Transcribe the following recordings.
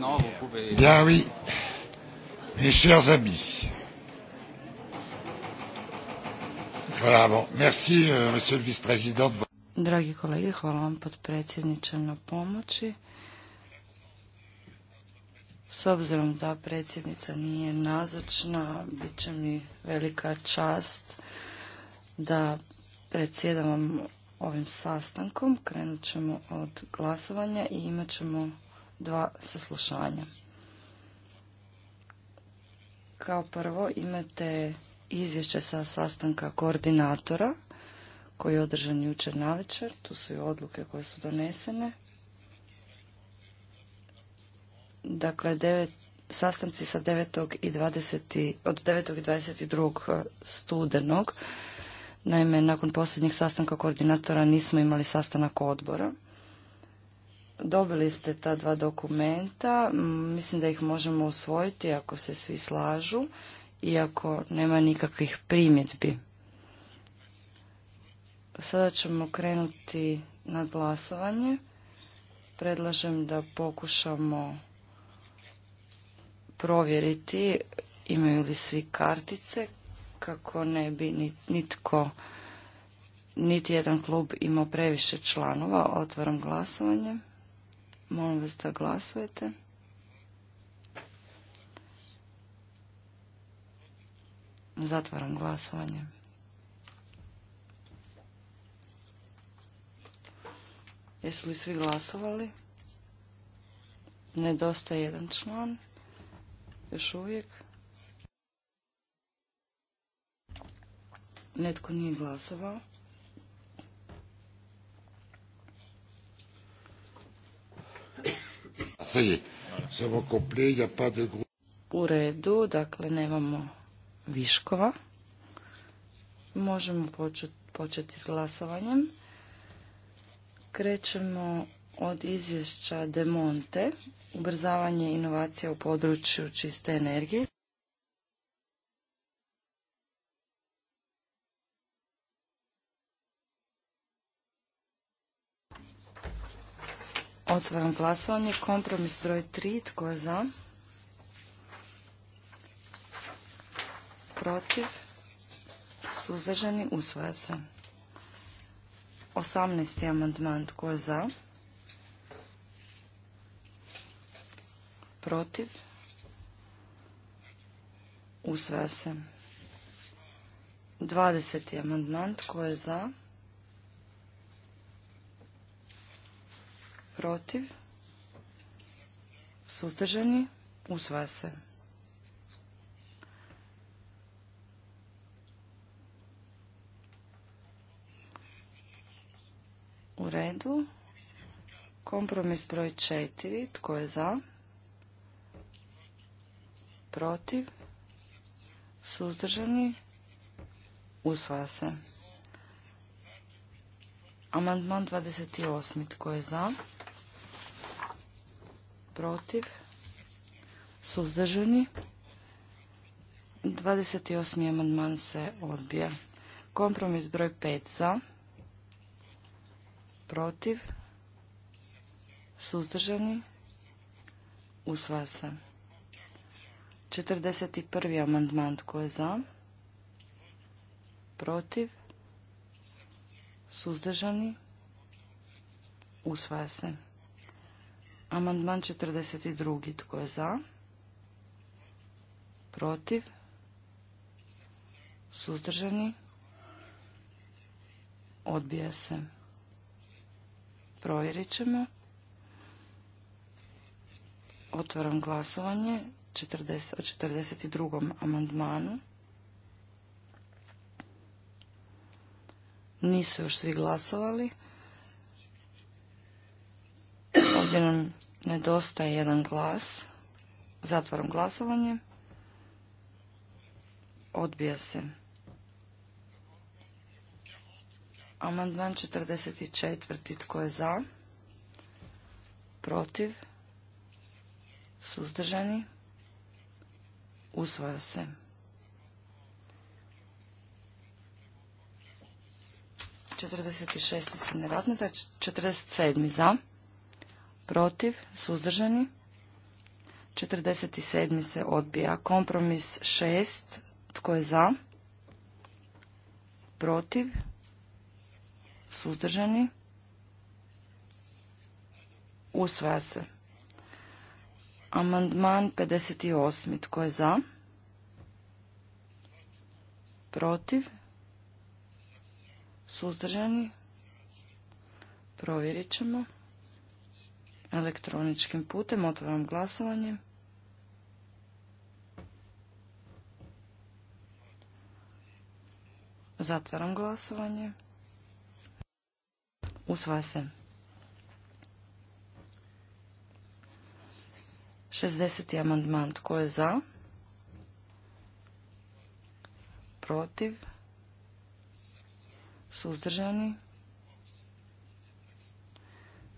maintenant, vous pouvez... Bien oui, mes chers amis. Voilà, Merci, euh, monsieur le vice-président. Dragi kolege, hvala vam potpredsjedniče na pomoći. S obzirom da predsjednica nije nazočna, bit će mi velika čast da predsjedavam ovim sastankom. Krenut ćemo od glasovanja i imat ćemo dva saslušanja. Kao prvo imate izvješće sa sastanka koordinatora koji je održan jučer navečer, tu su i odluke koje su donesene. Dakle, devet, sastanci sa 9. i od 9. i 22. studenog. Naime, nakon posljednjeg sastanka koordinatora nismo imali sastanak odbora. Dobili ste ta dva dokumenta, mislim da ih možemo usvojiti ako se svi slažu i ako nema nikakvih primjedbi. Sada ćemo krenuti na glasovanje. Predlažem da pokušamo provjeriti imaju li svi kartice kako ne bi nitko niti jedan klub imao previše članova. Otvaram glasovanje. Molim vas da glasujete. Zatvaram glasovanje. Jesu li svi glasovali? Nedostaje jedan član. Još uvijek. Netko nije glasovao. Pa u redu, dakle nemamo viškova. Možemo početi s glasovanjem. Krećemo od izvješća Demonte, ubrzavanje inovacija u području čiste energije. Otvaram glasovanje. Kompromis broj 3. Tko je za? Protiv? Suzdržani? Usvaja se. 18. amandman. Tko je za? Protiv? Usvaja se. 20. amandman. Tko je za? protiv, suzdržani, usvaja se. U redu. Kompromis broj četiri. Tko je za? Protiv? Suzdržani? Usvaja se. Amandman 28. Tko je za? protiv, suzdržani. 28. amandman se odbija. Kompromis broj 5 za, protiv, suzdržani, usvaja se. 41. amandman tko je za, protiv, suzdržani, usvaja se. Amandman 42. Tko je za? Protiv? Suzdržani? Odbija se. Provjerit ćemo. Otvaram glasovanje 40, o 42. amandmanu. Nisu još svi glasovali. Ovdje nam nedostaje jedan glas. Zatvaram glasovanje. Odbija se. Amandman 44. Tko je za? Protiv? Suzdržani? Usvoja se. Četrdeset šest se ne razmeta, četrdeset sedam za protiv, suzdržani. 47. se odbija. Kompromis 6. Tko je za? Protiv? Suzdržani? Usvaja se. Amandman 58. Tko je za? Protiv? Suzdržani? Provjerit ćemo elektroničkim putem. Otvaram glasovanje. Zatvaram glasovanje. Usvaja se. 60. amandman. Tko je za? Protiv? Suzdržani?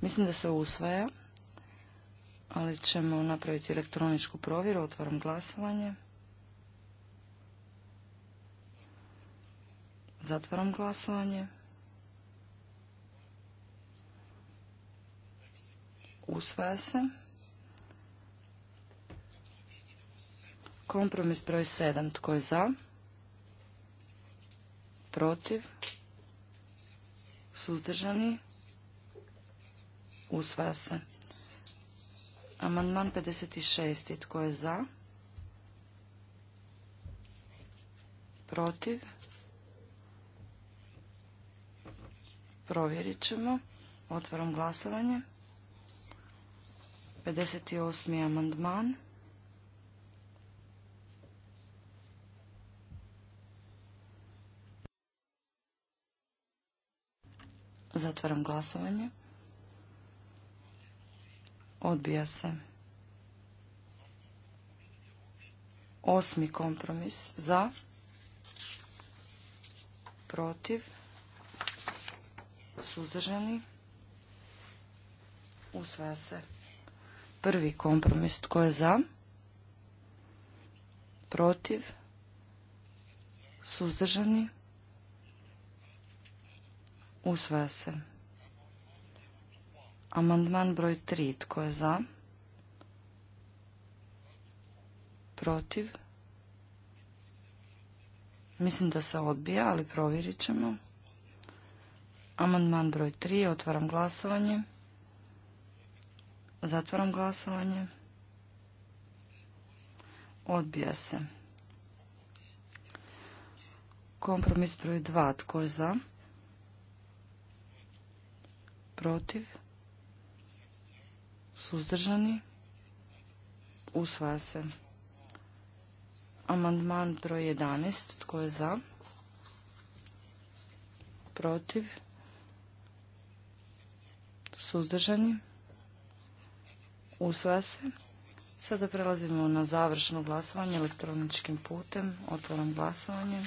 Mislim da se usvaja ali ćemo napraviti elektroničku provjeru. Otvaram glasovanje. Zatvaram glasovanje. Usvaja se. Kompromis broj 7. Tko je za? Protiv? Suzdržani? Usvaja se. Amandman 56. Tko je za? Protiv? Provjerit ćemo. Otvaram glasovanje. 58. amandman. Zatvaram glasovanje. Odbija se. Osmi kompromis za. Protiv. Suzdržani. Usvaja se. Prvi kompromis tko je za. Protiv. Suzdržani. Usvaja se. Amandman broj 3. Tko je za? Protiv? Mislim da se odbija, ali provjerit ćemo. Amandman broj 3. Otvaram glasovanje. Zatvaram glasovanje. Odbija se. Kompromis broj 2. Tko je za? Protiv? Suzdržani? Usvaja se. Amandman broj 11. Tko je za? Protiv? Suzdržani? Usvaja se. Sada prelazimo na završno glasovanje elektroničkim putem. Otvaram glasovanje.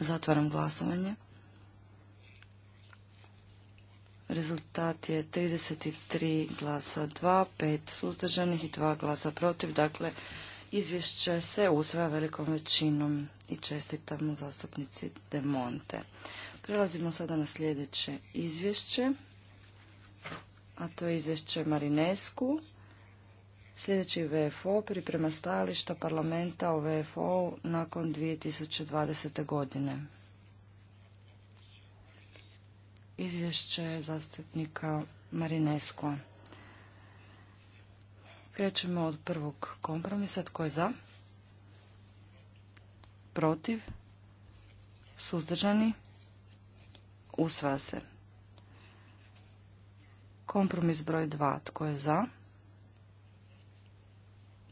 Zatvaram glasovanje. Rezultat je 33 glasa 2, 5 suzdržanih i 2 glasa protiv. Dakle, izvješće se usvaja velikom većinom i čestitamo zastupnici De Monte. Prelazimo sada na sljedeće izvješće, a to je izvješće Marinesku. Sljedeći VFO priprema stajališta parlamenta o VFO nakon 2020. godine. Izvješće zastupnika Marinesko. Krećemo od prvog kompromisa. Tko je za? Protiv? Suzdržani? Usvaja se. Kompromis broj dva. Tko je za?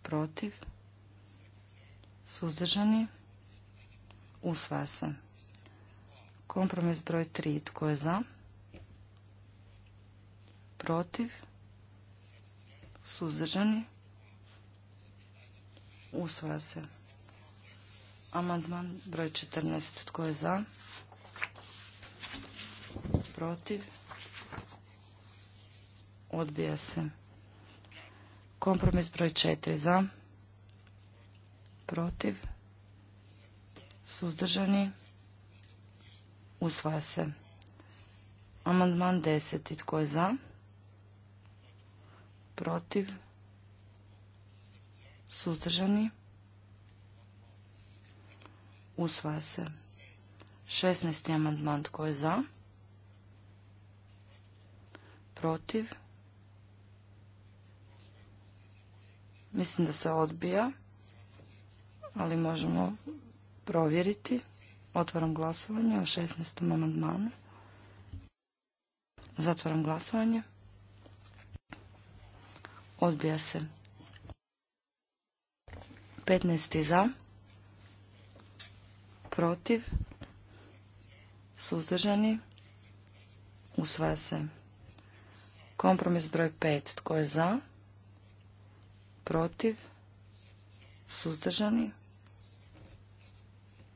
protiv, suzdržani, usvaja se. Kompromis broj 3, tko je za, protiv, suzdržani, usvaja se. Amandman broj 14, tko je za, protiv, odbija se. Kompromis broj četiri, za, protiv, suzdržani, usvaja se. Amandman 10. Tko je za? Protiv? Suzdržani? Usvaja se. 16. amandman. Tko je za? Protiv? Mislim da se odbija, ali možemo provjeriti. Otvaram glasovanje o 16. amandmanu. Zatvaram glasovanje. Odbija se. 15. za. Protiv. Suzdržani. Usvaja se. Kompromis broj 5. Tko je za? protiv, suzdržani,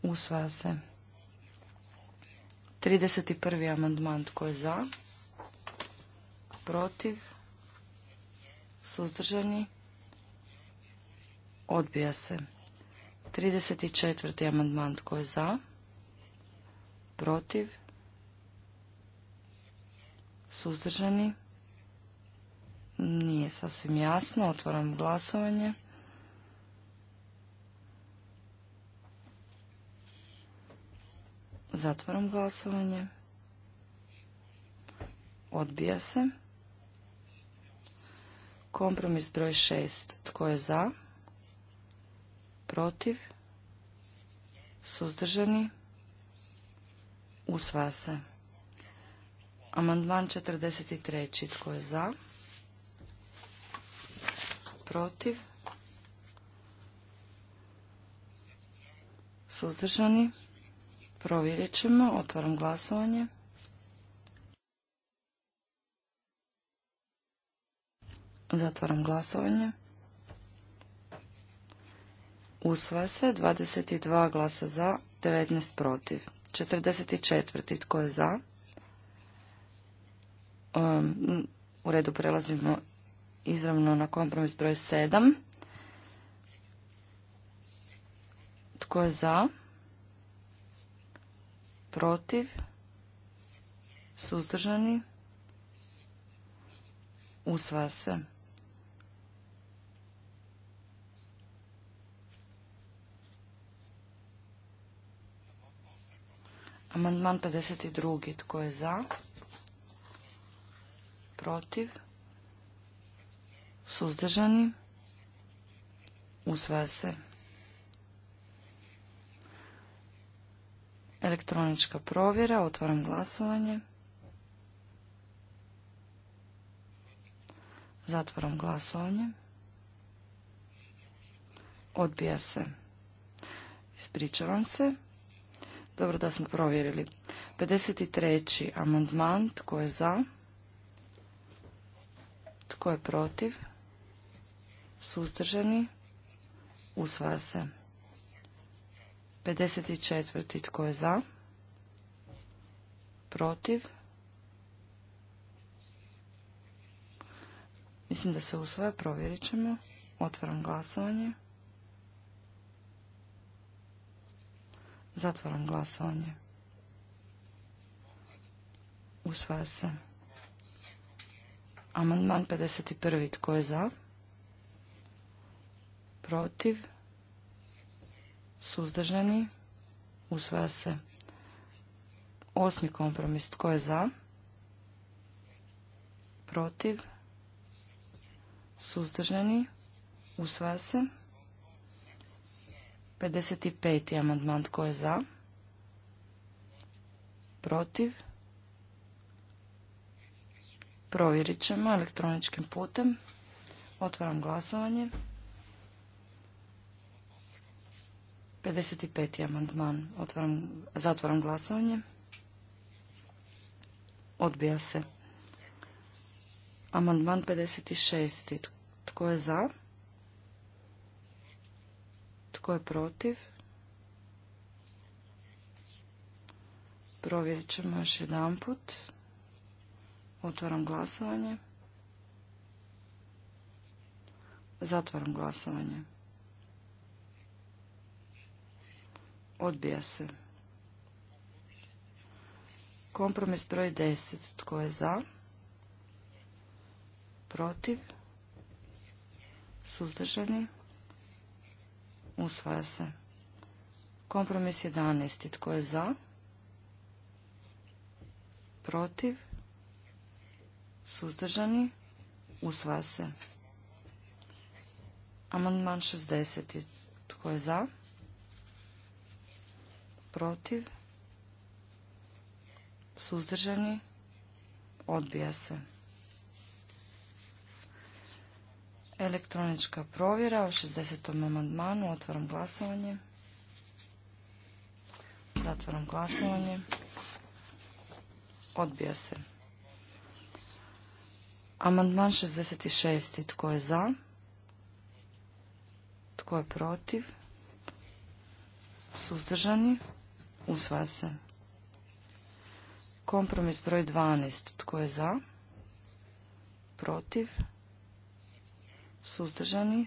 usvaja se. 31. amandman tko je za, protiv, suzdržani, odbija se. 34. amandman tko je za, protiv, suzdržani, nije sasvim jasno. Otvaram glasovanje. Zatvaram glasovanje. Odbija se. Kompromis broj šest. Tko je za? Protiv? Suzdržani? Usvaja se. Amandman 43. Tko je za? protiv, suzdržani, provjerit ćemo, otvaram glasovanje. Zatvaram glasovanje. Usvaja se 22 glasa za, 19 protiv. 44. Tko je za? u redu prelazimo izravno na kompromis broj 7. Tko je za? Protiv? Suzdržani? Usvaja se. Amandman 52. Tko je za? Protiv? Suzdržani? Usvaja se. Elektronička provjera. Otvaram glasovanje. Zatvaram glasovanje. Odbija se. Ispričavam se. Dobro da smo provjerili. 53. amandman. Tko je za? Tko je protiv? suzdržani, usvaja se. 54. tko je za, protiv, mislim da se usvaja, provjerit ćemo, otvaram glasovanje. Zatvaram glasovanje. Usvaja se. Amandman 51. Tko je za? protiv, suzdržani, usvaja se. Osmi kompromis, tko je za, protiv, suzdržani, usvaja se. 55. amandman, tko je za, protiv, provjerit ćemo elektroničkim putem. Otvaram glasovanje. 55. amandman. Otvaram, zatvaram glasovanje. Odbija se. Amandman 56. Tko je za? Tko je protiv? Provjerit ćemo još jedan put. Otvaram glasovanje. Zatvaram glasovanje. Odbija se. Kompromis broj 10. Tko je za? Protiv? Suzdržani? Usvaja se. Kompromis 11. Tko je za? Protiv? Suzdržani? Usvaja se. Amandman 60. Tko je za? protiv, suzdržani, odbija se. Elektronička provjera u 60. amandmanu, otvaram glasovanje. Zatvaram glasovanje. Odbija se. Amandman 66. Tko je za? Tko je protiv? Suzdržani? Usvaja se. Kompromis broj 12. Tko je za? Protiv? Suzdržani?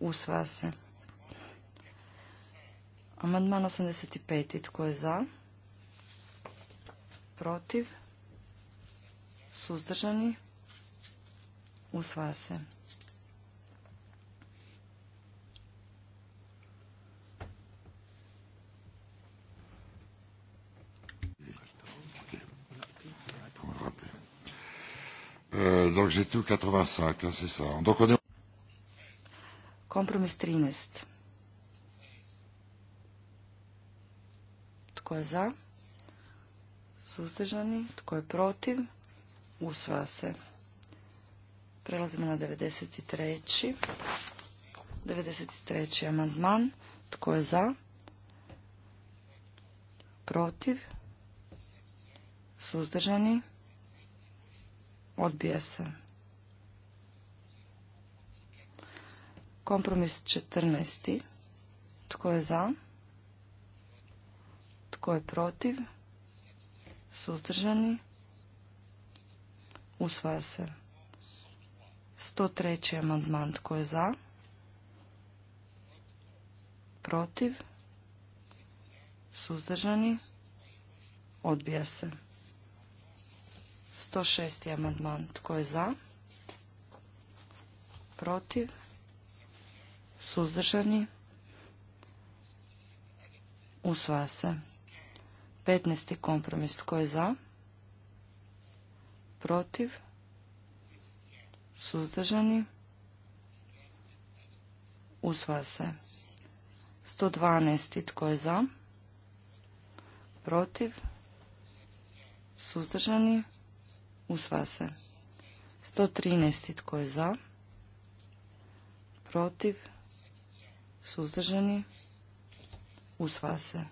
Usvaja se. Amandman 85. Tko je za? Protiv? Suzdržani? Usvaja se. Euh, donc j'étais au 85, hein, c'est ça. Donc on est... Kompromis 13. Tko je za? Suzdržani. Tko je protiv? Usvaja se. Prelazimo na 93. 93. amandman. Tko je za? Protiv? Suzdržani. Odbija se. Kompromis 14. Tko je za? Tko je protiv? Suzdržani? Usvaja se. Sto 103. amandman. Tko je za? Protiv? Suzdržani? Odbija se. 106. amandman. Tko je za? Protiv? Suzdržani? Usvaja se. 15. kompromis. Tko je za? Protiv? Suzdržani? Usvaja se. 112. Tko je za? Protiv? Suzdržani? usva se. 113. Tko je za? Protiv? Suzdržani? usva se.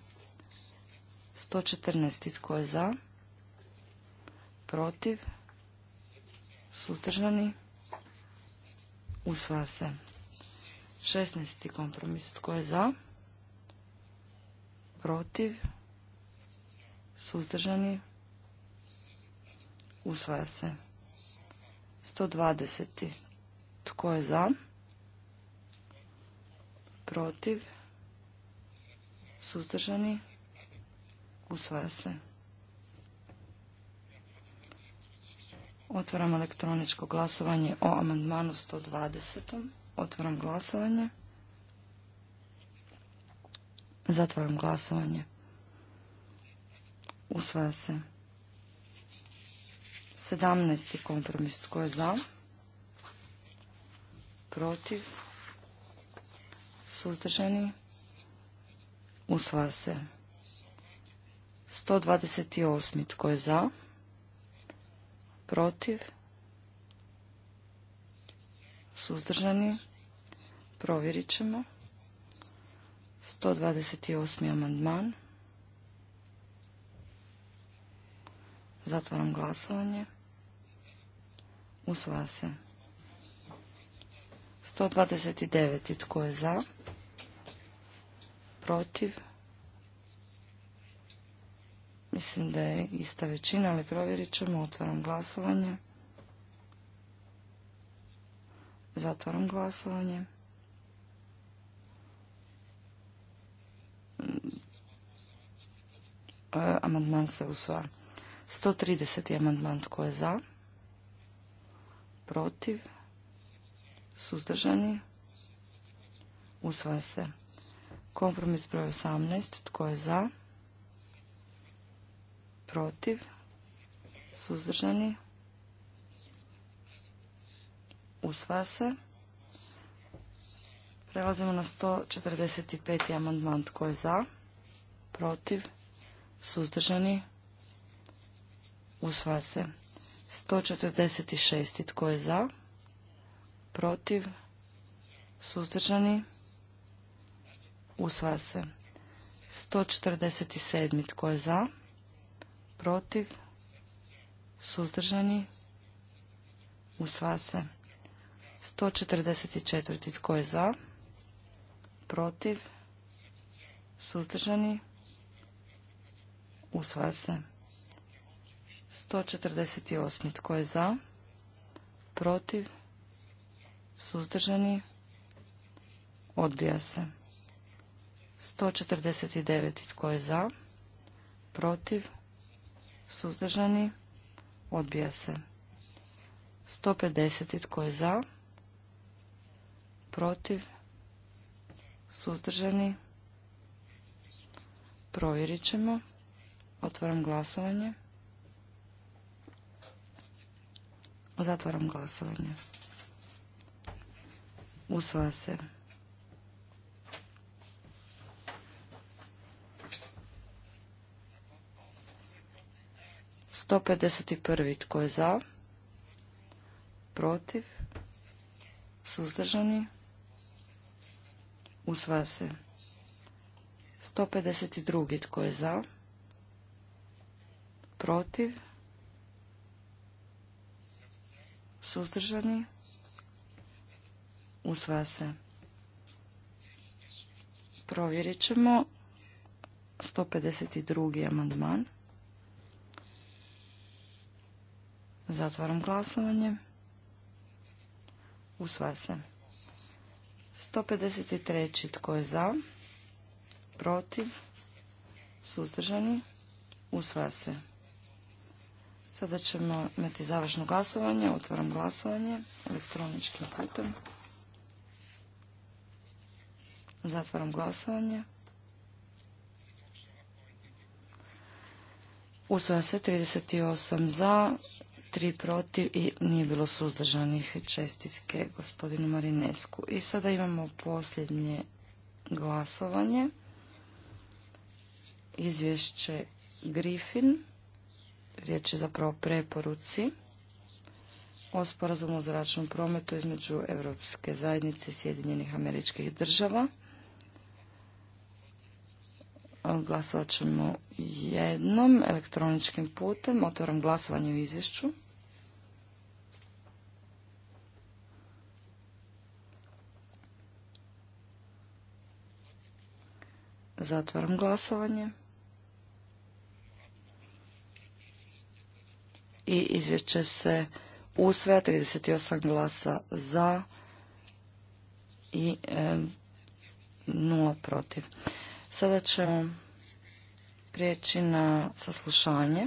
114. Tko je za? Protiv? Suzdržani? usva se. 16. kompromis. Tko je za? Protiv? Suzdržani? Usvaja se. 120. Tko je za? Protiv? Suzdržani? Usvaja se. Otvaram elektroničko glasovanje o amandmanu 120. Otvaram glasovanje. Zatvaram glasovanje. Usvaja se. 17. kompromis tko je za? Protiv? Suzdržani? Usvaja se. 128. tko je za? Protiv? Suzdržani? Provjerit ćemo. 128. amandman. Zatvaram glasovanje. Usvaja se. 129. Tko je za? Protiv? Mislim da je ista većina, ali provjerit ćemo. Otvaram glasovanje. Zatvaram glasovanje. E, amandman se usvaja. 130. amandman tko je za? Protiv? Suzdržani? Usvaja se. Kompromis broj 18. Tko je za? Protiv? Suzdržani? Usvaja se. Prelazimo na 145. amandman. Tko je za? Protiv? Suzdržani? Usvaja se. 146. Tko je za? Protiv? Suzdržani? Usvaja se. 147. Tko je za? Protiv? Suzdržani? Usvaja se. 144. Tko je za? Protiv? Suzdržani? Usvaja se. 148. Tko je za? Protiv? Suzdržani? Odbija se. 149. Tko je za? Protiv? Suzdržani? Odbija se. 150. Tko je za? Protiv? Suzdržani? Provjerit ćemo. Otvaram glasovanje. Zatvaram glasovanje. Usvaja se. Sto pedeset prvi tko je za? Protiv? Suzdržani? Usvaja se. Sto pedeset drugi Tko je za? Protiv? suzdržani, usvaja se. Provjerit ćemo 152. amandman. Zatvaram glasovanje. Usvaja se. 153. Tko je za? Protiv? Suzdržani? Usvaja se. Sada ćemo imati završno glasovanje. Otvaram glasovanje elektroničkim putem. Zatvaram glasovanje. Usvaja se 38 za, 3 protiv i nije bilo suzdržanih čestitke gospodinu Marinesku. I sada imamo posljednje glasovanje. Izvješće Griffin riječ je zapravo o preporuci o sporazumu o zračnom prometu između Europske zajednice i Sjedinjenih američkih država. Glasovat ćemo jednom elektroničkim putem. Otvaram glasovanje u izvješću. Zatvaram glasovanje. i izvješće se usvaja 38 glasa za i nula protiv. Sada ćemo prijeći na saslušanje.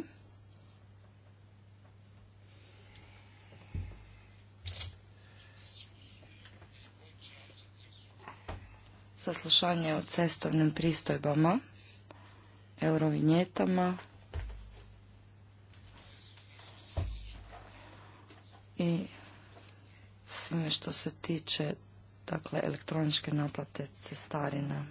Saslušanje o cestovnim pristojbama, eurovinjetama, i svime što se tiče dakle elektroničke naplate cestarina.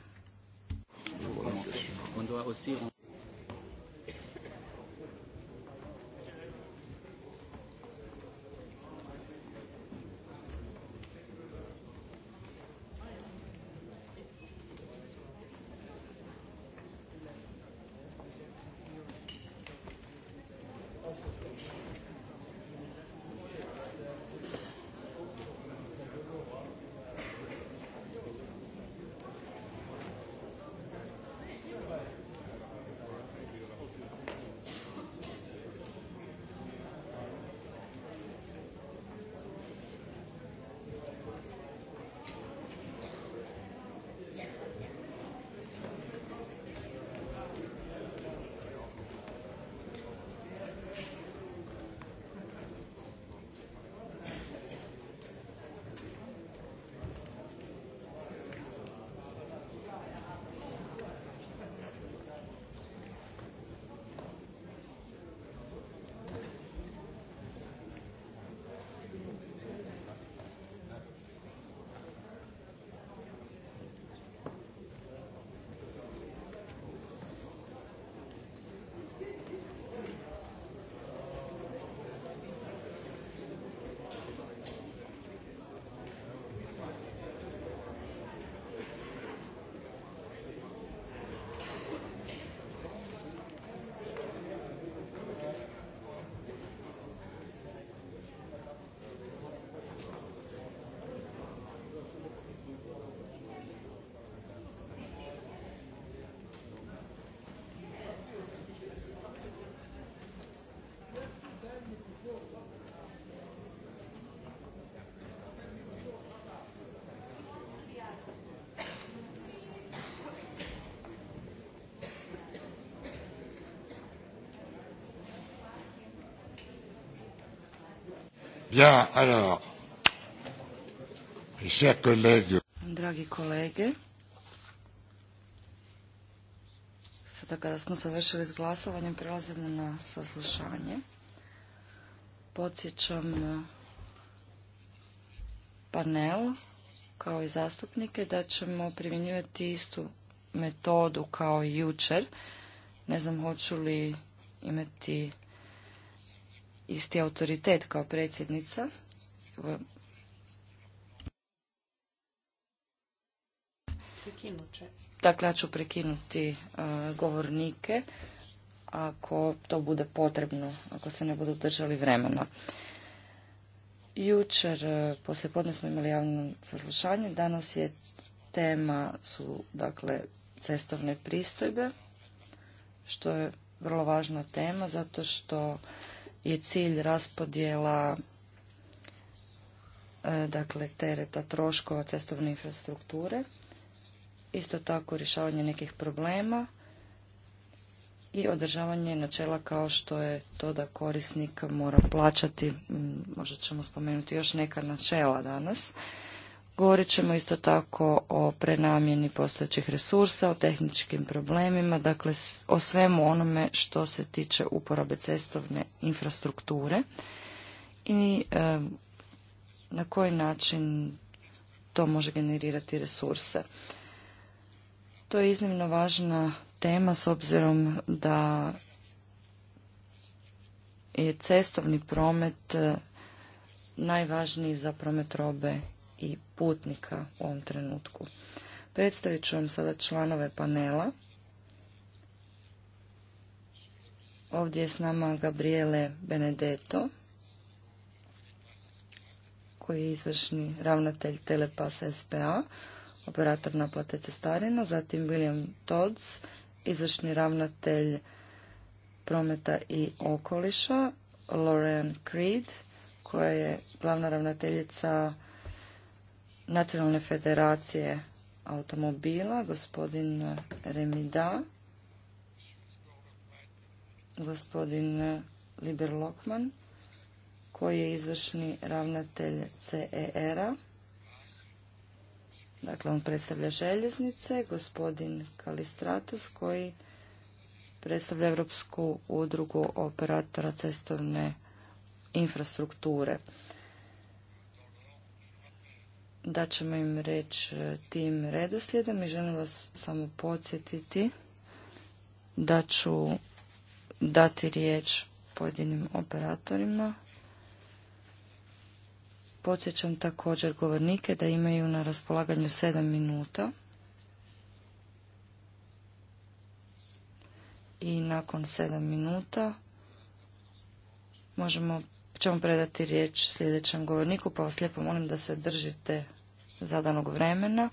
Bien, Dragi kolege, sada kada smo završili s glasovanjem, prelazimo na saslušanje. Podsjećam panel, kao i zastupnike, da ćemo primjenjivati istu metodu kao i jučer. Ne znam hoću li imati isti autoritet kao predsjednica. Dakle, ja ću prekinuti e, govornike ako to bude potrebno, ako se ne budu držali vremena. Jučer, e, poslije podne smo imali javno saslušanje, danas je tema su, dakle, cestovne pristojbe, što je vrlo važna tema, zato što je cilj raspodjela e, dakle tereta troškova cestovne infrastrukture, isto tako rješavanje nekih problema i održavanje načela kao što je to da korisnik mora plaćati, možda ćemo spomenuti još neka načela danas, Govorit ćemo isto tako o prenamjeni postojećih resursa, o tehničkim problemima, dakle o svemu onome što se tiče uporabe cestovne infrastrukture i na koji način to može generirati resurse. To je iznimno važna tema s obzirom da je cestovni promet eh, najvažniji za promet robe i putnika u ovom trenutku. Predstavit ću vam sada članove panela. Ovdje je s nama Gabriele Benedetto, koji je izvršni ravnatelj Telepasa SPA, operator naplate cestarina, zatim William Todds, izvršni ravnatelj prometa i okoliša, Lorraine Creed, koja je glavna ravnateljica Nacionalne federacije automobila, gospodin Remida, gospodin Liber Lokman, koji je izvršni ravnatelj CER-a. Dakle, on predstavlja željeznice, gospodin Kalistratus, koji predstavlja Europsku udrugu operatora cestovne infrastrukture da ćemo im reći e, tim redoslijedom i želim vas samo podsjetiti da ću dati riječ pojedinim operatorima. Podsjećam također govornike da imaju na raspolaganju 7 minuta. I nakon 7 minuta možemo ćemo predati riječ sljedećem govorniku, pa vas lijepo molim da se držite zadanog vremena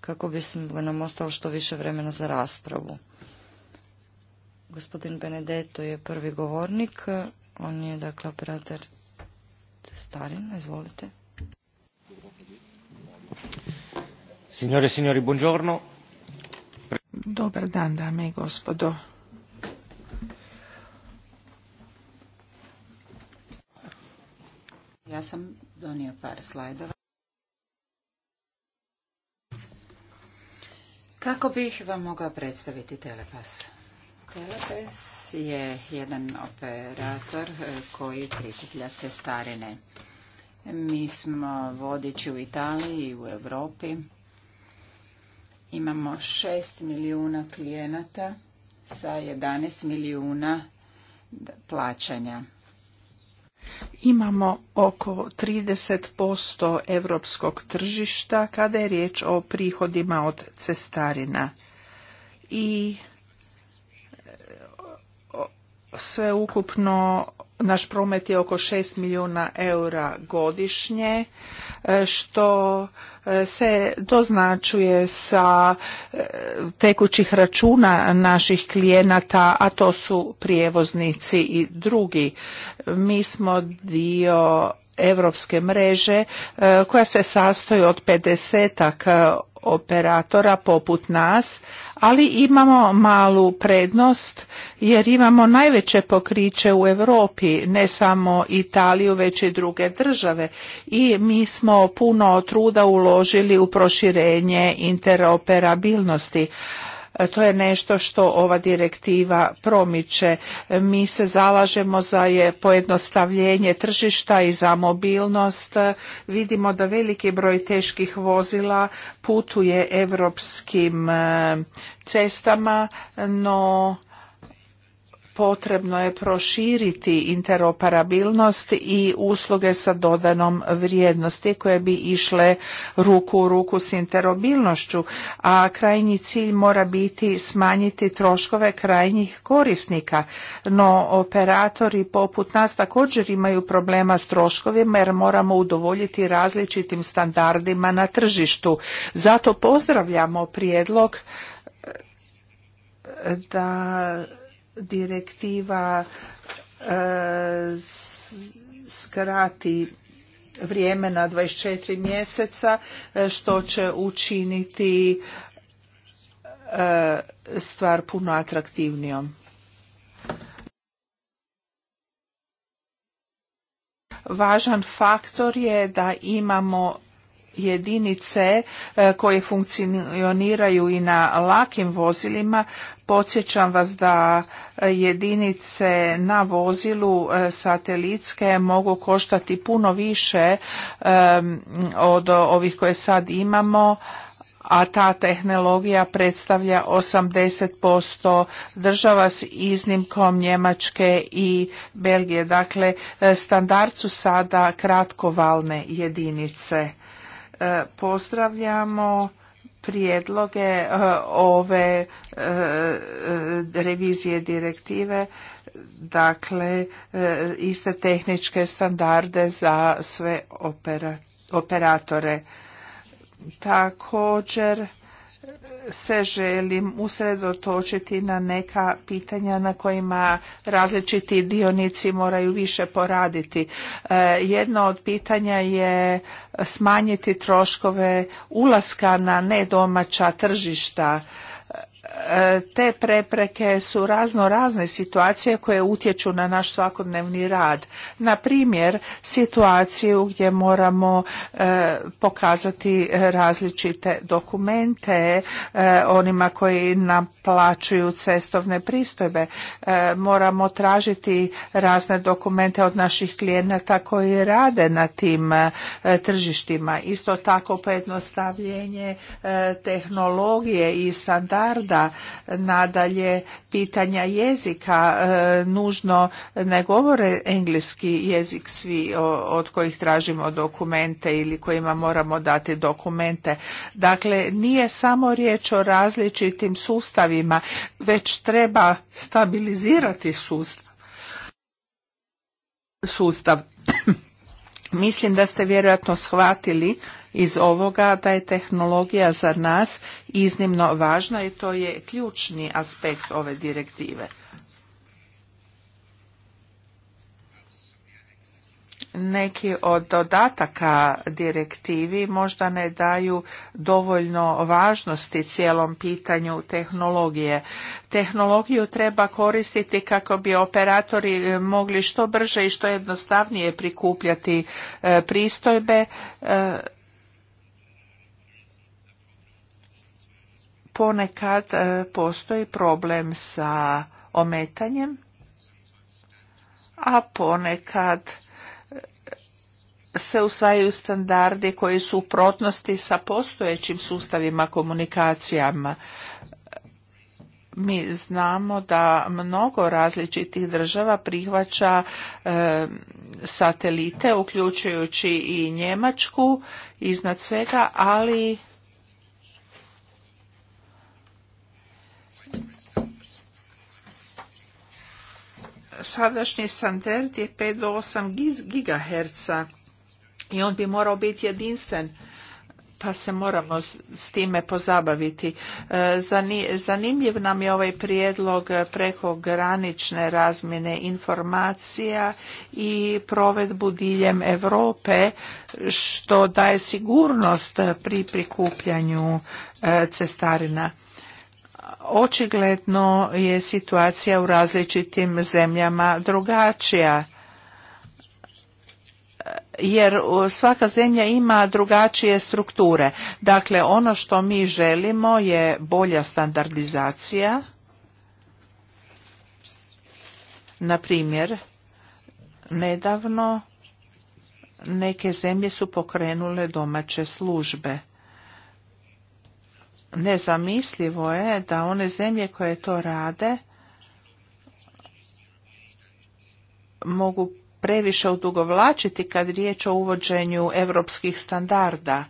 kako bi nam ostalo što više vremena za raspravu. Gospodin Benedetto je prvi govornik, on je dakle operator cestarina, izvolite. Signore, signori, buongiorno. Dobar dan, dame i gospodo. Ja sam donio par slajdova. Kako bih vam mogao predstaviti Telepas? Telepas je jedan operator e, koji prikuplja cestarine. Mi smo vodeći u Italiji i u Europi. Imamo 6 milijuna klijenata sa 11 milijuna plaćanja. Imamo oko 30% europskog tržišta kada je riječ o prihodima od cestarina. I sve ukupno naš promet je oko 6 milijuna eura godišnje, e, što e, se doznačuje sa e, tekućih računa naših klijenata, a to su prijevoznici i drugi. Mi smo dio europske mreže koja se sastoji od pedesetak operatora poput nas, ali imamo malu prednost jer imamo najveće pokriće u Europi, ne samo Italiju, već i druge države i mi smo puno truda uložili u proširenje interoperabilnosti E, to je nešto što ova direktiva promiče. E, mi se zalažemo za je pojednostavljenje tržišta i za mobilnost. E, vidimo da veliki broj teških vozila putuje europskim cestama, no potrebno je proširiti interoperabilnost i usluge sa dodanom vrijednosti koje bi išle ruku u ruku s interobilnošću, a krajnji cilj mora biti smanjiti troškove krajnjih korisnika. No operatori poput nas također imaju problema s troškovima jer moramo udovoljiti različitim standardima na tržištu. Zato pozdravljamo prijedlog eh, da direktiva e, skrati vrijeme na 24 mjeseca e, što će učiniti e, stvar puno atraktivnijom. Važan faktor je da imamo jedinice e, koje funkcioniraju i na lakim vozilima. Podsjećam vas da jedinice na vozilu e, satelitske mogu koštati puno više e, od ovih koje sad imamo a ta tehnologija predstavlja 80% država s iznimkom Njemačke i Belgije. Dakle, standard su sada kratkovalne jedinice. E, pozdravljamo prijedloge e, ove e, revizije direktive, dakle iste tehničke standarde za sve operatore. Također se želim usredotočiti na neka pitanja na kojima različiti dionici moraju više poraditi. E, jedno od pitanja je smanjiti troškove ulaska na nedomaća tržišta te prepreke su razno razne situacije koje utječu na naš svakodnevni rad. Na primjer, situaciju gdje moramo e, pokazati različite dokumente e, onima koji naplaćuju cestovne pristojbe. E, moramo tražiti razne dokumente od naših klijenata koji rade na tim tržištima. Isto tako pojednostavljenje tehnologije i standarda Nadalje, pitanja jezika e, nužno ne govore engleski jezik svi od kojih tražimo dokumente ili kojima moramo dati dokumente. Dakle, nije samo riječ o različitim sustavima, već treba stabilizirati sustav. sustav. Mislim da ste vjerojatno shvatili iz ovoga da je tehnologija za nas iznimno važna i to je ključni aspekt ove direktive. neki od dodataka direktivi možda ne daju dovoljno važnosti cijelom pitanju tehnologije. Tehnologiju treba koristiti kako bi operatori mogli što brže i što jednostavnije prikupljati e, pristojbe e, ponekad e, postoji problem sa ometanjem, a ponekad e, se usvajaju standardi koji su u protnosti sa postojećim sustavima komunikacijama. Mi znamo da mnogo različitih država prihvaća e, satelite, uključujući i Njemačku iznad svega, ali sadašnji standard je 5 do 8 gigaherca i on bi morao biti jedinstven pa se moramo s time pozabaviti. E, zanimljiv nam je ovaj prijedlog granične razmjene informacija i provedbu diljem Europe što daje sigurnost pri prikupljanju e, cestarina očigledno je situacija u različitim zemljama drugačija jer svaka zemlja ima drugačije strukture. Dakle, ono što mi želimo je bolja standardizacija. Na primjer, nedavno neke zemlje su pokrenule domaće službe nezamislivo je da one zemlje koje to rade mogu previše odugovlačiti kad riječ o uvođenju europskih standarda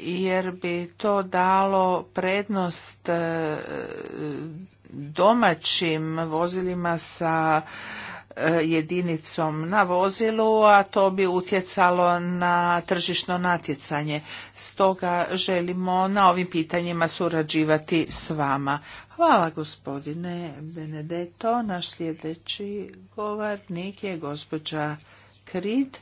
jer bi to dalo prednost e, domaćim vozilima sa Eh, jedinicom na vozilu, a to bi utjecalo na tržišno natjecanje. Stoga želimo na ovim pitanjima surađivati s vama. Hvala gospodine Benedetto. Naš sljedeći govornik je gospođa Krid,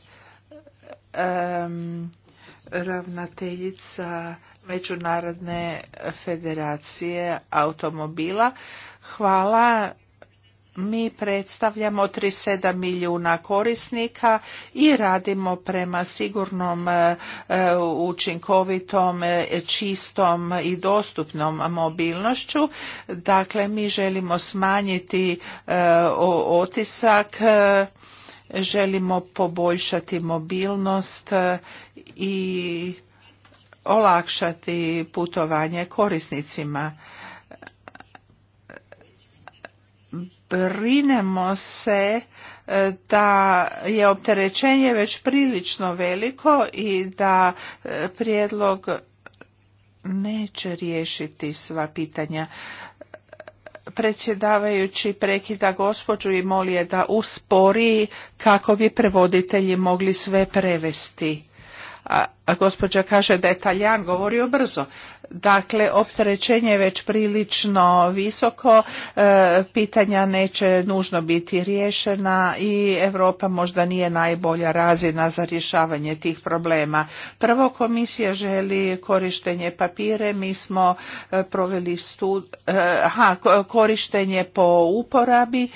ravnateljica Međunarodne federacije automobila. Hvala mi predstavljamo 37 milijuna korisnika i radimo prema sigurnom, e, e, učinkovitom, e, čistom i dostupnom mobilnošću. Dakle, mi želimo smanjiti otisak, želimo poboljšati mobilnost i olakšati putovanje korisnicima brinemo se e, da je opterećenje već prilično veliko i da e, prijedlog neće riješiti sva pitanja. Predsjedavajući prekida gospođu i moli je da uspori kako bi prevoditelji mogli sve prevesti. A, a gospođa kaže da je Talijan govorio brzo. Dakle, opterećenje je već prilično visoko, e, pitanja neće nužno biti riješena i Europa možda nije najbolja razina za rješavanje tih problema. Prvo komisija želi korištenje papire, mi smo e, proveli stud... E, ha korištenje po uporabi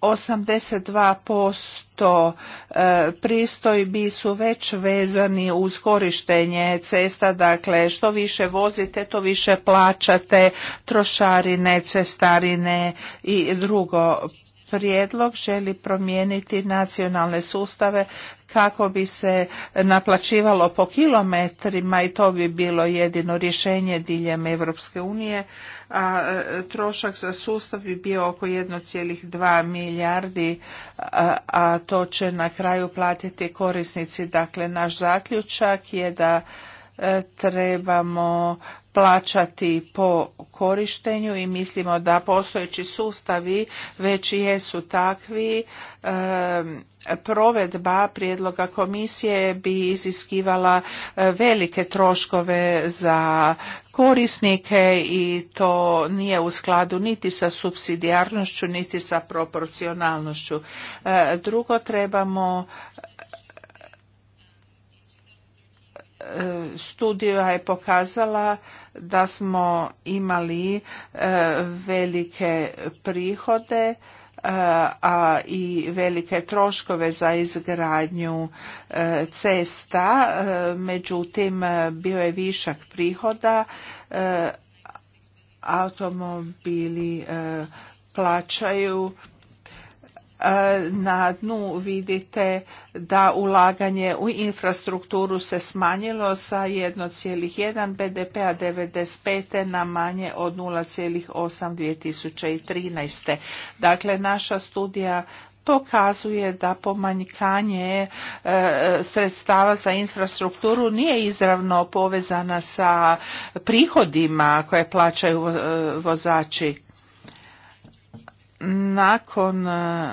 82% e, pristojbi su već vezani uz korištenje cesta, dakle što više vozite, to više plaćate trošarine, cestarine i drugo. Prijedlog želi promijeniti nacionalne sustave kako bi se naplaćivalo po kilometrima i to bi bilo jedino rješenje diljem Europske unije a e, trošak za sustav bi bio oko 1,2 milijardi, a, to će na kraju platiti korisnici. Dakle, naš zaključak je da e, trebamo plaćati po korištenju i mislimo da postojeći sustavi već jesu takvi. E, provedba prijedloga komisije bi iziskivala e, velike troškove za korisnike i to nije u skladu niti sa subsidijarnošću niti sa proporcionalnošću. E, drugo, trebamo e, studija je pokazala da smo imali velike prihode E, a i velike troškove za izgradnju e, cesta, e, međutim bio je višak prihoda, automobili plaćaju na dnu vidite da ulaganje u infrastrukturu se smanjilo sa 1,1 BDP-a 95. na manje od 0,8 2013. Dakle, naša studija pokazuje da pomanjkanje e, sredstava za infrastrukturu nije izravno povezana sa prihodima koje plaćaju e, vozači nakon e,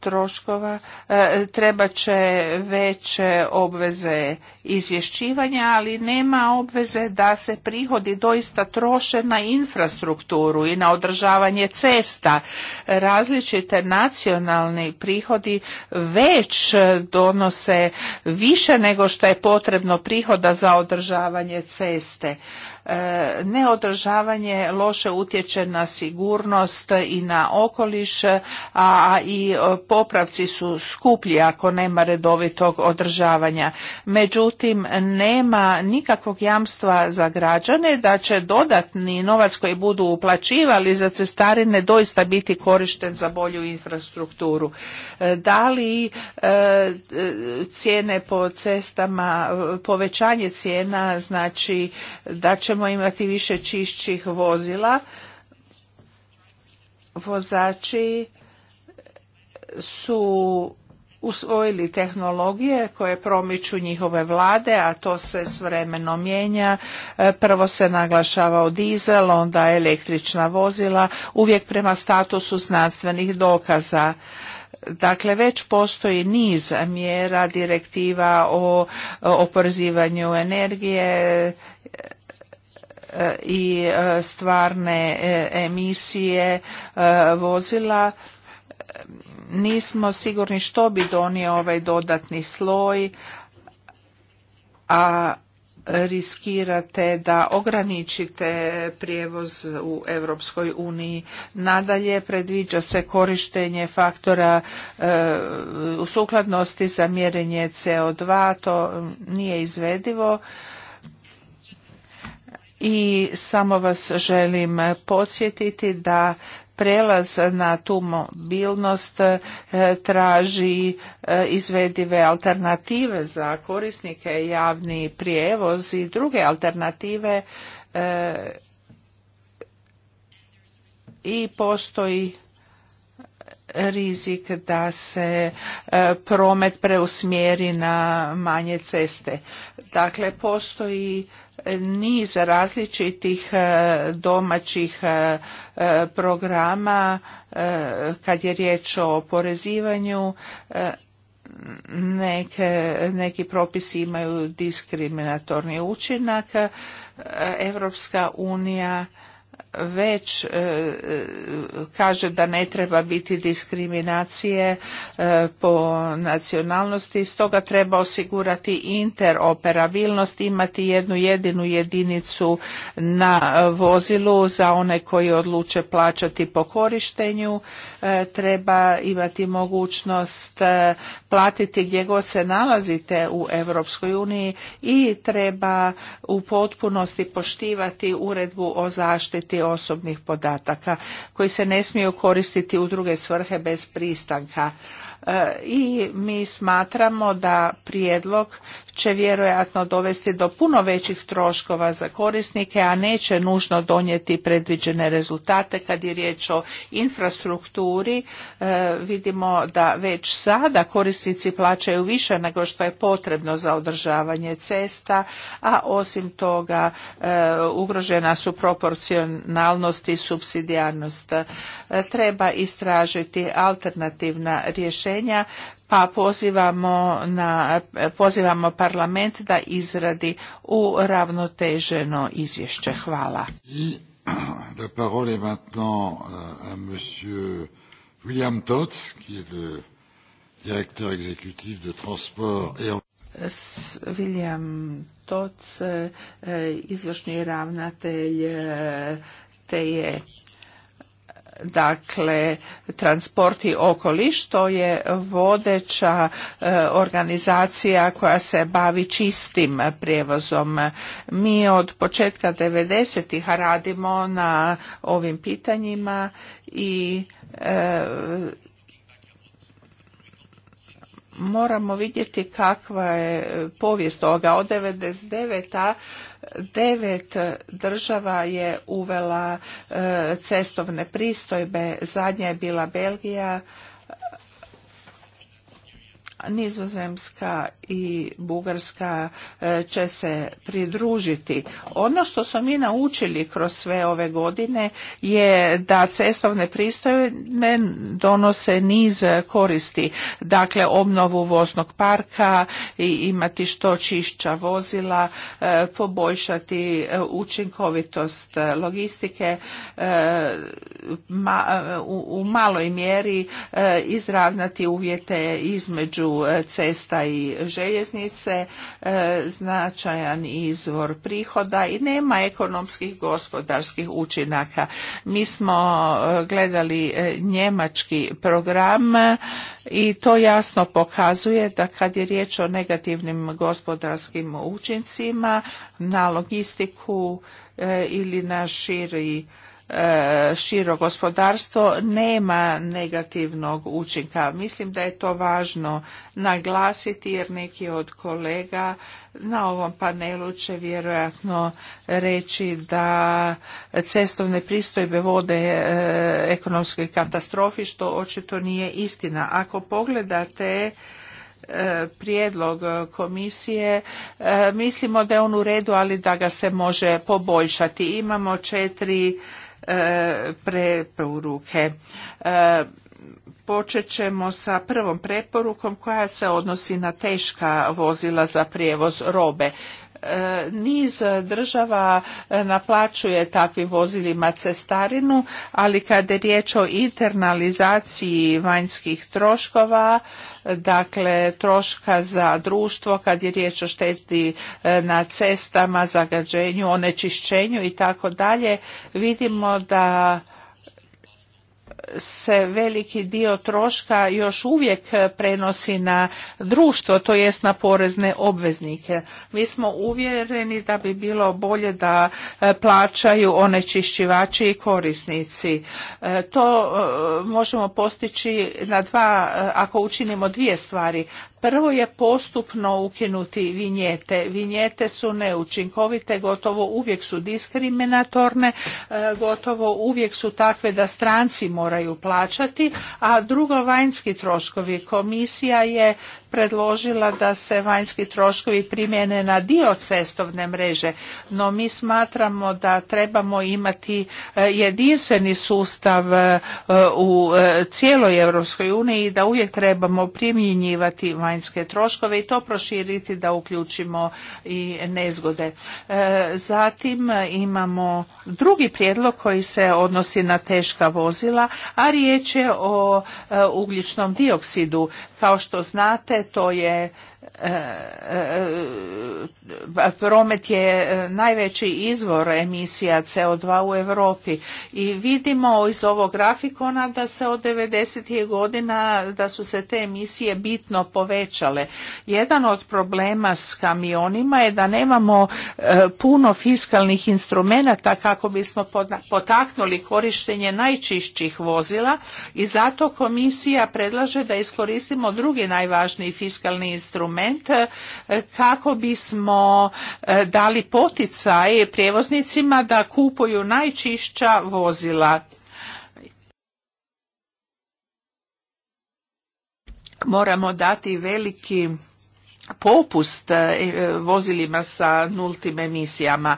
troškova e, treba će veće obveze izvješćivanja, ali nema obveze da se prihodi doista troše na infrastrukturu i na održavanje cesta. Različite nacionalni prihodi već donose više nego što je potrebno prihoda za održavanje ceste. E, neodržavanje loše utječe na sigurnost i na okoliš, a i e, popravci su skuplji ako nema redovitog održavanja. Međutim, nema nikakvog jamstva za građane da će dodatni novac koji budu uplaćivali za cestarine doista biti korišten za bolju infrastrukturu. E, da li cijene po cestama, povećanje cijena znači da će ćemo imati više čišćih vozila. Vozači su usvojili tehnologije koje promiču njihove vlade, a to se s vremenom mijenja. E, prvo se naglašavao dizel, onda električna vozila, uvijek prema statusu znanstvenih dokaza. Dakle, već postoji niz mjera, direktiva o oporzivanju energije, i e, stvarne e, emisije e, vozila nismo sigurni što bi donio ovaj dodatni sloj a riskirate da ograničite prijevoz u Europskoj uniji. Nadalje predviđa se korištenje faktora u sukladnosti za mjerenje CO2, to nije izvedivo i samo vas želim podsjetiti da prelaz na tu mobilnost e, traži e, izvedive alternative za korisnike javni prijevoz i druge alternative e, i postoji rizik da se promet preusmjeri na manje ceste. Dakle, postoji niz različitih e, domaćih e, e, programa kad je riječ o porezivanju neke, neki propisi imaju diskriminatorni učinak Evropska unija već e, e, kaže da ne treba biti diskriminacije e, po nacionalnosti, stoga treba osigurati interoperabilnost, imati jednu jedinu jedinicu na vozilu za one koji odluče plaćati po korištenju, treba imati mogućnost platiti gdje god se nalazite u Europskoj uniji i treba u potpunosti poštivati uredbu o zaštiti osobnih podataka koji se ne smiju koristiti u druge svrhe bez pristanka. E, i mi smatramo da prijedlog će vjerojatno dovesti do puno većih troškova za korisnike, a neće nužno donijeti predviđene rezultate. Kad je riječ o infrastrukturi, e, vidimo da već sada korisnici plaćaju više nego što je potrebno za održavanje cesta, a osim toga e, ugrožena su proporcionalnost i subsidijarnost. Treba istražiti alternativna rješenja rješenja pa pozivamo, na, pozivamo parlament da izradi uravnoteženo izvješće. Hvala. La parole est maintenant euh, à monsieur William Tots, qui est le directeur exécutif de transport et William Tots, euh, euh, izvršni ravnatelj te je dakle transport i okoliš to je vodeća e, organizacija koja se bavi čistim prijevozom mi od početka 90-ih radimo na ovim pitanjima i e, moramo vidjeti kakva je povijest toga od 99 devet država je uvela e, cestovne pristojbe zadnja je bila belgija Nizozemska i Bugarska e, će se pridružiti. Ono što smo mi naučili kroz sve ove godine je da cestovne pristojbe donose niz koristi. Dakle, obnovu voznog parka i imati što čišća vozila, e, poboljšati e, učinkovitost logistike u maloj mjeri izravnati uvjete između E, cesta i željeznice e, značajan izvor prihoda i nema ekonomskih gospodarskih učinaka. Mi smo e, gledali njemački program i to jasno pokazuje da kad je riječ o negativnim gospodarskim učincima na logistiku ili na širi E, širo gospodarstvo nema negativnog učinka. Mislim da je to važno naglasiti jer neki od kolega na ovom panelu će vjerojatno reći da cestovne pristojbe vode e, ekonomske katastrofi što očito nije istina. Ako pogledate e, prijedlog komisije mislimo da je on u redu ali da ga se može poboljšati imamo četiri E, preporuke. E, počet ćemo sa prvom preporukom koja se odnosi na teška vozila za prijevoz robe e, niz država naplaćuje takvim vozilima cestarinu, ali kada je riječ o internalizaciji vanjskih troškova, dakle troška za društvo kad je riječ o šteti e, na cestama, zagađenju, onečišćenju i tako dalje. Vidimo da se veliki dio troška još uvijek prenosi na društvo, to jest na porezne obveznike. Mi smo uvjereni da bi bilo bolje da e, plaćaju onečišćivači i korisnici. E, to e, možemo postići na dva, ako učinimo dvije stvari. Prvo je postupno ukinuti vinjete. Vinjete su neučinkovite, gotovo uvijek su diskriminatorne, e, gotovo uvijek su takve da stranci moraju plaćati, a drugo vanjski troškovi. Komisija je predložila da se vanjski troškovi primjene na dio cestovne mreže, no mi smatramo da trebamo imati e, jedinstveni sustav e, u e, cijeloj Europskoj uniji i da uvijek trebamo primjenjivati vanjske troškove i to proširiti da uključimo i nezgode. Zatim imamo drugi prijedlog koji se odnosi na teška vozila, a riječ je o ugljičnom dioksidu. Kao što znate, to je promet je e, najveći izvor emisija CO2 u Europi i vidimo iz ovog grafikona da se od 90. godina da su se te emisije bitno povećale. Jedan od problema s kamionima je da nemamo e, puno fiskalnih instrumenata kako bismo potaknuli korištenje najčišćih vozila i zato komisija predlaže da iskoristimo drugi najvažniji fiskalni instrument E, kako bismo e, dali poticaj prijevoznicima da kupuju najčišća vozila. Moramo dati veliki popust e, vozilima sa nultim emisijama.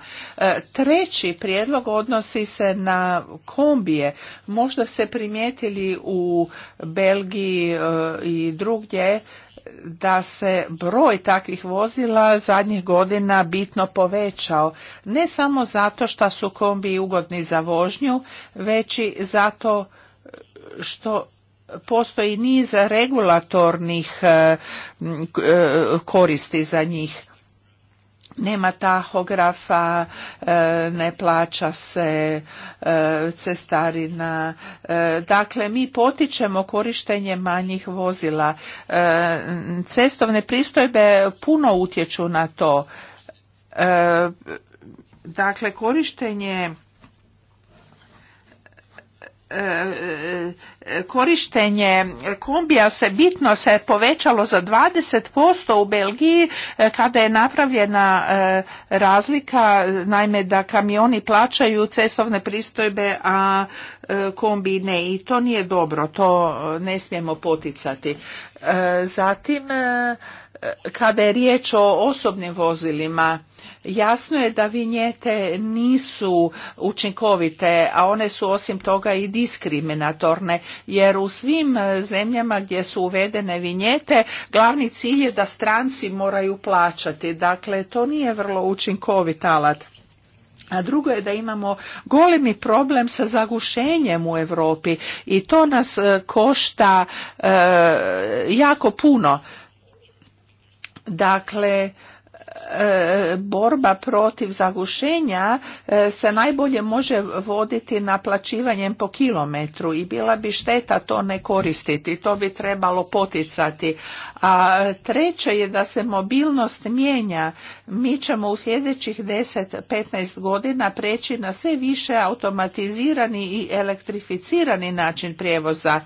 Treći prijedlog odnosi se na kombije. Možda se primijetili u Belgiji i drugdje da se broj takvih vozila zadnjih godina bitno povećao. Ne samo zato što su kombi ugodni za vožnju, već i zato što postoji niz regulatornih eh, eh, koristi za njih nema tahografa, e, ne plaća se e, cestarina. E, dakle, mi potičemo korištenje manjih vozila. Cestovne pristojbe puno utječu na to. Dakle, korištenje E, e, korištenje kombija se bitno se povećalo za 20% u Belgiji e, kada je napravljena razlika, naime da kamioni plaćaju cestovne pristojbe, a kombi ne i to nije dobro, to ne smijemo poticati. Zatim kada je riječ o osobnim vozilima, jasno je da vinjete nisu učinkovite, a one su osim toga i diskriminatorne, jer u svim e, zemljama gdje su uvedene vinjete, glavni cilj je da stranci moraju plaćati. Dakle, to nije vrlo učinkovit alat. A drugo je da imamo golemi problem sa zagušenjem u Europi i to nas e, košta e, jako puno Dakle, e, borba protiv zagušenja e, se najbolje može voditi naplaćivanjem po kilometru i bila bi šteta to ne koristiti, to bi trebalo poticati. A treće je da se mobilnost mijenja. Mi ćemo u sljedećih 10-15 godina preći na sve više automatizirani i elektrificirani način prijevoza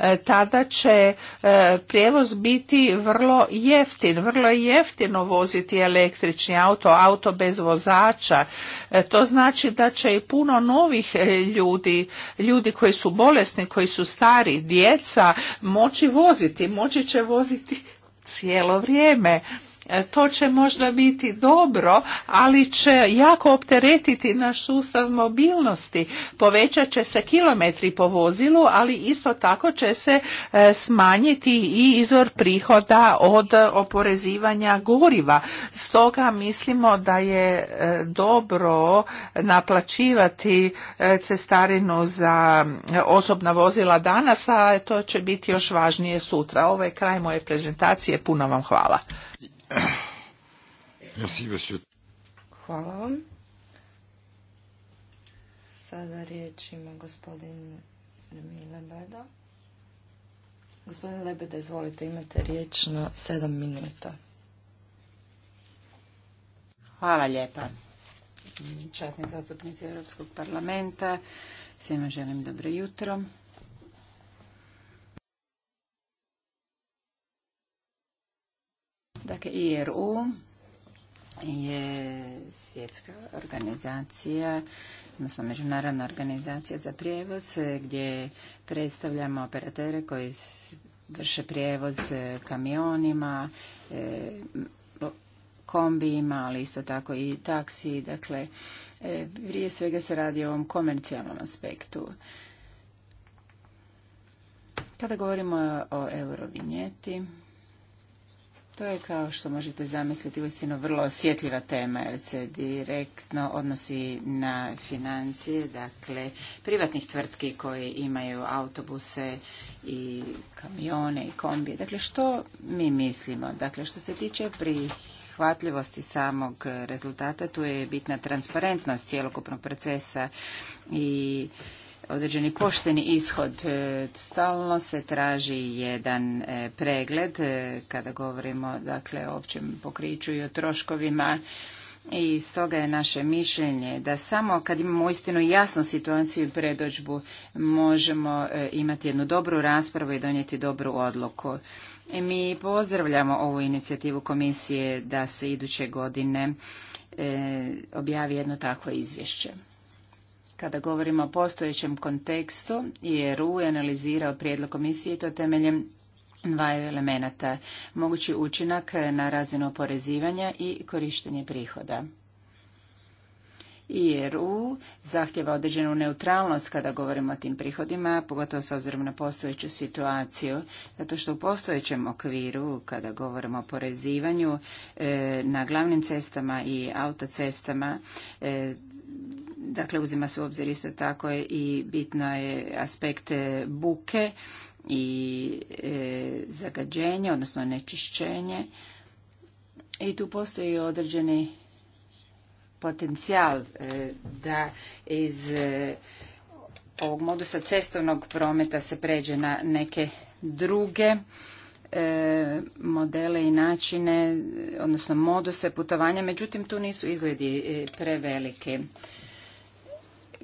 E, tada će e, prijevoz biti vrlo jeftin. Vrlo je jeftino voziti električni auto, auto bez vozača. E, to znači da će i puno novih ljudi, ljudi koji su bolesni, koji su stari, djeca, moći voziti. Moći će voziti cijelo vrijeme E, to će možda biti dobro, ali će jako opteretiti naš sustav mobilnosti. Povećat će se kilometri po vozilu, ali isto tako će se e, smanjiti i izvor prihoda od oporezivanja goriva. Stoga mislimo da je e, dobro naplaćivati cestarinu za osobna vozila danas, a to će biti još važnije sutra. Ovo je kraj moje prezentacije. Puno vam hvala. Hvala vam. Sada riječ ima gospodin Lebeda. Gospodin Lebeda, izvolite, imate riječ na sedam minuta. Hvala lijepa. Časni zastupnici Europskog parlamenta, svima želim dobro jutro. Dakle, IRU je svjetska organizacija, odnosno međunarodna organizacija za prijevoz, gdje predstavljamo operatere koji vrše prijevoz e, kamionima, e, kombijima, ali isto tako i taksi. Dakle, e, prije svega se radi o ovom komercijalnom aspektu. Kada govorimo o eurovinjeti, to je kao što možete zamisliti uistinu vrlo osjetljiva tema jer se direktno odnosi na financije, dakle privatnih tvrtki koje imaju autobuse i kamione i kombije. Dakle što mi mislimo? Dakle što se tiče prihvatljivosti samog rezultata tu je bitna transparentnost cjelokupnog procesa i određeni pošteni ishod. E, stalno se traži jedan e, pregled e, kada govorimo dakle, o općem pokriću i o troškovima i stoga je naše mišljenje da samo kad imamo uistinu jasnu situaciju i predođbu možemo imati jednu dobru raspravu i donijeti dobru odluku. I mi pozdravljamo ovu inicijativu komisije da se iduće godine objavi jedno takvo izvješće. Kada govorimo o postojećem kontekstu, IRU je analizirao prijedlog komisije i to temeljem dvaju elemenata, mogući učinak na razinu oporezivanja i korištenje prihoda. IRU zahtjeva određenu neutralnost kada govorimo o tim prihodima, pogotovo s obzirom na postojeću situaciju, zato što u postojećem okviru, kada govorimo o porezivanju, e, na glavnim cestama i autocestama e, Dakle, uzima se u obzir isto tako i bitno je aspekt buke i e, zagađenje, odnosno nečišćenje. I tu postoji određeni potencijal e, da iz e, ovog modusa cestovnog prometa se pređe na neke druge modele i načine, odnosno moduse putovanja, međutim tu nisu izgledi prevelike.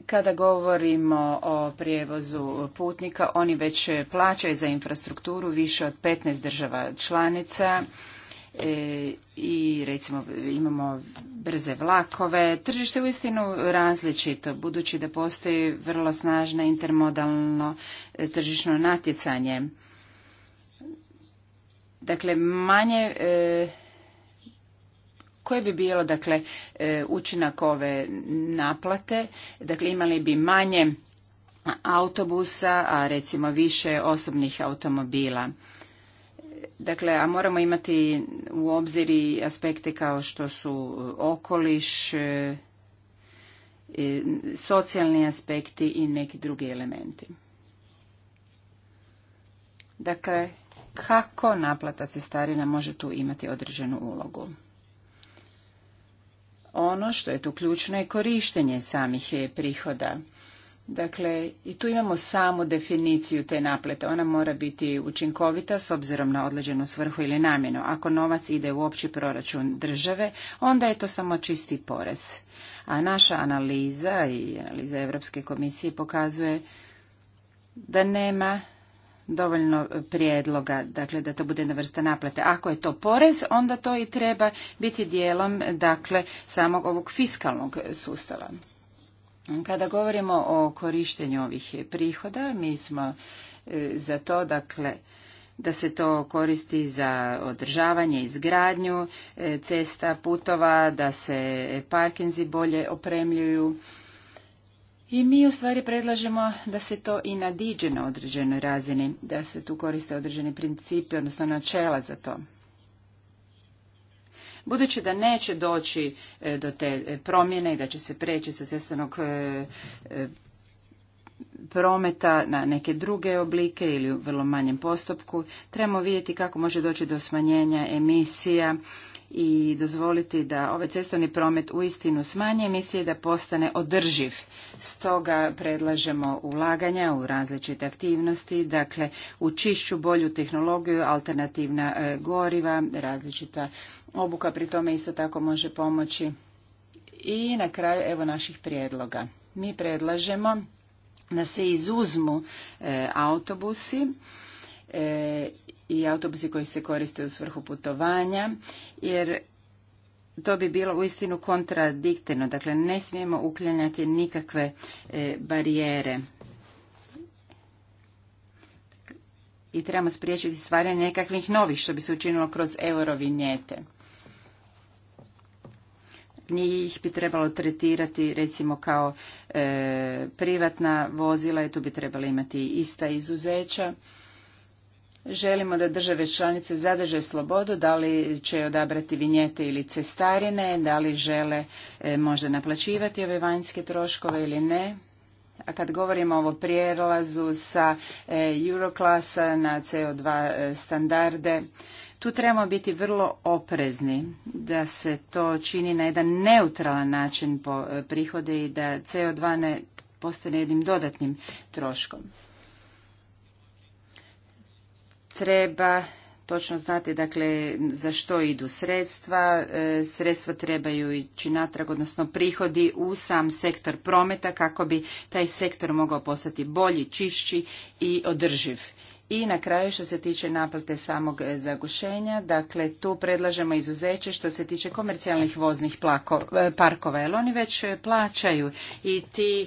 Kada govorimo o prijevozu putnika, oni već plaćaju za infrastrukturu više od 15 država članica e, i recimo imamo brze vlakove. Tržište je uistinu različito, budući da postoji vrlo snažno intermodalno e, tržišno natjecanje. Dakle, manje e, koje bi bilo dakle e, učinak ove naplate? Dakle imali bi manje autobusa, a recimo više osobnih automobila. Dakle, a moramo imati u obziri aspekte kao što su e, okoliš, e, socijalni aspekti i neki drugi elementi. Dakle, kako naplata cestarina može tu imati određenu ulogu? Ono što je tu ključno je korištenje samih prihoda. Dakle, i tu imamo samu definiciju te naplete. Ona mora biti učinkovita s obzirom na određenu svrhu ili namjenu. Ako novac ide u opći proračun države, onda je to samo čisti porez. A naša analiza i analiza Europske komisije pokazuje da nema dovoljno prijedloga, dakle da to bude jedna vrsta naplate. Ako je to porez, onda to i treba biti dijelom dakle samog ovog fiskalnog sustava. Kada govorimo o korištenju ovih prihoda, mi smo e, za to dakle da se to koristi za održavanje, izgradnju e, cesta, putova, da se parkinzi bolje opremljuju i mi u stvari predlažemo da se to i nadiđe na određenoj razini, da se tu koriste određeni principi, odnosno načela za to. Budući da neće doći e, do te e, promjene i da će se preći sa cestovnog e, prometa na neke druge oblike ili u vrlo manjem postupku, trebamo vidjeti kako može doći do smanjenja emisija i dozvoliti da ovaj cestovni promet uistinu smanje emisije da postane održiv. Stoga predlažemo ulaganja u različite aktivnosti, dakle u čišću, bolju tehnologiju, alternativna e, goriva, različita obuka, pri tome isto tako može pomoći. I na kraju evo naših prijedloga. Mi predlažemo da se izuzmu e, autobusi e, i autobusi koji se koriste u svrhu putovanja, jer to bi bilo uistinu kontradiktorno. Dakle, ne smijemo uklanjati nikakve e, barijere. I trebamo spriječiti stvaranje nekakvih novih što bi se učinilo kroz eurovinjete. Njih bi trebalo tretirati recimo kao e, privatna vozila i tu bi trebali imati ista izuzeća. Želimo da države članice zadrže slobodu, da li će odabrati vinjete ili cestarine, da li žele e, možda naplaćivati ove vanjske troškove ili ne. A kad govorimo o prijelazu sa e, Euroklasa na CO2 e, standarde, tu trebamo biti vrlo oprezni da se to čini na jedan neutralan način po e, prihode i da CO2 ne postane jednim dodatnim troškom treba točno znati dakle za što idu sredstva. E, sredstva trebaju ići natrag, odnosno prihodi u sam sektor prometa kako bi taj sektor mogao postati bolji, čišći i održiv. I na kraju što se tiče naplate samog e, zagušenja, dakle tu predlažemo izuzeće što se tiče komercijalnih voznih e, parkova, jer oni već plaćaju i ti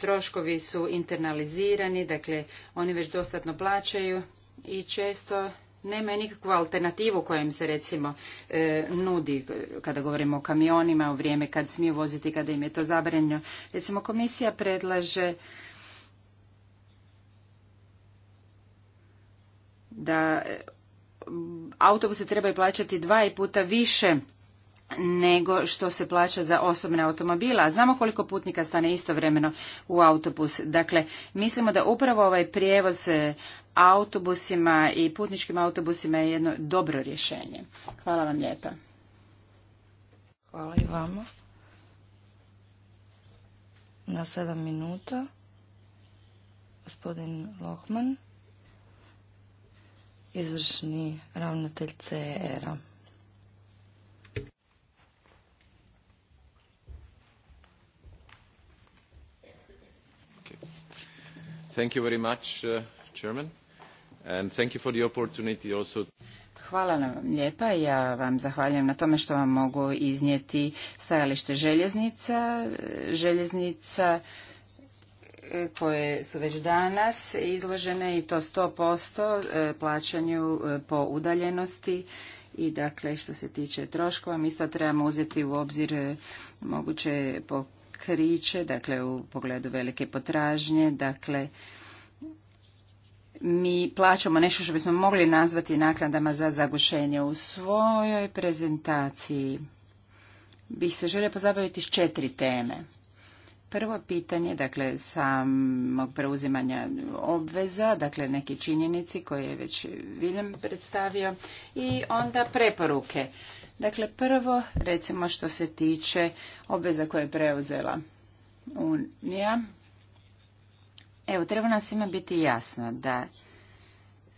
troškovi su internalizirani, dakle oni već dostatno plaćaju i često nema nikakvu alternativu koja se recimo e, nudi kada govorimo o kamionima, u vrijeme kad smiju voziti, kada im je to zabranjeno. Recimo komisija predlaže da e, autobuse trebaju plaćati dva i puta više nego što se plaća za osobne automobila. Znamo koliko putnika stane istovremeno u autobus. Dakle, mislimo da upravo ovaj prijevoz e, autobusima i putničkim autobusima je jedno dobro rješenje. Hvala vam lijepa. Hvala i vama. Na sedam minuta gospodin Lohman, izvršni ravnatelj CR-a. Hvala vam lijepa. Ja vam zahvaljujem na tome što vam mogu iznijeti stajalište željeznica. Željeznica e, koje su već danas izložene i to 100% e, plaćanju e, po udaljenosti i dakle što se tiče troškova mi isto trebamo uzeti u obzir moguće kriće, dakle u pogledu velike potražnje, dakle mi plaćamo nešto što bismo mogli nazvati naknadama za zagušenje. U svojoj prezentaciji bih se želio pozabaviti s četiri teme. Prvo pitanje, dakle, samog preuzimanja obveza, dakle, neke činjenici koje je već Viljem predstavio i onda preporuke. Dakle, prvo, recimo što se tiče obveza koje je preuzela Unija, evo, treba nam svima biti jasno da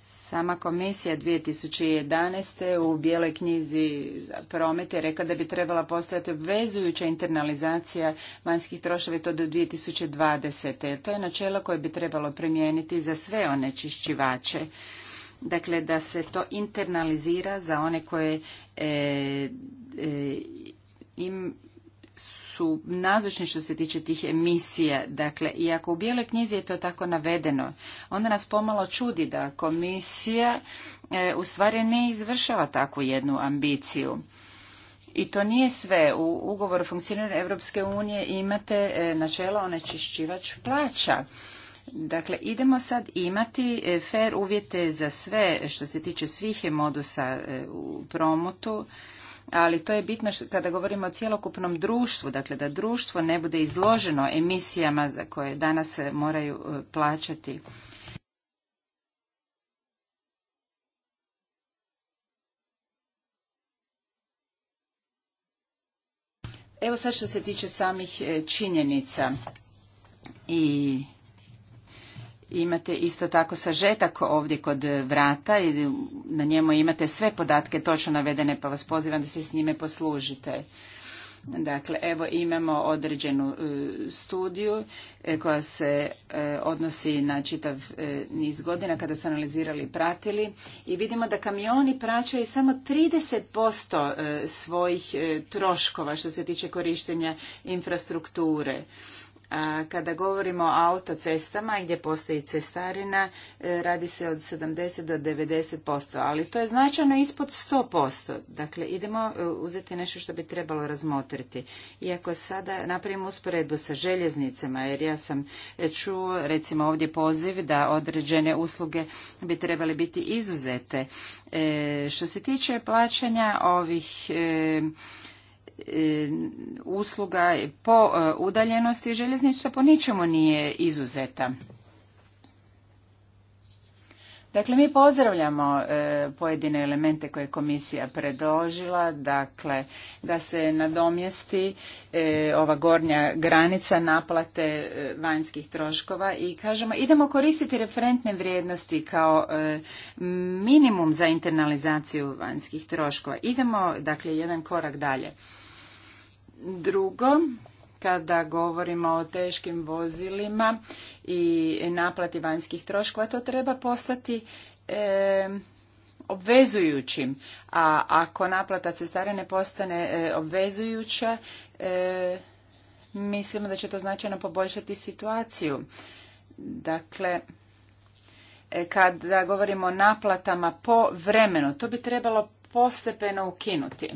Sama komisija 2011. u Bijeloj knjizi promet je rekla da bi trebala postojati obvezujuća internalizacija vanjskih trošava to do 2020. To je načelo koje bi trebalo primijeniti za sve onečišćivače dakle da se to internalizira za one koje e, e, im su nazočni što se tiče tih emisija. Dakle, i ako u bijeloj knjizi je to tako navedeno, onda nas pomalo čudi da komisija e, u stvari ne izvršava takvu jednu ambiciju. I to nije sve. U ugovoru funkcioniranja Europske unije imate e, načelo onečišćivač plaća. Dakle, idemo sad imati e, fair uvjete za sve što se tiče svih modusa e, u promotu, ali to je bitno kada govorimo o cjelokupnom društvu, dakle da društvo ne bude izloženo emisijama za koje danas e, moraju plaćati. Evo sad što se tiče samih činjenica i Imate isto tako sažetak ovdje kod vrata i na njemu imate sve podatke točno navedene pa vas pozivam da se s njime poslužite. Dakle, evo imamo određenu e, studiju e, koja se e, odnosi na čitav niz godina kada su analizirali i pratili i vidimo da kamioni praćaju samo 30% svojih troškova što se tiče korištenja infrastrukture. Kada govorimo o autocestama gdje postoji cestarina, e, radi se od 70 do 90%, ali to je značajno ispod 100%. Dakle, idemo e, uzeti nešto što bi trebalo razmotriti. Iako sada napravimo usporedbu sa željeznicama, jer ja sam čuo recimo ovdje poziv da određene usluge bi trebali biti izuzete. E, što se tiče plaćanja ovih E, usluga po e, udaljenosti željeznica po ničemu nije izuzeta. Dakle, mi pozdravljamo e, pojedine elemente koje je komisija predložila, dakle, da se nadomjesti ova gornja granica naplate vanjskih troškova i kažemo idemo koristiti referentne vrijednosti kao minimum za internalizaciju vanjskih troškova. Idemo, dakle, jedan korak dalje. Drugo, kada govorimo o teškim vozilima i naplati vanjskih troškova, to treba postati e, obvezujućim. A ako naplata cestarine postane e, obvezujuća, e, mislimo da će to značajno poboljšati situaciju. Dakle, kada govorimo o naplatama po vremenu, to bi trebalo postepeno ukinuti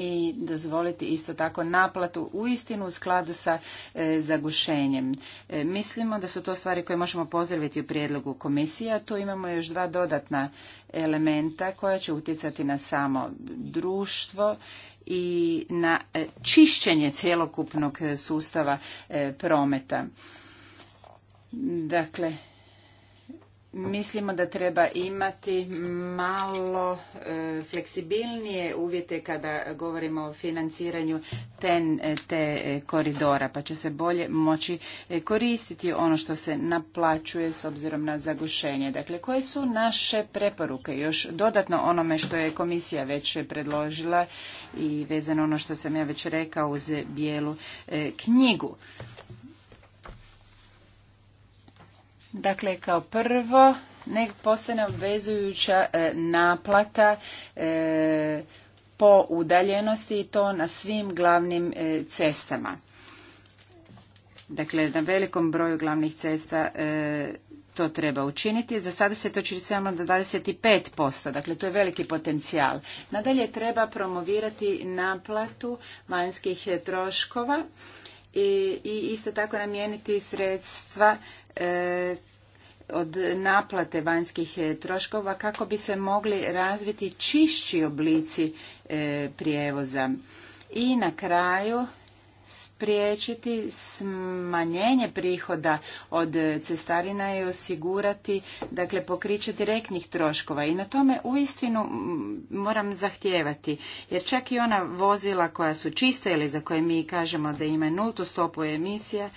i dozvoliti isto tako naplatu u istinu u skladu sa e, zagušenjem. E, mislimo da su to stvari koje možemo pozdraviti u prijedlogu komisija. Tu imamo još dva dodatna elementa koja će utjecati na samo društvo i na e, čišćenje cjelokupnog sustava prometa. Dakle, mislimo da treba imati malo e, fleksibilnije uvjete kada govorimo o financiranju ten, e, te e, koridora pa će se bolje moći koristiti ono što se naplaćuje s obzirom na zagušenje. Dakle, koje su naše preporuke još dodatno onome što je komisija već predložila i vezano ono što sam ja već rekao uz bijelu knjigu. Dakle, kao prvo, nek postane obvezujuća e, naplata e, po udaljenosti i to na svim glavnim e, cestama. Dakle, na velikom broju glavnih cesta to treba učiniti. Za sada se to čini samo do 25%, dakle to je veliki potencijal. Nadalje treba promovirati naplatu vanjskih troškova i, i isto tako namijeniti sredstva e, od naplate vanjskih e, troškova kako bi se mogli razviti čišći oblici e, prijevoza. I na kraju spriječiti smanjenje prihoda od cestarina i osigurati dakle pokriće direktnih troškova i na tome uistinu moram zahtijevati jer čak i ona vozila koja su čista ili za koje mi kažemo da imaju nultu stopu emisija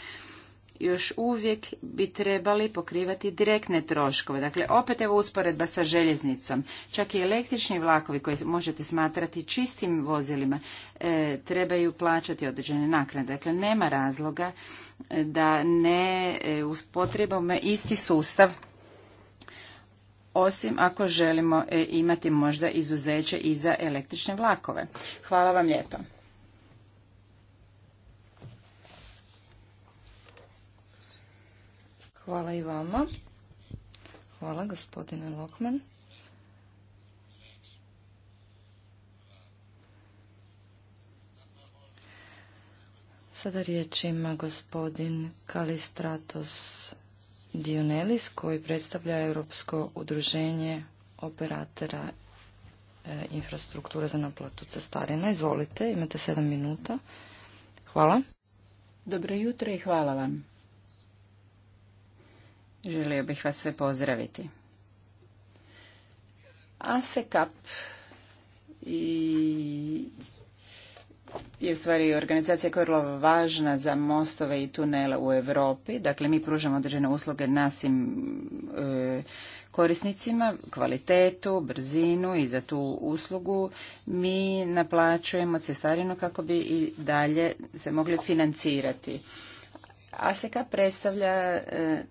još uvijek bi trebali pokrivati direktne troškove. Dakle, opet evo usporedba sa željeznicom. Čak i električni vlakovi koji možete smatrati čistim vozilima e, trebaju plaćati određene naknade. Dakle, nema razloga e, da ne e, isti sustav osim ako želimo e, imati možda izuzeće i za električne vlakove. Hvala vam lijepa. Hvala i vama. Hvala gospodine Lokman. Sada riječ ima gospodin Kalistratos Dionelis koji predstavlja Europsko udruženje operatora e, infrastrukture za naplatu cestarina. Izvolite, imate sedam minuta. Hvala. Dobro jutro i hvala vam. Želio bih vas sve pozdraviti. ASECAP i je u stvari organizacija koja je vrlo važna za mostove i tunele u Europi. Dakle, mi pružamo određene usluge nasim e, korisnicima, kvalitetu, brzinu i za tu uslugu. Mi naplaćujemo cestarinu kako bi i dalje se mogli financirati. ASEKA e predstavlja e,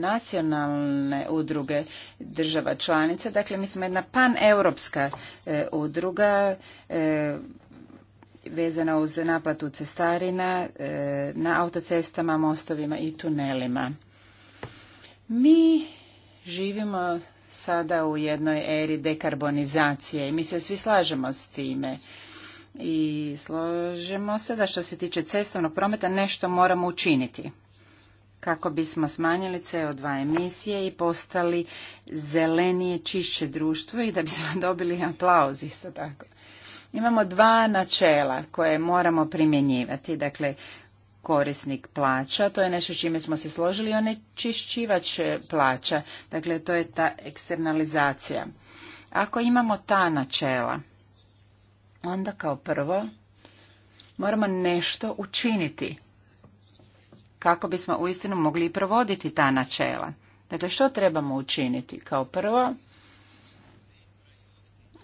nacionalne udruge država članica. Dakle, mi smo jedna paneuropska e, udruga e, vezana uz naplatu cestarina e, na autocestama, mostovima i tunelima. Mi živimo sada u jednoj eri dekarbonizacije i mi se svi slažemo s time i složemo se da što se tiče cestovnog prometa nešto moramo učiniti kako bismo smanjili CO2 emisije i postali zelenije, čišće društvo i da bismo dobili aplauz isto tako. Imamo dva načela koje moramo primjenjivati. Dakle, korisnik plaća, to je nešto čime smo se složili, onečišćivač plaća. Dakle, to je ta eksternalizacija. Ako imamo ta načela, onda kao prvo moramo nešto učiniti kako bismo uistinu mogli i provoditi ta načela. Dakle, što trebamo učiniti? Kao prvo,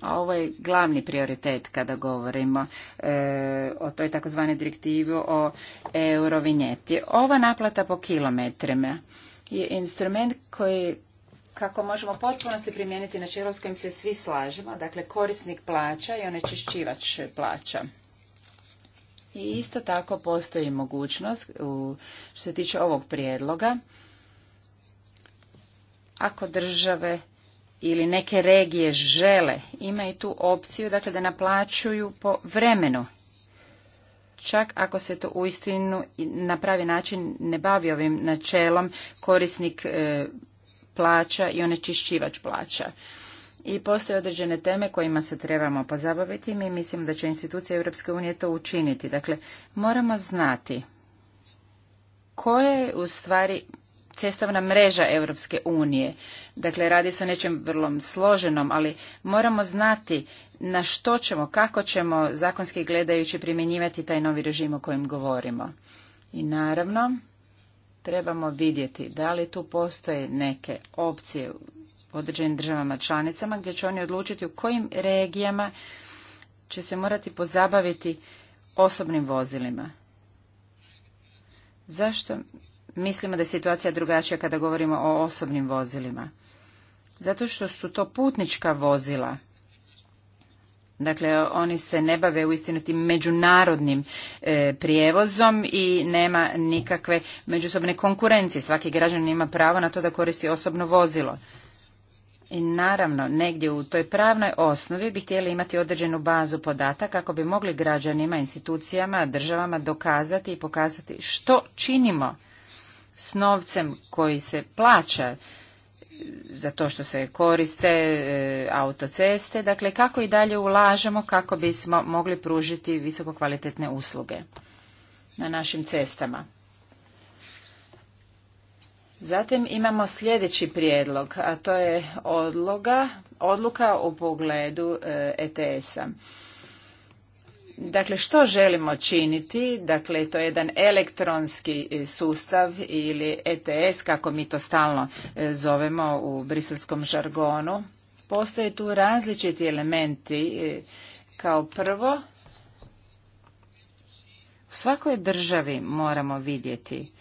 a ovo je glavni prioritet kada govorimo e, o toj takozvani direktivi o eurovinjeti. Ova naplata po kilometrima je instrument koji kako možemo potpunosti primijeniti načelo s kojim se svi slažemo, dakle korisnik plaća i onečišćivač plaća. I isto tako postoji mogućnost u, što se tiče ovog prijedloga ako države ili neke regije žele, imaju tu opciju dakle, da naplaćuju po vremenu. Čak ako se to uistinu na pravi način ne bavi ovim načelom korisnik e, plaća i onečišćivač plaća i postoje određene teme kojima se trebamo pozabaviti. Mi mislim da će institucije Europske unije to učiniti. Dakle, moramo znati koje je u stvari cestovna mreža Europske unije. Dakle, radi se o nečem vrlo složenom, ali moramo znati na što ćemo, kako ćemo zakonski gledajući primjenjivati taj novi režim o kojem govorimo. I naravno, trebamo vidjeti da li tu postoje neke opcije određenim državama članicama gdje će oni odlučiti u kojim regijama će se morati pozabaviti osobnim vozilima. Zašto mislimo da je situacija drugačija kada govorimo o osobnim vozilima? Zato što su to putnička vozila. Dakle, oni se ne bave uistinu tim međunarodnim e, prijevozom i nema nikakve međusobne konkurencije. Svaki građan ima pravo na to da koristi osobno vozilo. I naravno, negdje u toj pravnoj osnovi bi htjeli imati određenu bazu podataka kako bi mogli građanima, institucijama, državama dokazati i pokazati što činimo s novcem koji se plaća e, za to što se koriste e, autoceste, dakle kako i dalje ulažemo kako bismo mogli pružiti visokokvalitetne usluge na našim cestama. Zatim imamo sljedeći prijedlog, a to je odloga, odluka u pogledu ETS-a. E dakle, što želimo činiti? Dakle, to je jedan elektronski e, sustav ili ETS, kako mi to stalno e, zovemo u briselskom žargonu. Postoje tu različiti elementi. Kao prvo, u svakoj državi moramo vidjeti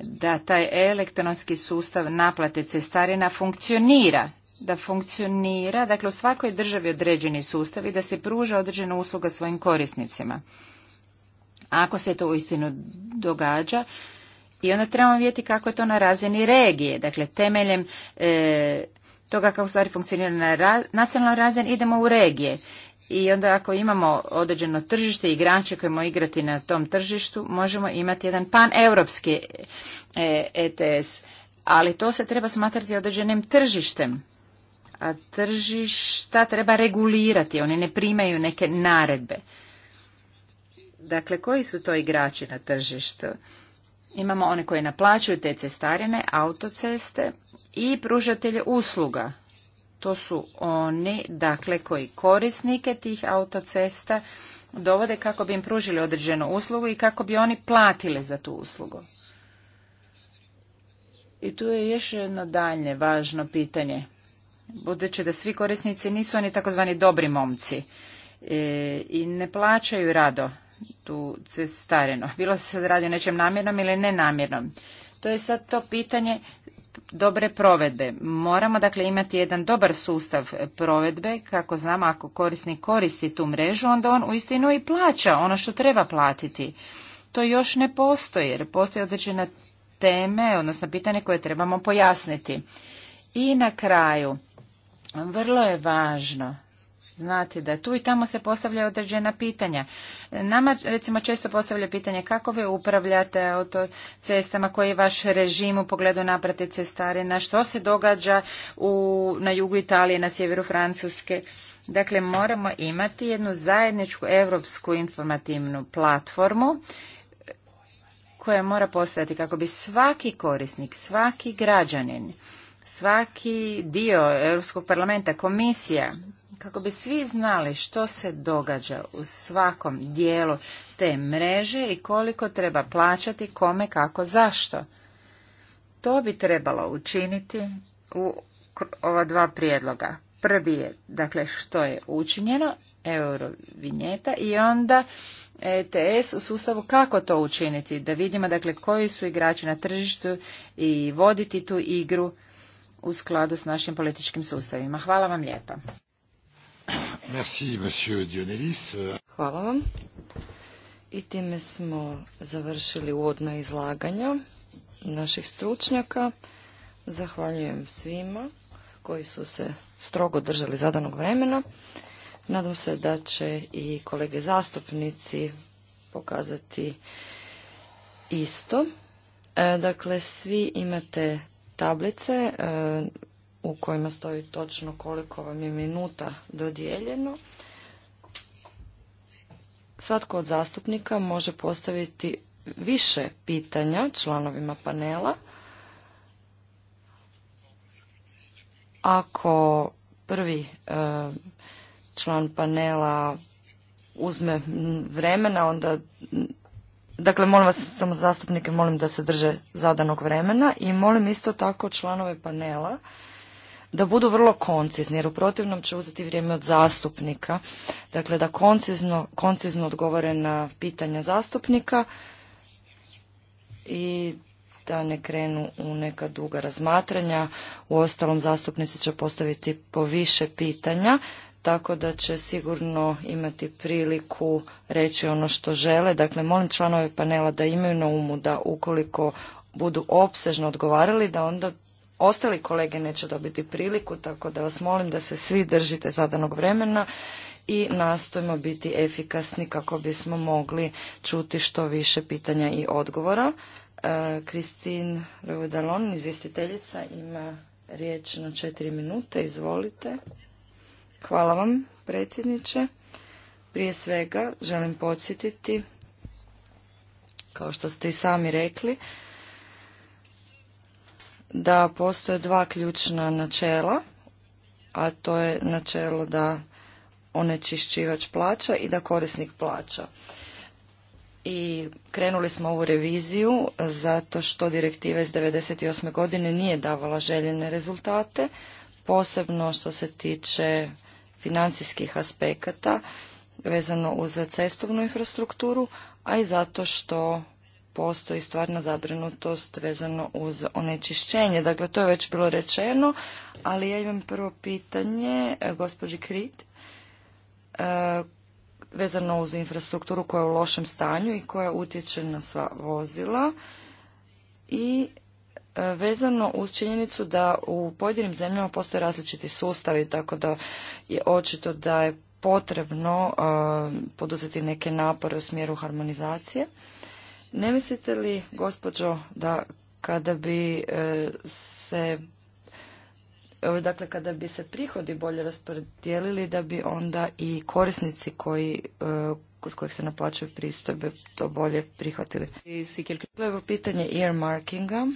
da taj elektronski sustav naplate cestarina funkcionira da funkcionira, dakle u svakoj državi određeni sustav i da se pruža određena usluga svojim korisnicima. Ako se to uistinu događa, i onda trebamo vidjeti kako je to na razini regije. Dakle, temeljem e, toga kako stvari funkcionira na ra nacionalnoj razini idemo u regije i onda ako imamo određeno tržište i igrače koje možemo igrati na tom tržištu, možemo imati jedan pan-europski ETS. E Ali to se treba smatrati određenim tržištem. A tržišta treba regulirati, oni ne primaju neke naredbe. Dakle, koji su to igrači na tržištu? Imamo one koje naplaćuju te cestarine, autoceste i pružatelje usluga to su oni dakle koji korisnike tih autocesta dovode kako bi im pružili određenu uslugu i kako bi oni platili za tu uslugu. I tu je još jedno daljnje važno pitanje. Budući da svi korisnici nisu oni takozvani dobri momci e, i ne plaćaju rado tu cestarinu. Bilo se radi o nečem namjernom ili nenamjernom. To je sad to pitanje dobre provedbe. Moramo dakle imati jedan dobar sustav provedbe kako znamo ako korisnik koristi tu mrežu onda on uistinu i plaća ono što treba platiti. To još ne postoji jer postoje određene teme, odnosno pitanje koje trebamo pojasniti. I na kraju, vrlo je važno znati da tu i tamo se postavljaju određena pitanja. Nama recimo često postavlja pitanje kako vi upravljate cestama koji je vaš režim u pogledu naprate na što se događa u, na jugu Italije, na sjeveru Francuske. Dakle, moramo imati jednu zajedničku europsku informativnu platformu koja mora postojati kako bi svaki korisnik, svaki građanin, svaki dio Europskog parlamenta, komisija, kako bi svi znali što se događa u svakom dijelu te mreže i koliko treba plaćati kome kako zašto. To bi trebalo učiniti u ova dva prijedloga. Prvi je, dakle, što je učinjeno, eurovinjeta i onda ETS u sustavu kako to učiniti, da vidimo dakle koji su igrači na tržištu i voditi tu igru u skladu s našim političkim sustavima. Hvala vam lijepa. Hvala vam. I time smo završili uvodna izlaganja naših stručnjaka. Zahvaljujem svima koji su se strogo držali zadanog vremena. Nadam se da će i kolege zastupnici pokazati isto. E, dakle, svi imate tablice. E, u kojima stoji točno koliko vam je minuta dodijeljeno. Svatko od zastupnika može postaviti više pitanja članovima panela. Ako prvi e, član panela uzme vremena, onda Dakle, molim vas, samo zastupnike, molim da se drže zadanog vremena i molim isto tako članove panela da budu vrlo koncizni, jer u protivnom će uzeti vrijeme od zastupnika. Dakle, da koncizno, koncizno odgovore na pitanja zastupnika i da ne krenu u neka duga razmatranja. U ostalom, zastupnici će postaviti po više pitanja, tako da će sigurno imati priliku reći ono što žele. Dakle, molim članove panela da imaju na umu da ukoliko budu opsežno odgovarali, da onda ostali kolege neće dobiti priliku, tako da vas molim da se svi držite zadanog vremena i nastojimo biti efikasni kako bismo mogli čuti što više pitanja i odgovora. E, Kristin Revedalon, izvjestiteljica, ima riječ na četiri minute. Izvolite. Hvala vam, predsjedniče. Prije svega želim podsjetiti, kao što ste i sami rekli, da postoje dva ključna načela, a to je načelo da onečišćivač plaća i da korisnik plaća. I krenuli smo ovu reviziju zato što direktiva iz 1998. godine nije davala željene rezultate, posebno što se tiče financijskih aspekata vezano uz cestovnu infrastrukturu, a i zato što postoji stvarna zabrinutost vezano uz onečišćenje. Dakle, to je već bilo rečeno, ali ja imam prvo pitanje e, gospođi Krit e, vezano uz infrastrukturu koja je u lošem stanju i koja utječe na sva vozila i e, vezano uz činjenicu da u pojedinim zemljama postoje različiti sustavi, tako da je očito da je potrebno poduzeti neke napore u smjeru harmonizacije. Ne mislite li, gospođo, da kada bi e, se e, dakle kada bi se prihodi bolje raspodijelili da bi onda i korisnici koji e, kod kojih se naplaćuju pristojbe to bolje prihvatili. ovo dakle, pitanje earmarkinga.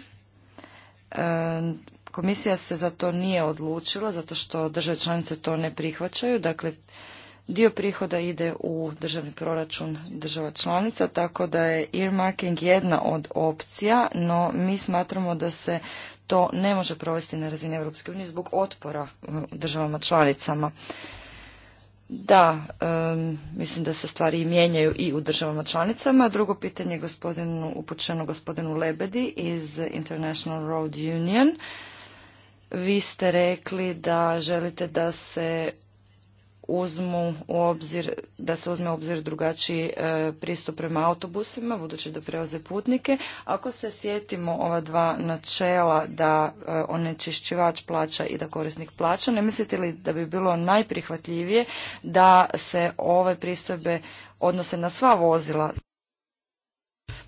Komisija se za to nije odlučila zato što države članice to ne prihvaćaju. Dakle, Dio prihoda ide u državni proračun država članica, tako da je earmarking jedna od opcija, no mi smatramo da se to ne može provesti na razini Europske unije zbog otpora e, državama članicama. Da, mislim da se stvari mijenjaju i u državama članicama. Drugo pitanje je gospodinu, upućeno gospodinu Lebedi iz International Road Union. Vi ste rekli da želite da se uzmu u obzir, da se uzme u obzir drugačiji e, pristup prema autobusima, budući da prevoze putnike. Ako se sjetimo ova dva načela da e, onečišćivač plaća i da korisnik plaća, ne mislite li da bi bilo najprihvatljivije da se ove pristojbe odnose na sva vozila?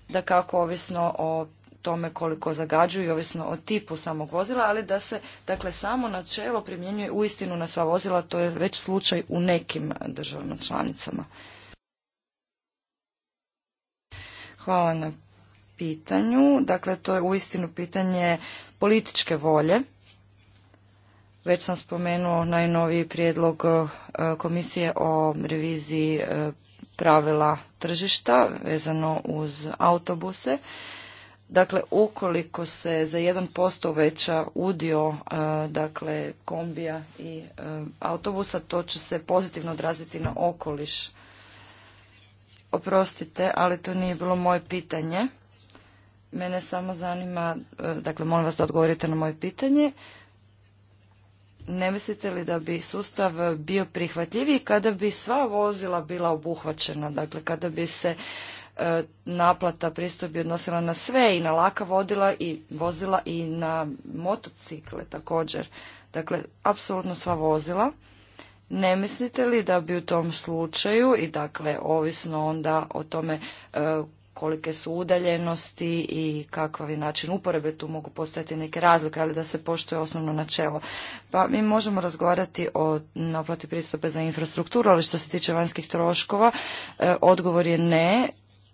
da kako ovisno o tome koliko zagađuju i ovisno o tipu samog vozila, ali da se dakle samo načelo primjenjuje uistinu na sva vozila, to je već slučaj u nekim državama članicama. Hvala na pitanju. Dakle, to je uistinu pitanje političke volje. Već sam spomenuo najnoviji prijedlog e, komisije o reviziji e, pravila tržišta vezano uz autobuse. Dakle, ukoliko se za 1% veća udio e, dakle, kombija i e, autobusa, to će se pozitivno odraziti na okoliš. Oprostite, ali to nije bilo moje pitanje. Mene samo zanima, e, dakle, molim vas da odgovorite na moje pitanje. Ne mislite li da bi sustav bio prihvatljiviji kada bi sva vozila bila obuhvaćena, dakle, kada bi se E, naplata pristojbi odnosila na sve i na laka vodila i vozila i na motocikle također. Dakle, apsolutno sva vozila. Ne mislite li da bi u tom slučaju i dakle ovisno onda o tome e, kolike su udaljenosti i kakav je način uporabe, tu mogu postojati neke razlike, ali da se poštuje osnovno načelo. Pa mi možemo razgovarati o naplati pristupe za infrastrukturu, ali što se tiče vanjskih troškova, e, odgovor je ne,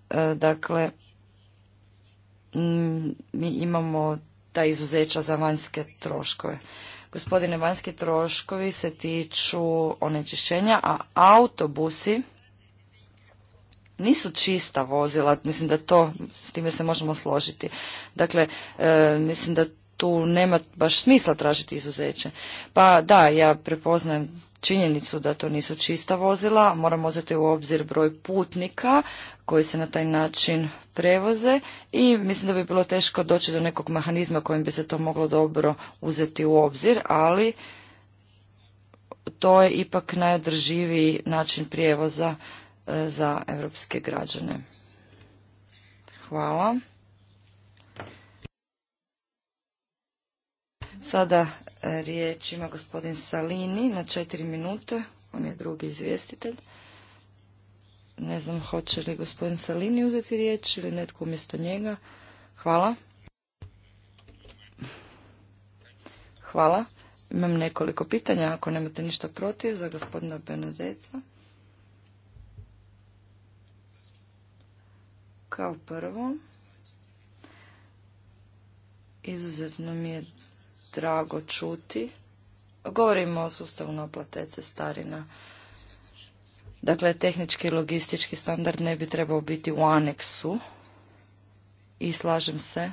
E, dakle, mi imamo ta izuzeća za vanjske troškove. Gospodine, vanjski troškovi se tiču onečišćenja, a autobusi nisu čista vozila. Mislim da to, s time se možemo složiti. Dakle, e, mislim da tu nema baš smisla tražiti izuzeće. Pa da, ja prepoznajem činjenicu da to nisu čista vozila, moramo uzeti u obzir broj putnika koji se na taj način prevoze i mislim da bi bilo teško doći do nekog mehanizma kojim bi se to moglo dobro uzeti u obzir, ali to je ipak najodrživiji način prijevoza e, za europske građane. Hvala. Sada e, riječ ima gospodin Salini na četiri minute. On je drugi izvjestitelj. Ne znam hoće li gospodin Salini uzeti riječ ili netko umjesto njega. Hvala. Hvala. Imam nekoliko pitanja, ako nemate ništa protiv, za gospodina Benedeta. Kao prvo, izuzetno mi je drago čuti. Govorimo o sustavu naplate cestarina. Dakle, tehnički i logistički standard ne bi trebao biti u aneksu. I slažem se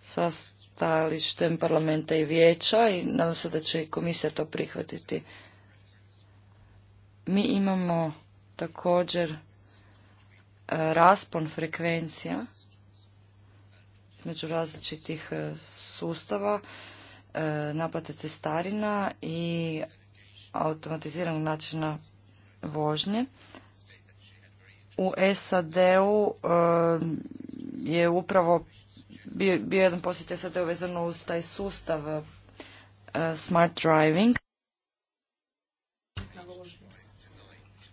sa stajalištem parlamenta i vijeća i nadam se da će i komisija to prihvatiti. Mi imamo također e, raspon frekvencija među različitih e, sustava e, naplate cestarina i automatiziranog načina vožnje. U SAD-u e, je upravo bio, bio jedan posjet SAD-u vezano uz taj sustav smart driving.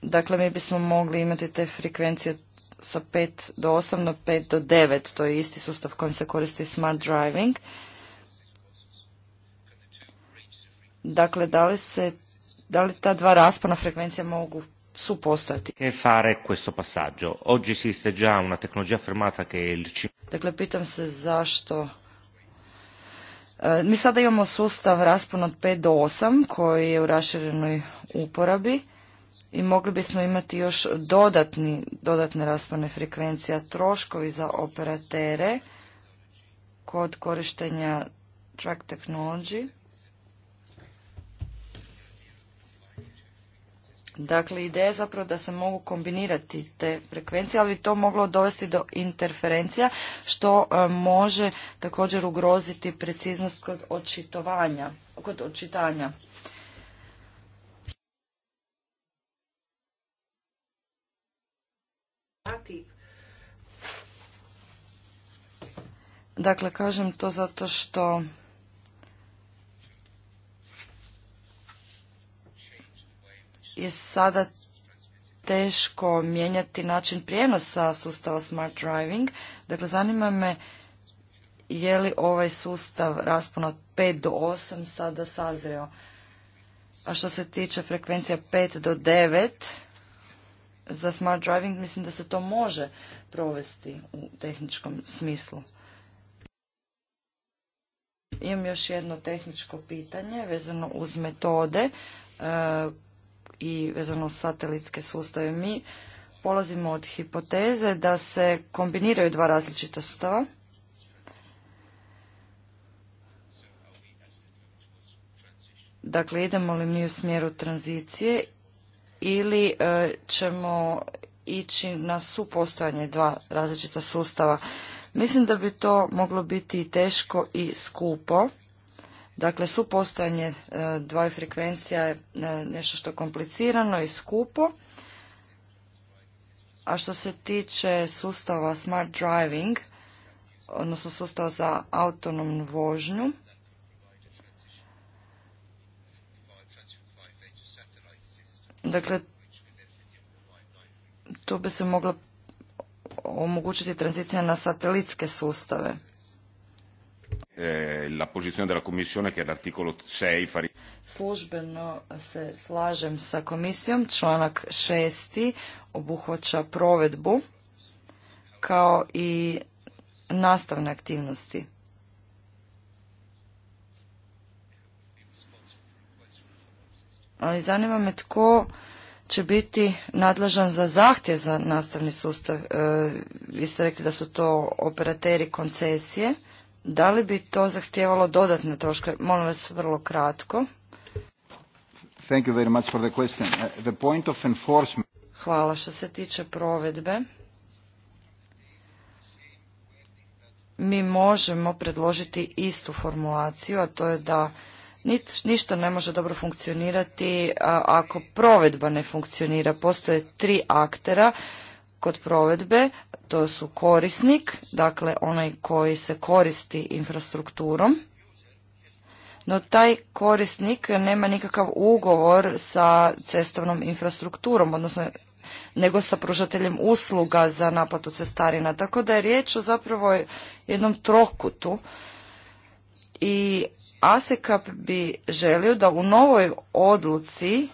Dakle, mi bismo mogli imati te frekvencije sa 5 do 8 na 5 do 9. To je isti sustav kojim se koristi smart driving. Dakle, da li, se, da li ta dva raspona frekvencija mogu su postojati? Che fare questo passaggio? Oggi esiste già una tecnologia affermata che il Dakle, pitam se zašto e, mi sada imamo sustav raspon od 5 do 8 koji je u raširenoj uporabi i mogli bismo imati još dodatni, dodatne raspone frekvencija troškovi za operatere kod korištenja track technology. Dakle, ideja je zapravo da se mogu kombinirati te frekvencije, ali bi to moglo dovesti do interferencija, što e, može također ugroziti preciznost kod očitovanja, kod očitanja. Dakle, kažem to zato što je sada teško mijenjati način prijenosa sustava smart driving. Dakle, zanima me je li ovaj sustav raspona od 5 do 8 sada sazreo. A što se tiče frekvencija 5 do 9, za smart driving mislim da se to može provesti u tehničkom smislu. Imam još jedno tehničko pitanje vezano uz metode e, i vezano uz satelitske sustave. Mi polazimo od hipoteze da se kombiniraju dva različita sustava. Dakle, idemo li mi u smjeru tranzicije ili e, ćemo ići na supostojanje dva različita sustava. Mislim da bi to moglo biti teško i skupo. Dakle, supostojanje e, dva frekvencija je e, nešto što je komplicirano i skupo. A što se tiče sustava smart driving, odnosno sustava za autonomnu vožnju, Dakle, tu bi se mogla omogućiti tranzicija na satelitske sustave. E, la posizione della Commissione che l'articolo 6 Službeno se slažem sa komisijom. Članak 6. obuhvaća provedbu kao i nastavne aktivnosti. ali zanima me tko će biti nadležan za zahtjev za nastavni sustav. E, vi ste rekli da su to operateri koncesije. Da li bi to zahtijevalo dodatne troške? Molim vas vrlo kratko. Hvala što se tiče provedbe. Mi možemo predložiti istu formulaciju, a to je da ništa ne može dobro funkcionirati ako provedba ne funkcionira. Postoje tri aktera kod provedbe, to su korisnik, dakle onaj koji se koristi infrastrukturom, no taj korisnik nema nikakav ugovor sa cestovnom infrastrukturom, odnosno nego sa pružateljem usluga za naplatu cestarina. Tako da je riječ o zapravo jednom trokutu i ASEKAP bi želio da u novoj odluci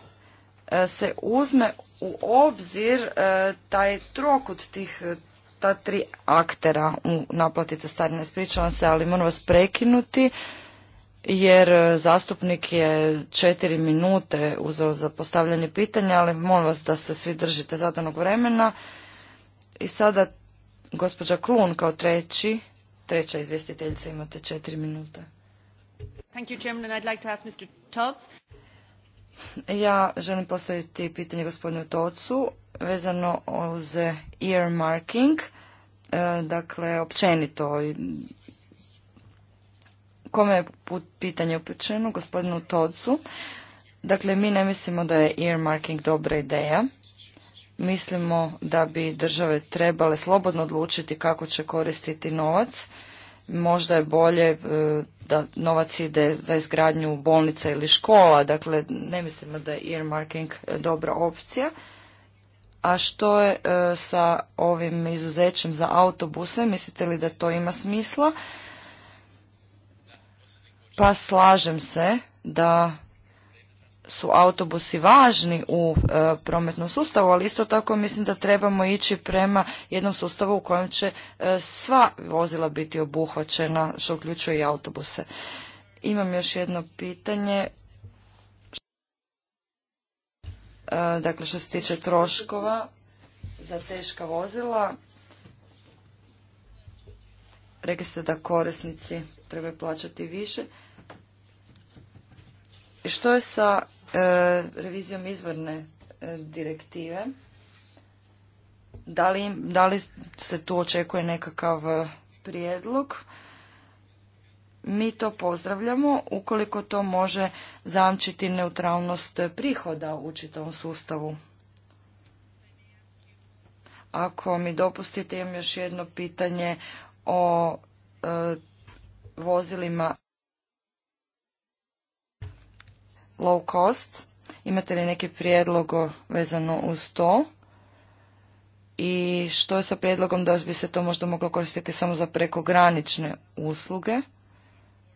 e, se uzme u obzir e, taj trokut tih e, ta tri aktera u naplati cestarine. Ispričavam se, ali moram vas prekinuti jer zastupnik je četiri minute uzeo za postavljanje pitanja, ali molim vas da se svi držite zadanog vremena. I sada gospođa Klun kao treći, treća izvjestiteljica imate četiri minute. Ja želim postaviti pitanje gospodinu Tocu vezano uz earmarking, e, dakle općenito. Kome je pitanje upućeno? Gospodinu Tocu. Dakle, mi ne mislimo da je earmarking dobra ideja. Mislimo da bi države trebale slobodno odlučiti kako će koristiti novac možda je bolje e, da novac ide za izgradnju bolnica ili škola, dakle ne mislimo da je earmarking e, dobra opcija. A što je e, sa ovim izuzećem za autobuse, mislite li da to ima smisla? Pa slažem se da su autobusi važni u e, prometnom sustavu, ali isto tako mislim da trebamo ići prema jednom sustavu u kojem će e, sva vozila biti obuhvaćena, što uključuje i autobuse. Imam još jedno pitanje. E, dakle, što se tiče troškova za teška vozila, rekli ste da korisnici trebaju plaćati više. Što je sa E, revizijom izvorne e, direktive. Da li, se tu očekuje nekakav e, prijedlog? Mi to pozdravljamo ukoliko to može zamčiti neutralnost prihoda u čitavom sustavu. Ako mi dopustite imam još jedno pitanje o vozilima low cost. Imate li neki prijedlog vezano uz to? I što je sa prijedlogom da bi se to možda moglo koristiti samo za prekogranične usluge?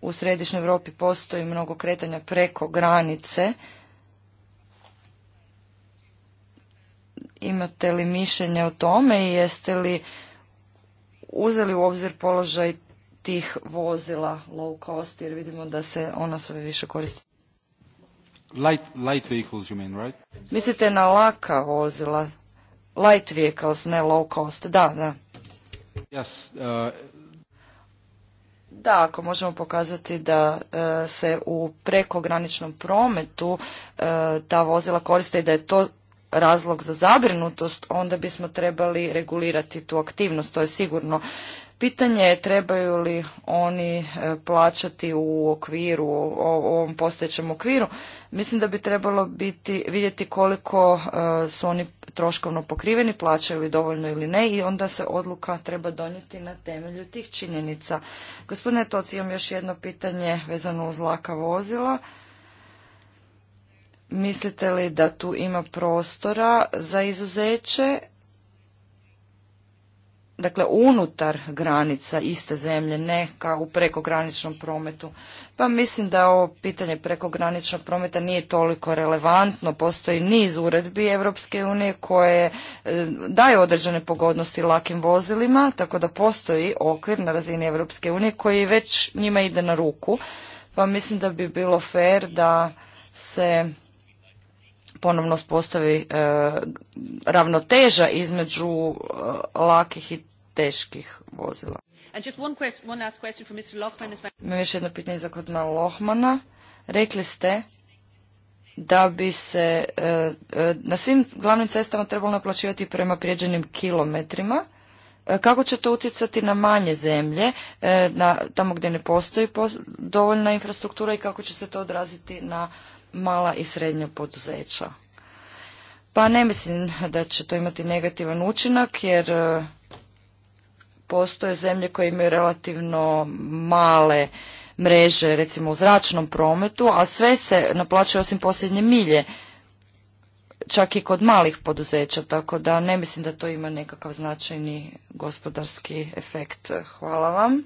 U središnjoj Europi postoji mnogo kretanja preko granice. Imate li mišljenje o tome i jeste li uzeli u obzir položaj tih vozila low cost jer vidimo da se ona sve više koristi. Light, vehicles you mean, right? Mislite na laka vozila, light vehicles, ne low cost, da, da. Uh, da, ako možemo pokazati da e, se u prekograničnom prometu e, ta vozila koriste i da je to razlog za zabrinutost, onda bismo trebali regulirati tu aktivnost, to je sigurno. Pitanje je trebaju li oni e, plaćati u okviru, u ovom postojećem okviru. Mislim da bi trebalo biti, vidjeti koliko e, su oni troškovno pokriveni, plaćaju li dovoljno ili ne i onda se odluka treba donijeti na temelju tih činjenica. Gospodine Toci, imam još jedno pitanje vezano uz laka vozila. Mislite li da tu ima prostora za izuzeće dakle unutar granica iste zemlje, ne kao u prekograničnom prometu. Pa mislim da ovo pitanje prekograničnog prometa nije toliko relevantno. Postoji niz uredbi Europske unije koje e, daju određene pogodnosti lakim vozilima, tako da postoji okvir na razini Europske unije koji već njima ide na ruku. Pa mislim da bi bilo fair da se ponovno spostavi e, ravnoteža između e, lakih i teških vozila. Imam još jedno pitanje za kod Lohmana. Rekli ste da bi se e, e, na svim glavnim cestama trebalo naplaćivati prema prijeđenim kilometrima. E, kako će to utjecati na manje zemlje, tamo gdje ne postoji dovoljna infrastruktura i kako će se to odraziti na mala i srednja poduzeća? Pa ne mislim da će to imati negativan učinak jer postoje zemlje koje imaju relativno male mreže, recimo u zračnom prometu, a sve se naplaćuje osim posljednje milje, čak i kod malih poduzeća, tako da ne mislim da to ima nekakav značajni gospodarski efekt. Hvala vam.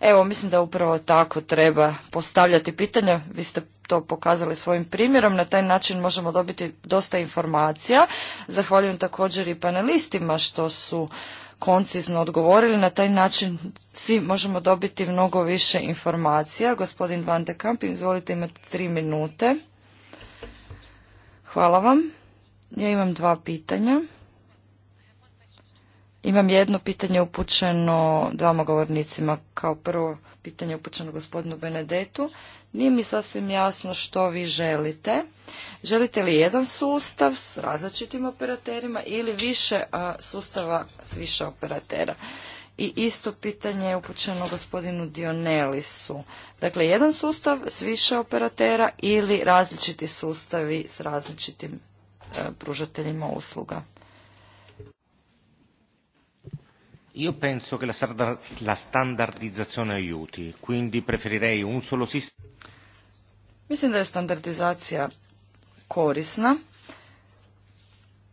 Evo, mislim da upravo tako treba postavljati pitanja. Vi ste to pokazali svojim primjerom. Na taj način možemo dobiti dosta informacija. Zahvaljujem također i panelistima što su koncizno odgovorili. Na taj način svi možemo dobiti mnogo više informacija. Gospodin Van de Kamp, izvolite imati tri minute. Hvala vam. Ja imam dva pitanja. Imam jedno pitanje upućeno dvama govornicima. Kao prvo pitanje upućeno gospodinu Benedetu. Nije mi sasvim jasno što vi želite. Želite li jedan sustav s različitim operaterima ili više sustava s više operatera? I isto pitanje je upućeno gospodinu Dionelisu. Dakle, jedan sustav s više operatera ili različiti sustavi s različitim e, pružateljima usluga. Io penso che la, la standardizzazione aiuti, quindi preferirei un solo sistema. Mislim da je standardizacija korisna,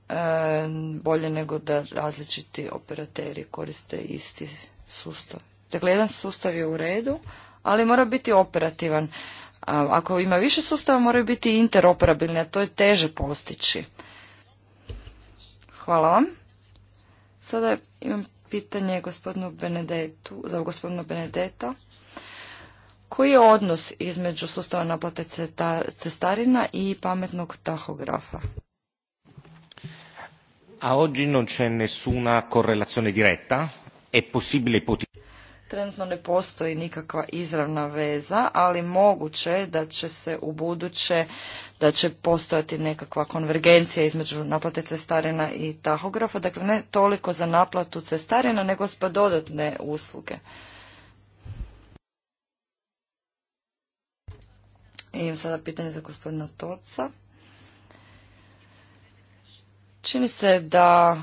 eh, bolje nego da različiti operateri koriste isti sustav. Dakle, jedan sustav je u redu, ali mora biti operativan. ako ima više sustava, moraju biti interoperabilni, a to je teže postići. Hvala vam. Sada imam pitanje gospodinu Benedetu, za gospodinu Benedeta. Koji je odnos između sustava naplate cestarina i pametnog tahografa? A oggi non c'è nessuna correlazione diretta. È possibile ipotizzare Trenutno ne postoji nikakva izravna veza, ali moguće da će se u buduće, da će postojati nekakva konvergencija između naplate cestarina i tahografa. Dakle, ne toliko za naplatu cestarina, nego pa dodatne usluge. I sada pitanje za gospodina Toca. Čini se da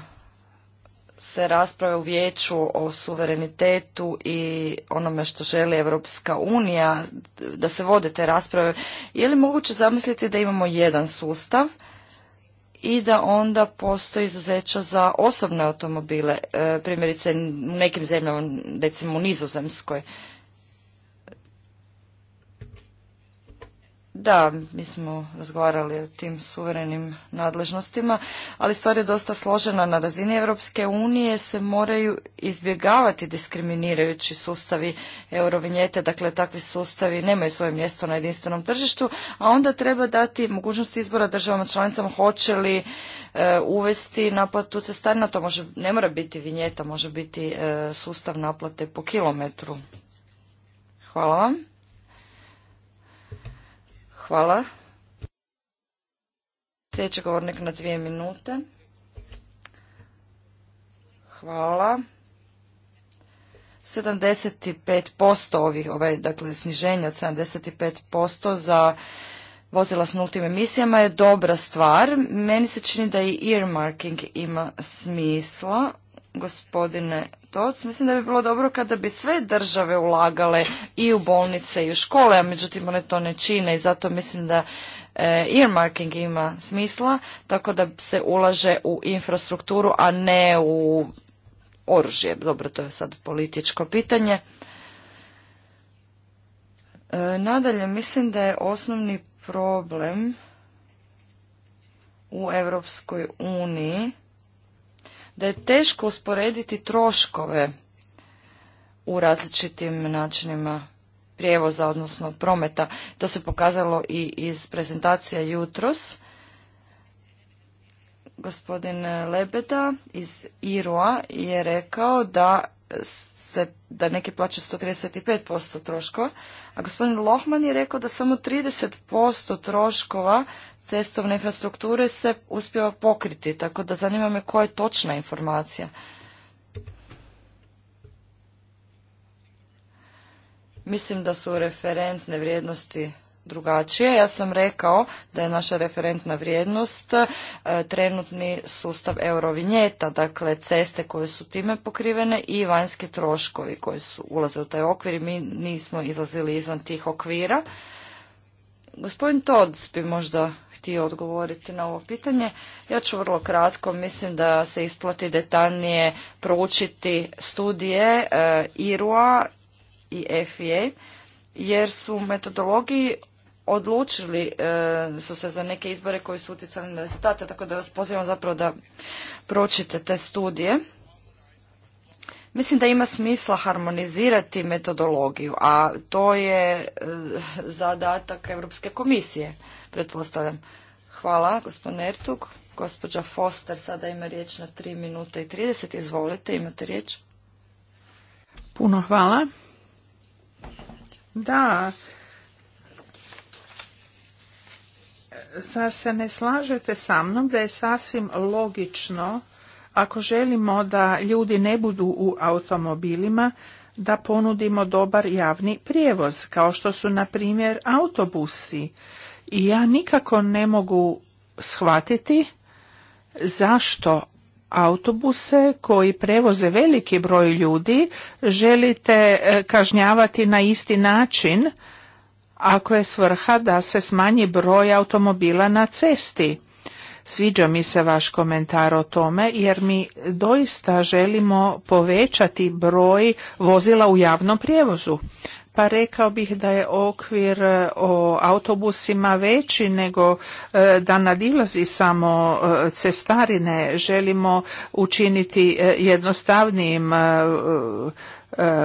se rasprave u vijeću o suverenitetu i onome što želi Europska unija, da se vode te rasprave, je li moguće zamisliti da imamo jedan sustav i da onda postoji izuzeća za osobne automobile, e, primjerice u nekim zemljama, recimo u Nizozemskoj, Da, mi smo razgovarali o tim suverenim nadležnostima, ali stvar je dosta složena. Na razini Europske unije se moraju izbjegavati diskriminirajući sustavi eurovinjete, dakle takvi sustavi nemaju svoje mjesto na jedinstvenom tržištu, a onda treba dati mogućnost izbora državama članicama hoće li e, uvesti naplatu cestarina, to može, ne mora biti vinjeta, može biti e, sustav naplate po kilometru. Hvala vam. Hvala. Sljedeći govornik na dvije minute. Hvala. 75% ovih, ovaj, dakle, sniženje od 75% za vozila s nultim emisijama je dobra stvar. Meni se čini da i earmarking ima smisla. Gospodine to mislim da bi bilo dobro kada bi sve države ulagale i u bolnice i u škole, a međutim one to ne čine i zato mislim da e, earmarking ima smisla, tako da se ulaže u infrastrukturu, a ne u oružje. Dobro, to je sad političko pitanje. E, nadalje, mislim da je osnovni problem u Europskoj uniji da je teško usporediti troškove u različitim načinima prijevoza, odnosno prometa. To se pokazalo i iz prezentacija jutros. Gospodin Lebeda iz Irua je rekao da se, da neki plaća 135% troškova, a gospodin Lohman je rekao da samo 30% troškova cestovne infrastrukture se uspjeva pokriti, tako da zanima me koja je točna informacija. Mislim da su referentne vrijednosti drugačije. Ja sam rekao da je naša referentna vrijednost e, trenutni sustav eurovinjeta, dakle ceste koje su time pokrivene i vanjski troškovi koji su ulaze u taj okvir i mi nismo izlazili izvan tih okvira. Gospodin Tods bi možda htio odgovoriti na ovo pitanje. Ja ću vrlo kratko, mislim da se isplati detaljnije proučiti studije eh, IRUA i FIA, jer su metodologiji odlučili eh, su se za neke izbore koji su utjecali na rezultate, tako da vas pozivam zapravo da proučite te studije. Mislim da ima smisla harmonizirati metodologiju, a to je e, zadatak Europske komisije, pretpostavljam. Hvala, gospodine Ertug. Gospođa Foster sada ima riječ na 3 minute i 30. Izvolite, imate riječ. Puno hvala. Da, zar se ne slažete sa mnom da je sasvim logično ako želimo da ljudi ne budu u automobilima, da ponudimo dobar javni prijevoz, kao što su na primjer autobusi. I ja nikako ne mogu shvatiti zašto autobuse koji prevoze veliki broj ljudi želite e, kažnjavati na isti način ako je svrha da se smanji broj automobila na cesti. Sviđa mi se vaš komentar o tome jer mi doista želimo povećati broj vozila u javnom prijevozu pa rekao bih da je okvir e, o autobusima veći nego e, da nadilazi samo e, cestarine. Želimo učiniti jednostavnijim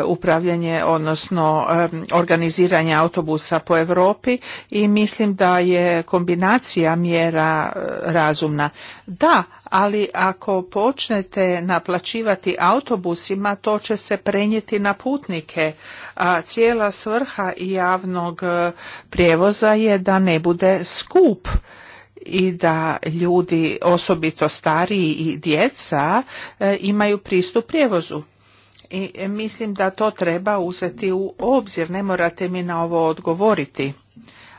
upravljanje odnosno organiziranje autobusa po Europi i mislim da je kombinacija mjera razumna. Da, ali ako počnete naplaćivati autobusima to će se prenijeti na putnike a cijela svrha javnog e, prijevoza je da ne bude skup i da ljudi, osobito stariji i djeca, e, imaju pristup prijevozu. I e, mislim da to treba uzeti u obzir, ne morate mi na ovo odgovoriti.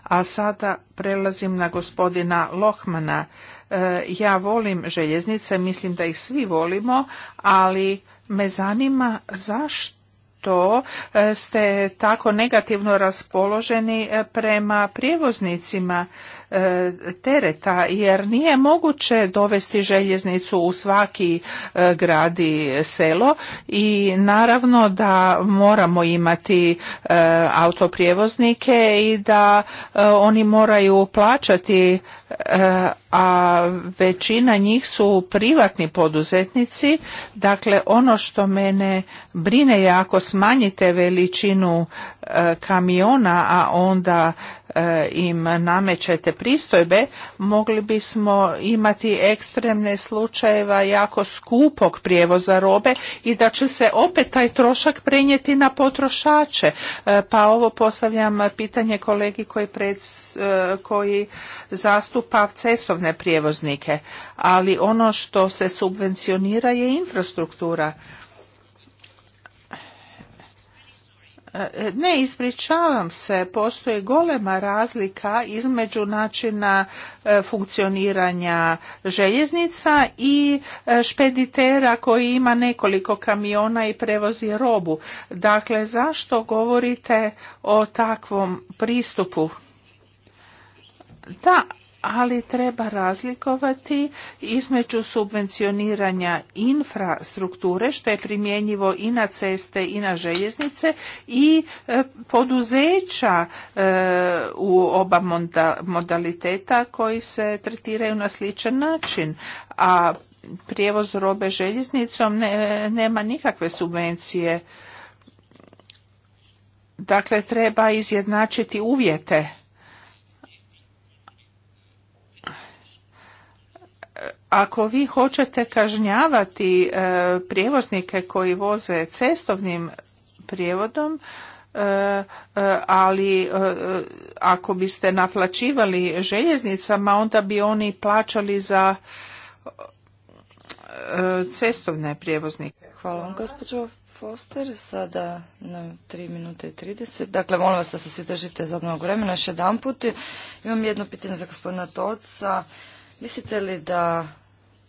A sada prelazim na gospodina Lohmana. Ja volim željeznice, mislim da ih svi volimo, ali me zanima zašto to e, ste tako negativno raspoloženi e, prema prijevoznicima e, tereta jer nije moguće dovesti željeznicu u svaki grad i selo i naravno da moramo imati autoprijevoznike i da oni moraju plaćati a većina njih su privatni poduzetnici. Dakle, ono što mene brine je ako smanjite veličinu e, kamiona, a onda e, im namećete pristojbe, mogli bismo imati ekstremne slučajeva jako skupog prijevoza robe i da će se opet taj trošak prenijeti na potrošače. E, pa ovo postavljam pitanje kolegi koji, pred, koji zastupa cestovne prijevoznike, ali ono što se subvencionira je infrastruktura. E, ne, ispričavam se, postoji golema razlika između načina e, funkcioniranja željeznica i e, špeditera koji ima nekoliko kamiona i prevozi robu. Dakle, zašto govorite o takvom pristupu? Da, ali treba razlikovati između subvencioniranja infrastrukture što je primjenjivo i na ceste i na željeznice i e, poduzeća e, u oba modaliteta koji se tretiraju na sličan način a prijevoz robe željeznicom nema nikakve subvencije dakle treba izjednačiti uvjete Ako vi hoćete kažnjavati e, prijevoznike koji voze cestovnim prijevodom, e, e, ali ako biste naplaćivali željeznicama, onda bi oni plaćali za cestovne prijevoznike. Hvala vam, gospođo Foster. Sada na 3 minute i 30. Dakle, molim vas da se svi držite za mnogo vremena. Još jedan put imam jedno pitanje za gospodina Toca Mislite li da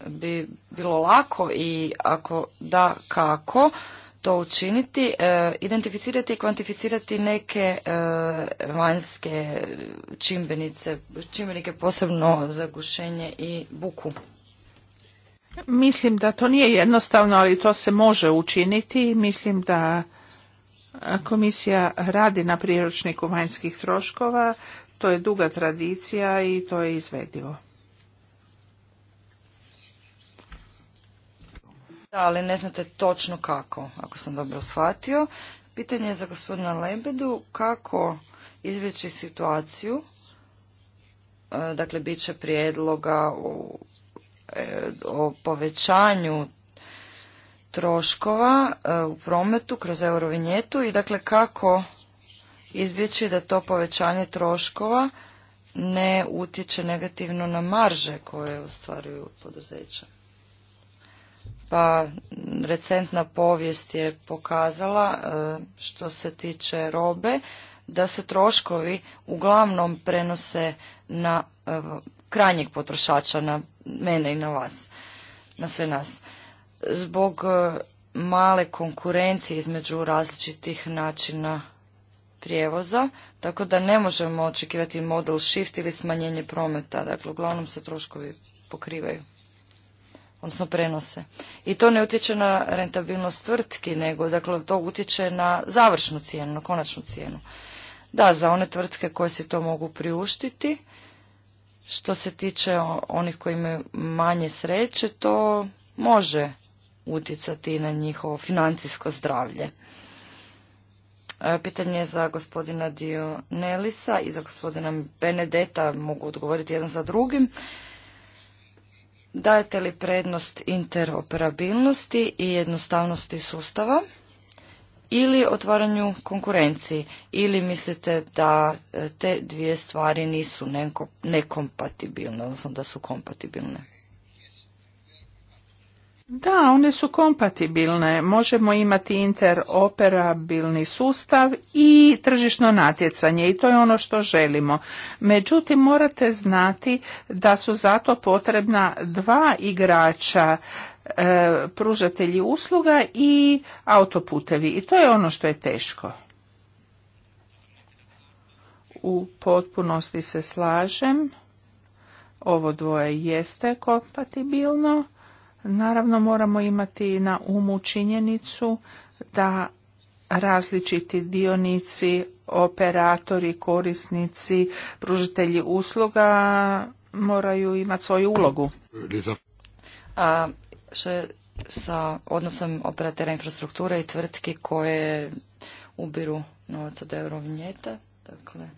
bi bilo lako i ako da kako to učiniti, e, identificirati i kvantificirati neke e, vanjske čimbenice, čimbenike posebno za gušenje i buku? Mislim da to nije jednostavno, ali to se može učiniti. Mislim da komisija radi na priročniku vanjskih troškova. To je duga tradicija i to je izvedivo. Da, ali ne znate točno kako, ako sam dobro shvatio. Pitanje je za gospodina Lebedu kako izbjeći situaciju, e, dakle bit će prijedloga o, e, o povećanju troškova e, u prometu kroz eurovinjetu i dakle kako izbjeći da to povećanje troškova ne utječe negativno na marže koje ostvaruju poduzeća pa recentna povijest je pokazala e, što se tiče robe da se troškovi uglavnom prenose na e, krajnjeg potrošača, na mene i na vas, na sve nas. Zbog e, male konkurencije između različitih načina prijevoza, tako da ne možemo očekivati model shift ili smanjenje prometa, dakle uglavnom se troškovi pokrivaju odnosno prenose. I to ne utječe na rentabilnost tvrtki, nego dakle, to utječe na završnu cijenu, na konačnu cijenu. Da, za one tvrtke koje si to mogu priuštiti, što se tiče onih koji imaju manje sreće, to može utjecati na njihovo financijsko zdravlje. E, pitanje je za gospodina Dionelisa i za gospodina Benedeta mogu odgovoriti jedan za drugim. Dajete li prednost interoperabilnosti i jednostavnosti sustava ili otvaranju konkurenciji ili mislite da e, te dvije stvari nisu nekompatibilne, odnosno da su kompatibilne? Da, one su kompatibilne. Možemo imati interoperabilni sustav i tržišno natjecanje i to je ono što želimo. Međutim, morate znati da su zato potrebna dva igrača e, pružatelji usluga i autoputevi i to je ono što je teško. U potpunosti se slažem. Ovo dvoje jeste kompatibilno Naravno moramo imati na umu činjenicu da različiti dionici, operatori, korisnici, pružitelji usluga moraju imati svoju ulogu. A što sa odnosom operatera infrastrukture i tvrtki koje ubiru novac od eurovinjeta? dakle,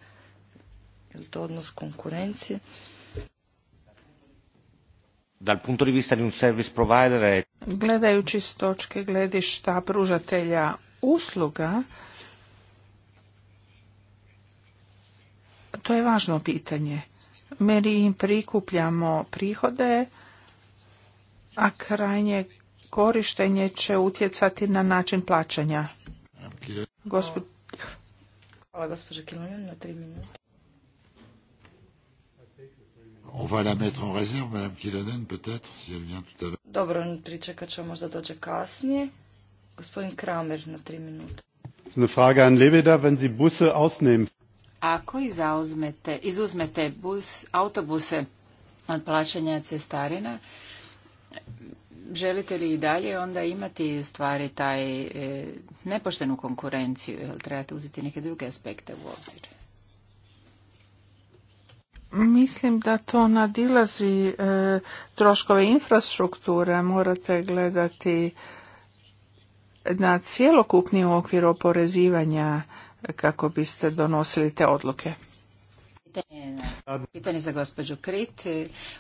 je li to odnos konkurencije? dal punto di vista di un service provider Gledajući s točke gledišta pružatelja usluga, to je važno pitanje. Meri im prikupljamo prihode, a krajnje korištenje će utjecati na način plaćanja. Hvala gospođo na tri minute. On va la mettre en réserve, Madame Kilonen, peut-être, si elle vient tout à l'heure. Dobro, pričekat ćemo, možda dođe kasnije. Gospodin Kramer na tri minute. Eine Frage an Lebeda, wenn Sie Busse ausnehmen. Ako izauzmete, izuzmete bus, autobuse od plaćanja cestarina, želite li i dalje onda imati u stvari taj e, nepoštenu konkurenciju, jel trebate uzeti neke druge aspekte u obzir? Mislim da to nadilazi e, troškove infrastrukture, morate gledati na cjelokupni okvir oporezivanja kako biste donosili te odluke. Pitanje za gospođu Krit.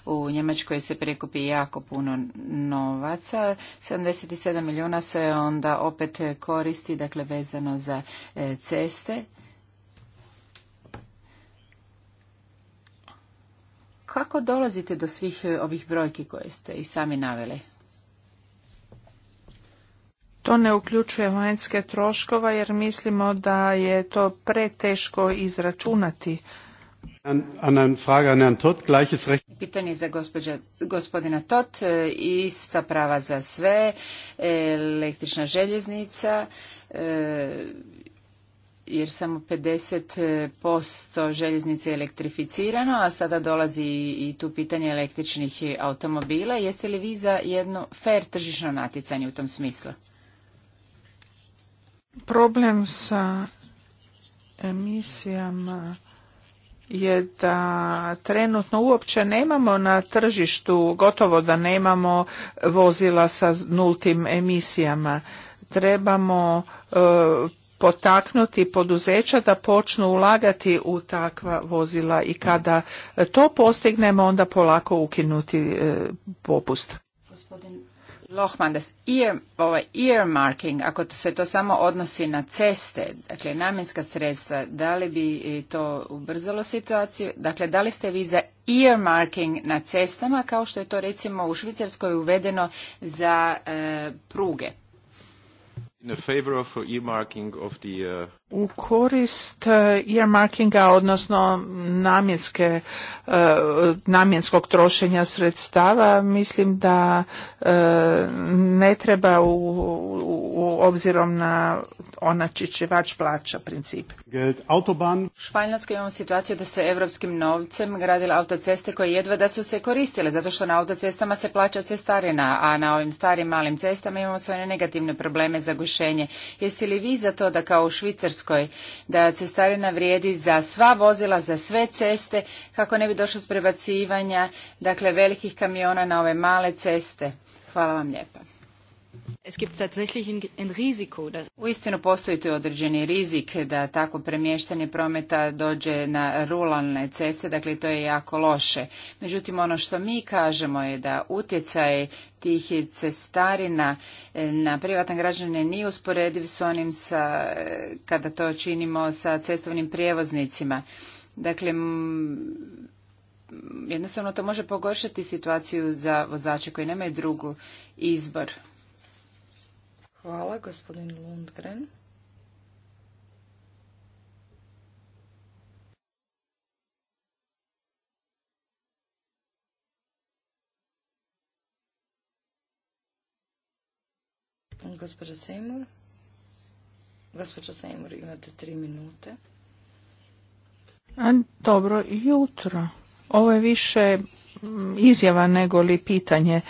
U Njemačkoj se prikupi jako puno novaca. 77 milijuna se onda opet koristi, dakle vezano za e, ceste. Kako dolazite do svih e, ovih brojki koje ste i sami naveli? To ne uključuje vanjske troškova jer mislimo da je to preteško izračunati. Pitanje za gospodina Tot, e, ista prava za sve, e, električna željeznica, jer samo 50% željeznice je elektrificirano, a sada dolazi i tu pitanje električnih automobila. Jeste li vi za jedno fair tržišno natjecanje u tom smislu? Problem sa emisijama je da trenutno uopće nemamo na tržištu, gotovo da nemamo vozila sa nultim emisijama. Trebamo e, potaknuti poduzeća da počnu ulagati u takva vozila i kada to postignemo onda polako ukinuti e, popust. Gospodin das ear, ovaj earmarking, ako se to samo odnosi na ceste, dakle namjenska sredstva, da li bi to ubrzalo situaciju? Dakle, da li ste vi za earmarking na cestama, kao što je to recimo u Švicarskoj uvedeno za e, pruge? in favor of earmarking of the uh, u korist e, earmarkinga, odnosno namjenske, e, namjenskog trošenja sredstava, mislim da e, ne treba u, obzirom na onačićevač plaća princip. U Španjolskoj imamo situaciju da se evropskim novcem gradile autoceste koje jedva da su se koristile, zato što na autocestama se plaća cestarina, a na ovim starim malim cestama imamo svoje negativne probleme za gušenje. Jeste li vi za to da kao u Švicarsku da da cestarina vrijedi za sva vozila, za sve ceste, kako ne bi došlo s prebacivanja, dakle, velikih kamiona na ove male ceste. Hvala vam lijepa. Uistinu postoji tu određeni rizik da tako premještanje prometa dođe na ruralne ceste, dakle to je jako loše. Međutim, ono što mi kažemo je da utjecaj tih cestarina e, na privatne građane nije usporediv s onim sa, e, kada to činimo sa cestovnim prijevoznicima. Dakle, jednostavno to može pogoršati situaciju za vozače koji nemaju drugu izbor. Hvala, gospodin Lundgren. Gospođa Sejmur. Gospođa Sejmur, imate tri minute. dobro jutro. Ovo je više Mm, izjava nego li pitanje.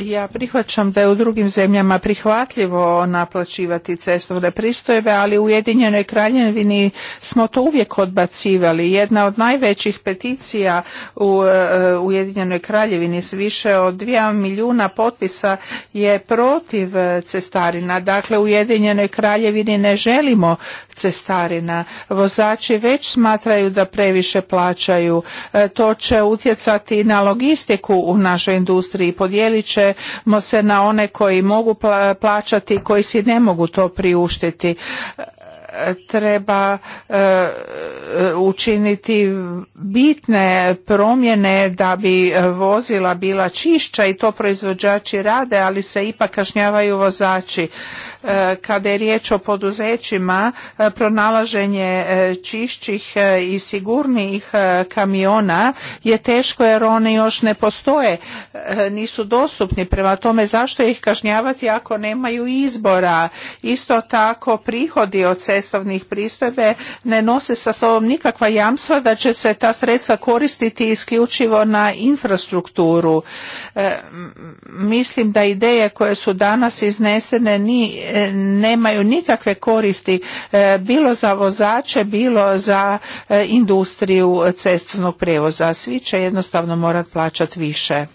Ja prihvaćam da je u drugim zemljama prihvatljivo naplaćivati cestovne pristojbe, ali u Ujedinjenoj Kraljevini smo to uvijek odbacivali. Jedna od najvećih peticija u e, Ujedinjenoj Kraljevini s više od 2 milijuna potpisa je protiv cestarina. Dakle, u Ujedinjenoj Kraljevini ne želimo cestarina. Vozači već smatraju da previše plaćaju. E, to će utjecati i na logistiku u našoj industriji. Podijelit ćemo se na one koji mogu plaćati, koji si ne mogu to priuštiti treba e, učiniti bitne promjene da bi vozila bila čišća i to proizvođači rade, ali se ipak kažnjavaju vozači. E, kada je riječ o poduzećima, e, pronalaženje čišćih i sigurnijih kamiona je teško jer oni još ne postoje, nisu dostupni. Prema tome zašto ih kažnjavati ako nemaju izbora? Isto tako prihodi od cesta cestovnih pristojbe ne nose sa sobom nikakva jamstva da će se ta sredstva koristiti isključivo na infrastrukturu. E, mislim da ideje koje su danas iznesene ni, e, nemaju nikakve koristi e, bilo za vozače, bilo za industriju cestovnog prijevoza. Svi će jednostavno morati plaćati više.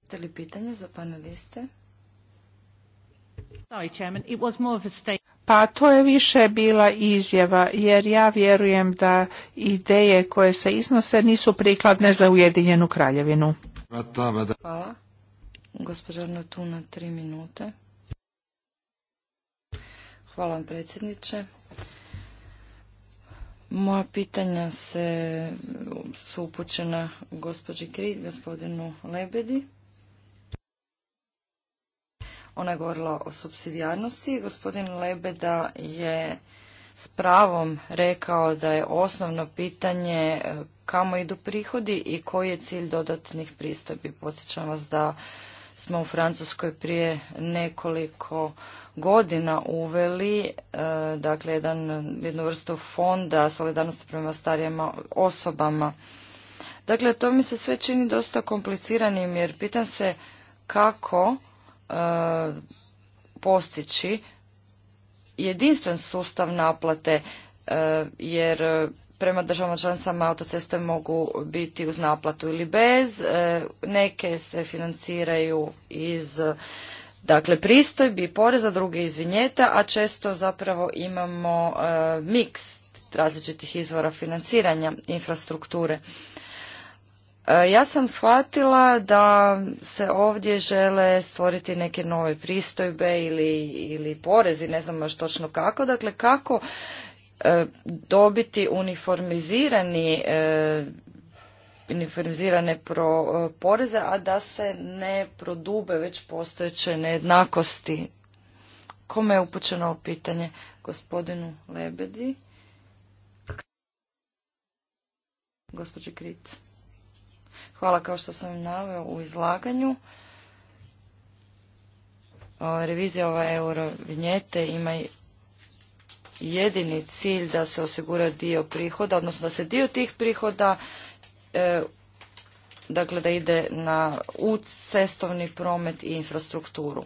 Imate li pitanje za paneliste? Pa to je više bila izjava jer ja vjerujem da ideje koje se iznose nisu prikladne za Ujedinjenu kraljevinu. Hvala. Gospođa Natuna, tri minute. Hvala vam predsjedniče. Moja pitanja se, su upućena gospođi Kri, gospodinu Lebedi. Ona je govorila o subsidijarnosti. Gospodin Lebeda je s pravom rekao da je osnovno pitanje e, kamo idu prihodi i koji je cilj dodatnih pristojbi. Podsjećam vas da smo u Francuskoj prije nekoliko godina uveli e, dakle jedan, jednu vrstu fonda solidarnosti prema starijima osobama. Dakle, to mi se sve čini dosta kompliciranim jer pitam se kako E, postići jedinstven sustav naplate e, jer prema državama članicama autoceste mogu biti uz naplatu ili bez. E, neke se financiraju iz dakle pristojbi i poreza, druge iz vinjeta, a često zapravo imamo miks različitih izvora financiranja infrastrukture. E, ja sam shvatila da se ovdje žele stvoriti neke nove pristojbe ili, ili porezi, ne znam još točno kako. Dakle, kako e, dobiti uniformizirani e, uniformizirane pro, poreze, a da se ne prodube već postojeće nejednakosti. Kome je upućeno ovo pitanje? Gospodinu Lebedi? Gospođe Kric. Hvala kao što sam naveo u izlaganju. Revizija ova eurovinjete ima jedini cilj da se osigura dio prihoda, odnosno da se dio tih prihoda e, dakle da ide na u cestovni promet i infrastrukturu.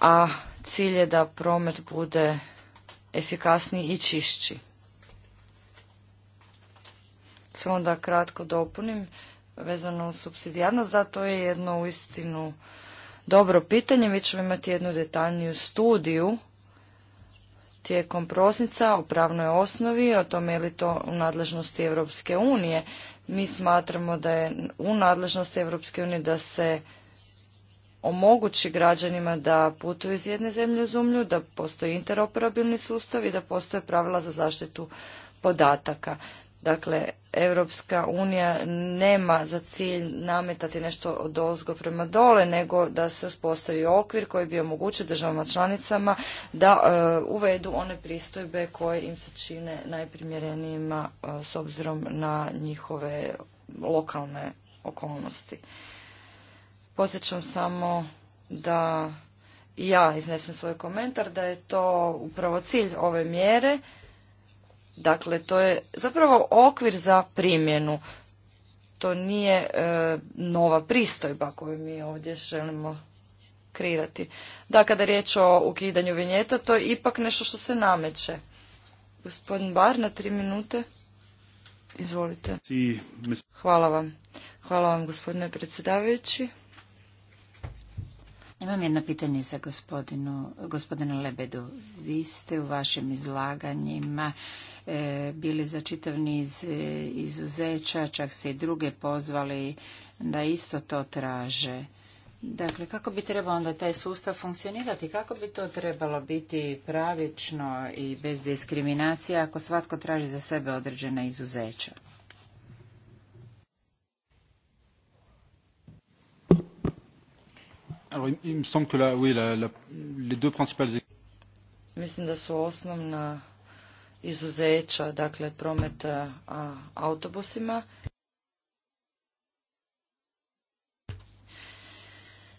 A cilj je da promet bude efikasniji i čišći samo onda kratko dopunim vezano uz subsidijarnost, da to je jedno uistinu dobro pitanje. Mi ćemo imati jednu detaljniju studiju tijekom prosinca o pravnoj osnovi, o tome je li to u nadležnosti Europske unije. Mi smatramo da je u nadležnosti Europske unije da se omogući građanima da putuju iz jedne zemlje u zemlju, da postoji interoperabilni sustav i da postoje pravila za zaštitu podataka. Dakle, Europska unija nema za cilj nametati nešto od ozgo prema dole, nego da se uspostavi okvir koji bi omogućio državama članicama da e, uvedu one pristojbe koje im se čine najprimjerenijima e, s obzirom na njihove lokalne okolnosti. Posjećam samo da ja iznesem svoj komentar da je to upravo cilj ove mjere Dakle, to je zapravo okvir za primjenu. To nije e, nova pristojba koju mi ovdje želimo kreirati. Da, kada je riječ o ukidanju vinjeta, to je ipak nešto što se nameće. Gospodin Bar, na tri minute. Izvolite. Hvala vam. Hvala vam, gospodine predsjedavajući. Imam jedno pitanje za gospodinu, gospodinu Lebedu. Vi ste u vašim izlaganjima e, bili za čitav niz e, izuzeća, čak se i druge pozvali da isto to traže. Dakle, kako bi trebao onda taj sustav funkcionirati? Kako bi to trebalo biti pravično i bez diskriminacije ako svatko traži za sebe određena izuzeća? Alors, il me semble que la, oui, la, la, les deux principales... Mislim da su osnovna izuzeća, dakle, promet a, autobusima.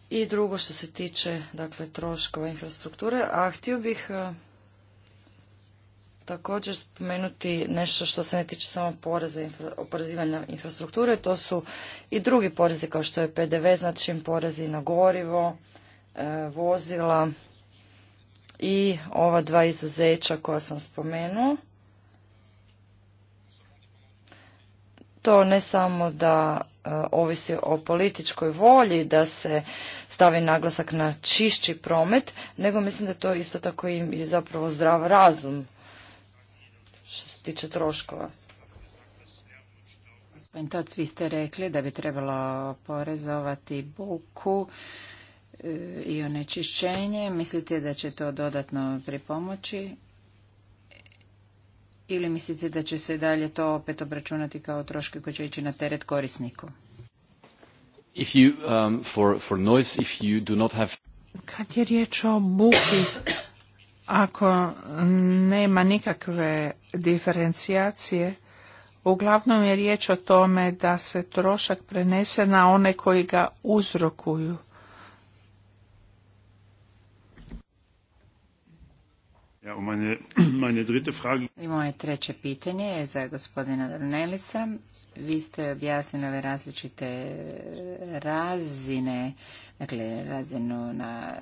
I drugo što se tiče, dakle, troškova infrastrukture, a htio bih također spomenuti nešto što se ne tiče samo poreza oporezivanja infrastrukture, to su i drugi porezi kao što je PDV, znači porezi na gorivo, e, vozila i ova dva izuzeća koja sam spomenuo. To ne samo da e, ovisi o političkoj volji da se stavi naglasak na čišći promet, nego mislim da to isto tako i zapravo zdrav razum tiče troškova. Gospodin Toc, vi ste rekli da bi trebalo porezovati buku e, i onečišćenje. Mislite da će to dodatno pripomoći? Ili mislite da će se dalje to opet obračunati kao troške koji će ići na teret korisniku? Kad je riječ o buki, ako nema nikakve diferencijacije, uglavnom je riječ o tome da se trošak prenese na one koji ga uzrokuju. Ja, moje treće pitanje je za gospodina Dornelisa. Vi ste objasnili ove različite razine, dakle razinu na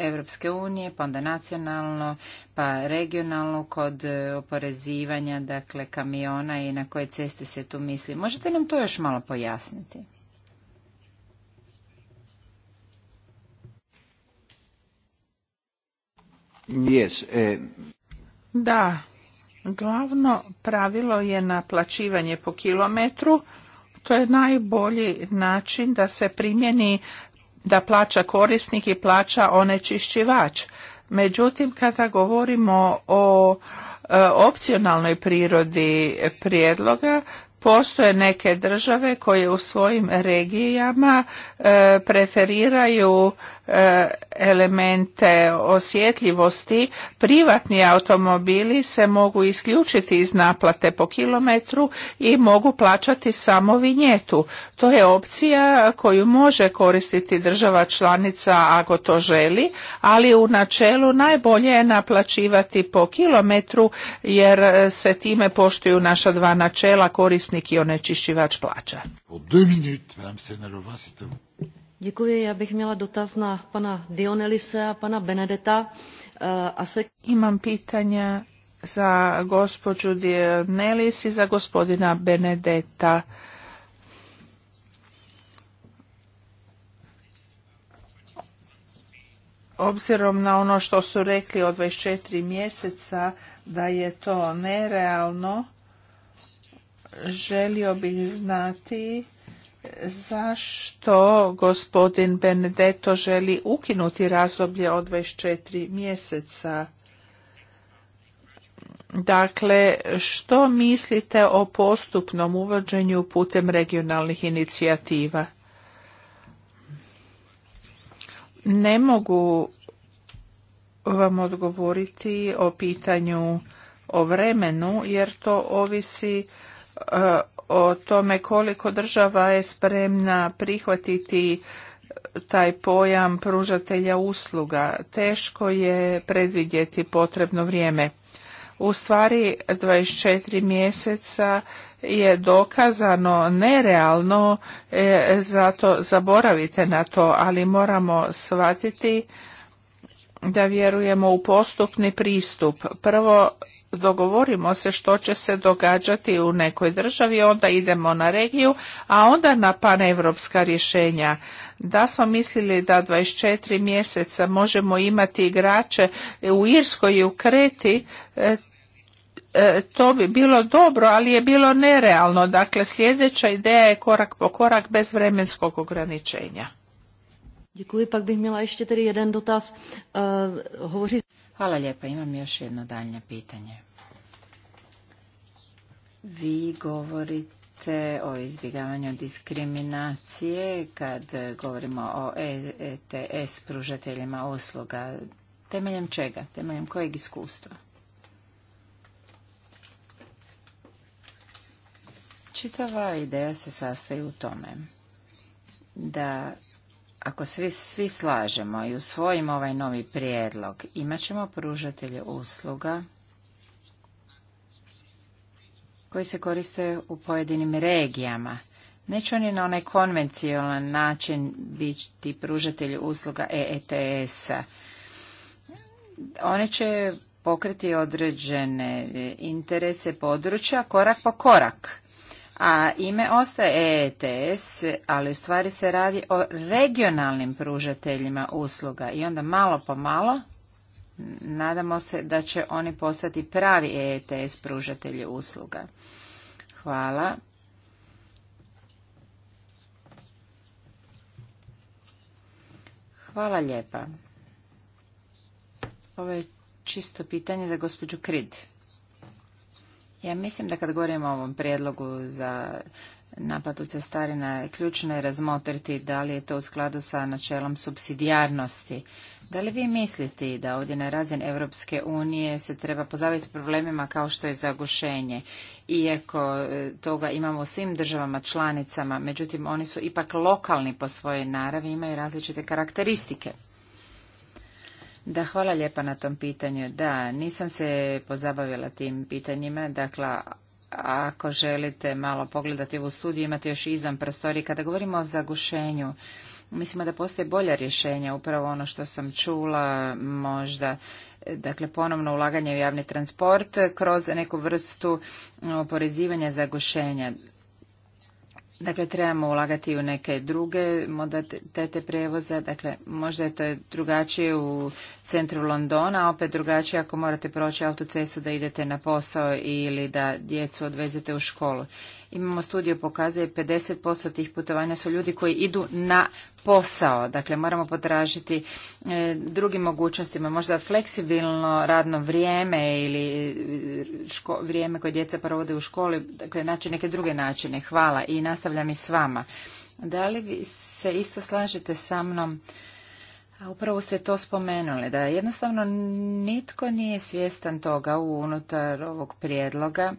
Europske unije, pa onda nacionalno, pa regionalno kod e, oporezivanja, dakle kamiona i na koje ceste se tu misli. Možete nam to još malo pojasniti? Yes, eh... Da, glavno pravilo je naplaćivanje po kilometru. To je najbolji način da se primjeni da plaća korisnik i plaća onečišćivač. Međutim, kada govorimo o e, opcionalnoj prirodi prijedloga, postoje neke države koje u svojim regijama e, preferiraju E, elemente osjetljivosti, privatni automobili se mogu isključiti iz naplate po kilometru i mogu plaćati samo vinjetu. To je opcija koju može koristiti država članica ako to želi, ali u načelu najbolje je naplaćivati po kilometru jer se time poštuju naša dva načela korisnik i onečišćivač plaća. Děkuji, já bych měla dotaz na pana Dionelise a pana Benedeta. Eh, a se... Imam pitanja za gospođu Dionelis i za gospodina Benedeta. Obzirom na ono što su rekli od 24 mjeseca da je to nerealno, želio bih znati zašto gospodin Benedetto želi ukinuti razdoblje od 24 mjeseca? Dakle, što mislite o postupnom uvođenju putem regionalnih inicijativa? Ne mogu vam odgovoriti o pitanju o vremenu jer to ovisi e, o tome koliko država je spremna prihvatiti taj pojam pružatelja usluga. Teško je predvidjeti potrebno vrijeme. U stvari 24 mjeseca je dokazano nerealno, e, zato zaboravite na to, ali moramo shvatiti da vjerujemo u postupni pristup. Prvo dogovorimo se što će se događati u nekoj državi, onda idemo na regiju, a onda na paneuropska rješenja. Da smo mislili da 24 mjeseca možemo imati igrače u Irskoj i u Kreti, e, e, to bi bilo dobro, ali je bilo nerealno. Dakle, sljedeća ideja je korak po korak bez vremenskog ograničenja. Děkuji, pak bych měla ještě tedy jeden dotaz. Uh, hovoří... Hvala lijepa. Imam još jedno daljnje pitanje. Vi govorite o izbjegavanju diskriminacije kad govorimo o ETS pružateljima usluga. Temeljem čega? Temeljem kojeg iskustva? Čitava ideja se sastoji u tome da ako svi, svi slažemo i usvojimo ovaj novi prijedlog, imat ćemo pružatelje usluga koji se koriste u pojedinim regijama. Neće oni na onaj konvencionalan način biti pružatelji usluga EETS-a. Oni će pokriti određene interese područja korak po korak a ime ostaje EETS, ali u stvari se radi o regionalnim pružateljima usluga i onda malo po malo nadamo se da će oni postati pravi EETS pružatelji usluga. Hvala. Hvala lijepa. Ovo je čisto pitanje za gospođu Krid. Ja mislim da kad govorimo o ovom prijedlogu za naplatu cestarina, ključno je razmotriti da li je to u skladu sa načelom subsidijarnosti. Da li vi mislite da ovdje na razin Europske unije se treba pozaviti problemima kao što je zagušenje? Iako e, toga imamo u svim državama članicama, međutim oni su ipak lokalni po svojoj naravi, imaju različite karakteristike. Da, hvala lijepa na tom pitanju. Da, nisam se pozabavila tim pitanjima. Dakle, ako želite malo pogledati ovu studiju, imate još izvan prostori. Kada govorimo o zagušenju, mislimo da postoje bolja rješenja, upravo ono što sam čula, možda dakle ponovno ulaganje u javni transport kroz neku vrstu oporezivanja zagušenja. Dakle, trebamo ulagati u neke druge modalitete prijevoza, dakle, možda je to drugačije u centru Londona, opet drugačije ako morate proći autocestu da idete na posao ili da djecu odvezete u školu. Imamo studiju pokazuje 50% tih putovanja su ljudi koji idu na posao. Dakle, moramo potražiti e, drugim mogućnostima, možda fleksibilno radno vrijeme ili e, vrijeme koje djeca provode u školi, dakle, naći neke druge načine. Hvala i nastavljam i s vama. Da li vi se isto slažete sa mnom a upravo ste to spomenuli, da jednostavno nitko nije svjestan toga unutar ovog prijedloga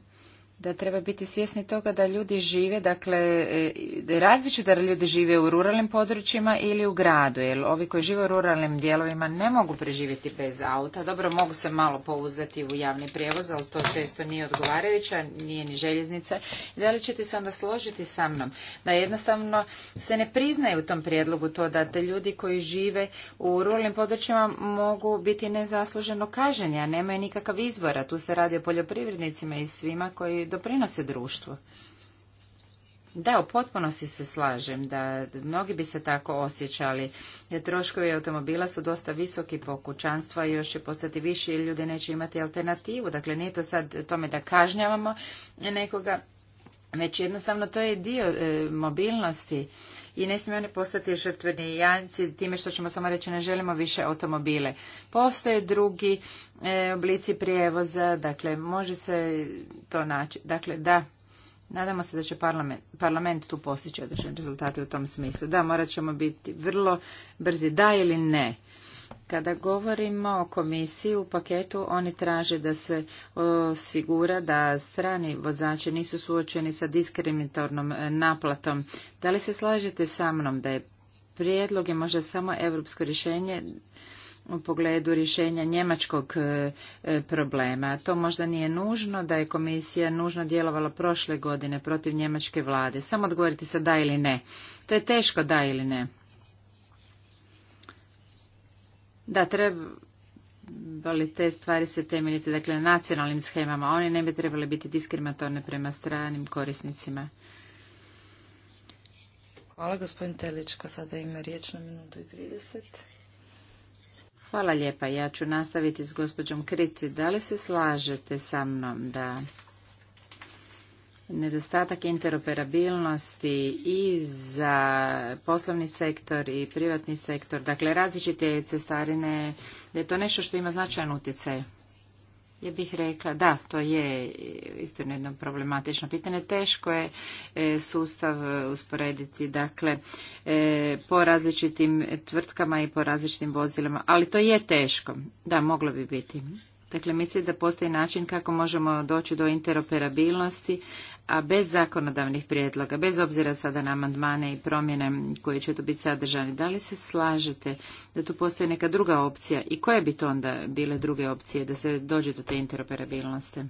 da treba biti svjesni toga da ljudi žive, dakle, e, različito da ljudi žive u ruralnim područjima ili u gradu, jer ovi koji žive u ruralnim dijelovima ne mogu preživjeti bez auta. Dobro, mogu se malo pouzdati u javni prijevoz, ali to često nije odgovarajuća, nije ni željeznica. Da li ćete se onda složiti sa mnom? Da jednostavno se ne priznaje u tom prijedlogu to da te ljudi koji žive u ruralnim područjima mogu biti nezasluženo kažnjeni, a nemaju nikakav izbora. Tu se radi o poljoprivrednicima i svima koji doprinose društvu. Da, u potpunosti se slažem da mnogi bi se tako osjećali. jer Troškovi automobila su dosta visoki po kućanstva i još će postati više i ljudi neće imati alternativu. Dakle, nije to sad tome da kažnjavamo nekoga, već jednostavno to je dio e, mobilnosti i ne smiju oni postati žrtveni janjci time što ćemo samo reći ne želimo više automobile. Postoje drugi e, oblici prijevoza, dakle može se to naći. Dakle, da, Nadamo se da će parlament, parlament tu postići određene rezultate u tom smislu. Da, morat ćemo biti vrlo brzi, da ili ne. Kada govorimo o komisiji u paketu, oni traže da se osigura da strani vozači nisu suočeni sa diskriminatornom naplatom. Da li se slažete sa mnom da je prijedlog je možda samo europsko rješenje u pogledu rješenja njemačkog e, problema. To možda nije nužno, da je komisija nužno djelovala prošle godine protiv njemačke vlade. Samo odgovorite sa da ili ne. To je teško da ili ne. Da, trebali te stvari se temeljiti, dakle, na nacionalnim schemama. Oni ne bi trebali biti diskriminatorne prema stranim korisnicima. Hvala, gospodin Teličko. Sada ima riječ na minutu i 30. Hvala lijepa. Ja ću nastaviti s gospođom Kriti. Da li se slažete sa mnom da Nedostatak interoperabilnosti i za poslovni sektor i privatni sektor, dakle različite cestarine, da je to nešto što ima značajan utjecaj. Ja bih rekla, da, to je istino jedno problematično pitanje. Teško je e, sustav usporediti, dakle, e, po različitim tvrtkama i po različitim vozilima, ali to je teško. Da, moglo bi biti. Dakle, mislim da postoji način kako možemo doći do interoperabilnosti, a bez zakonodavnih prijedloga, bez obzira sada na amandmane i promjene koje će tu biti sadržani, da li se slažete da tu postoji neka druga opcija i koje bi to onda bile druge opcije da se dođe do te interoperabilnosti?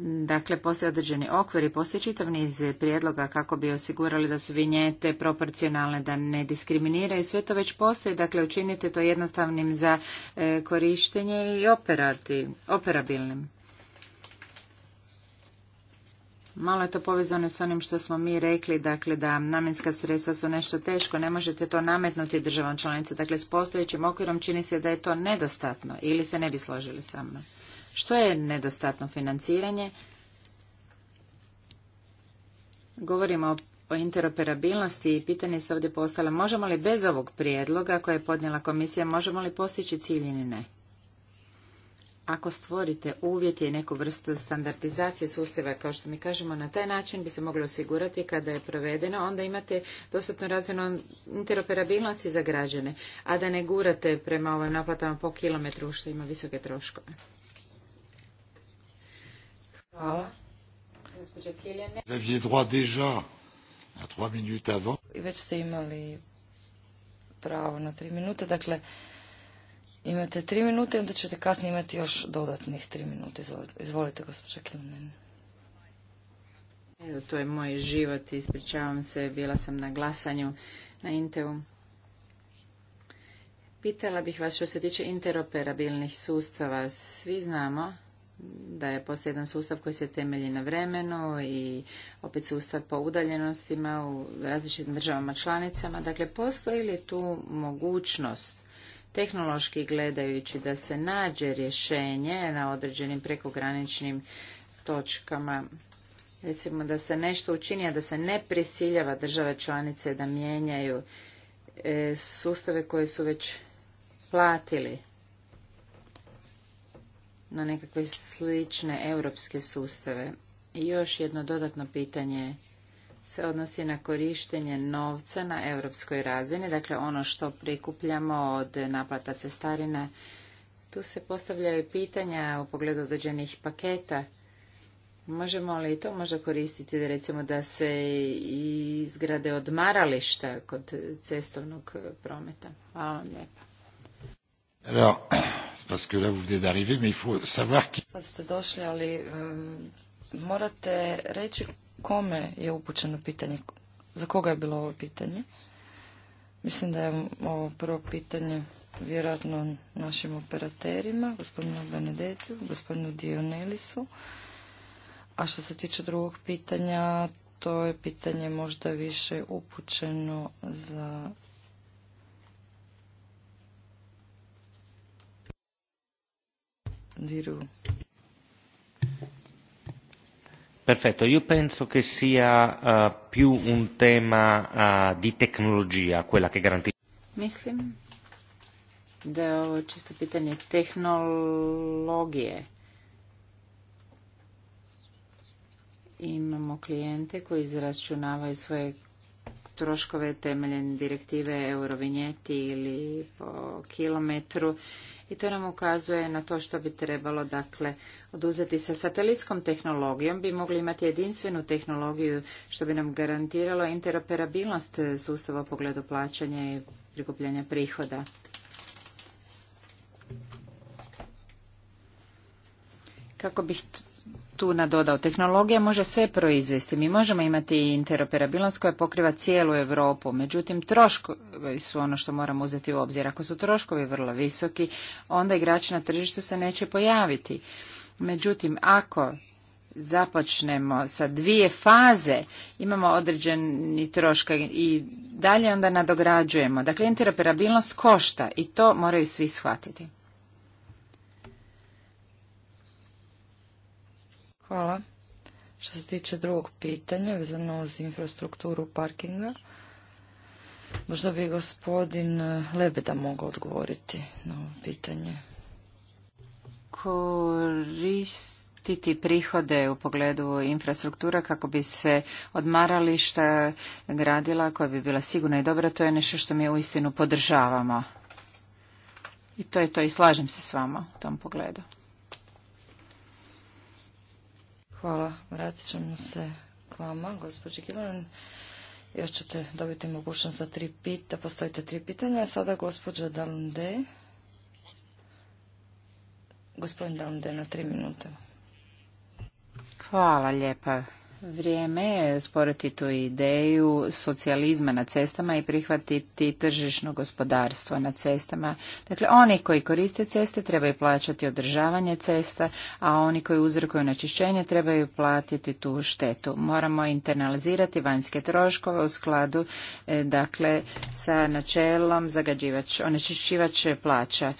Dakle, postoje određeni okvir i postoji čitav niz prijedloga kako bi osigurali da su vinjete proporcionalne, da ne diskriminiraju. Sve to već postoji, dakle učinite to jednostavnim za e, korištenje i operati, operabilnim. Malo je to povezano s onim što smo mi rekli, dakle da namjenska sredstva su nešto teško, ne možete to nametnuti državom članice. Dakle, s postojećim okvirom čini se da je to nedostatno ili se ne bi složili sa mnom. Što je nedostatno financiranje? Govorimo o interoperabilnosti i pitanje se ovdje postala možemo li bez ovog prijedloga koje je podnijela komisija, možemo li postići cilj ili ne? Ako stvorite uvjeti i neku vrstu standardizacije sustava, kao što mi kažemo, na taj način bi se mogli osigurati kada je provedeno, onda imate dostatnu razinu interoperabilnosti za građane, a da ne gurate prema ovim naplatama po kilometru što ima visoke troškove. Hvala. Već ste imali pravo na tri minute, dakle imate tri minute i onda ćete kasnije imati još dodatnih tri minute. Izvolite, gospođa Kilnen. Evo, to je moj život, ispričavam se, bila sam na glasanju na Intevu. Pitala bih vas što se tiče interoperabilnih sustava. Svi znamo da je postoji jedan sustav koji se temelji na vremenu i opet sustav po udaljenostima u različitim državama članicama. Dakle, postoji li tu mogućnost tehnološki gledajući da se nađe rješenje na određenim prekograničnim točkama recimo da se nešto učini, a da se ne prisiljava države članice da mijenjaju e, sustave koje su već platili na nekakve slične europske sustave. I još jedno dodatno pitanje se odnosi na korištenje novca na europskoj razini, dakle ono što prikupljamo od naplata cestarina. Tu se postavljaju pitanja u pogledu određenih paketa. Možemo li to možda koristiti da recimo da se izgrade odmarališta kod cestovnog prometa? Hvala vam lijepa. Alors, parce ste došli, ali morate reći kome je upućeno pitanje, za koga je bilo ovo pitanje. Mislim da je ovo prvo pitanje vjerojatno našim operaterima, gospodinu Benedetiju, gospodinu Dionelisu. A što se tiče drugog pitanja, to je pitanje možda više upućeno za Viru. Perfetto, io penso che sia uh, più un tema uh, di tecnologia quella che garantisce. Mislim da je ovo čisto pitanje tehnologije. Imamo klijente koji izračunavaju svoje troškove temeljem direktive eurovinjeti ili po kilometru i to nam ukazuje na to što bi trebalo dakle oduzeti sa satelitskom tehnologijom bi mogli imati jedinstvenu tehnologiju što bi nam garantiralo interoperabilnost sustava u pogledu plaćanja i prikupljanja prihoda. Kako bih tu nadodao. Tehnologija može sve proizvesti. Mi možemo imati interoperabilnost koja pokriva cijelu Europu. Međutim, troškovi su ono što moramo uzeti u obzir. Ako su troškovi vrlo visoki, onda igrači na tržištu se neće pojaviti. Međutim, ako započnemo sa dvije faze, imamo određeni troška i dalje onda nadograđujemo. Dakle, interoperabilnost košta i to moraju svi shvatiti. Hvala. Što se tiče drugog pitanja vezano uz infrastrukturu parkinga, možda bi gospodin Lebeda mogao odgovoriti na ovo pitanje. Koristiti prihode u pogledu infrastruktura kako bi se odmarališta gradila koja bi bila sigurna i dobra, to je nešto što mi uistinu podržavamo. I to je to i slažem se s vama u tom pogledu. Hvala. Vratit ćemo se k vama, gospođi Gilan. Još ćete dobiti mogućnost da, tri postavite tri pitanja. Sada gospođa Dalunde. Gospodin Dalunde na tri minute. Hvala lijepa Vrijeme je sporiti tu ideju socijalizma na cestama i prihvatiti tržišno gospodarstvo na cestama. Dakle, oni koji koriste ceste trebaju plaćati održavanje cesta, a oni koji uzrokuju onečišćenje trebaju platiti tu štetu. Moramo internalizirati vanjske troškove u skladu e, dakle, sa načelom zagađivač, onečišćivač plaća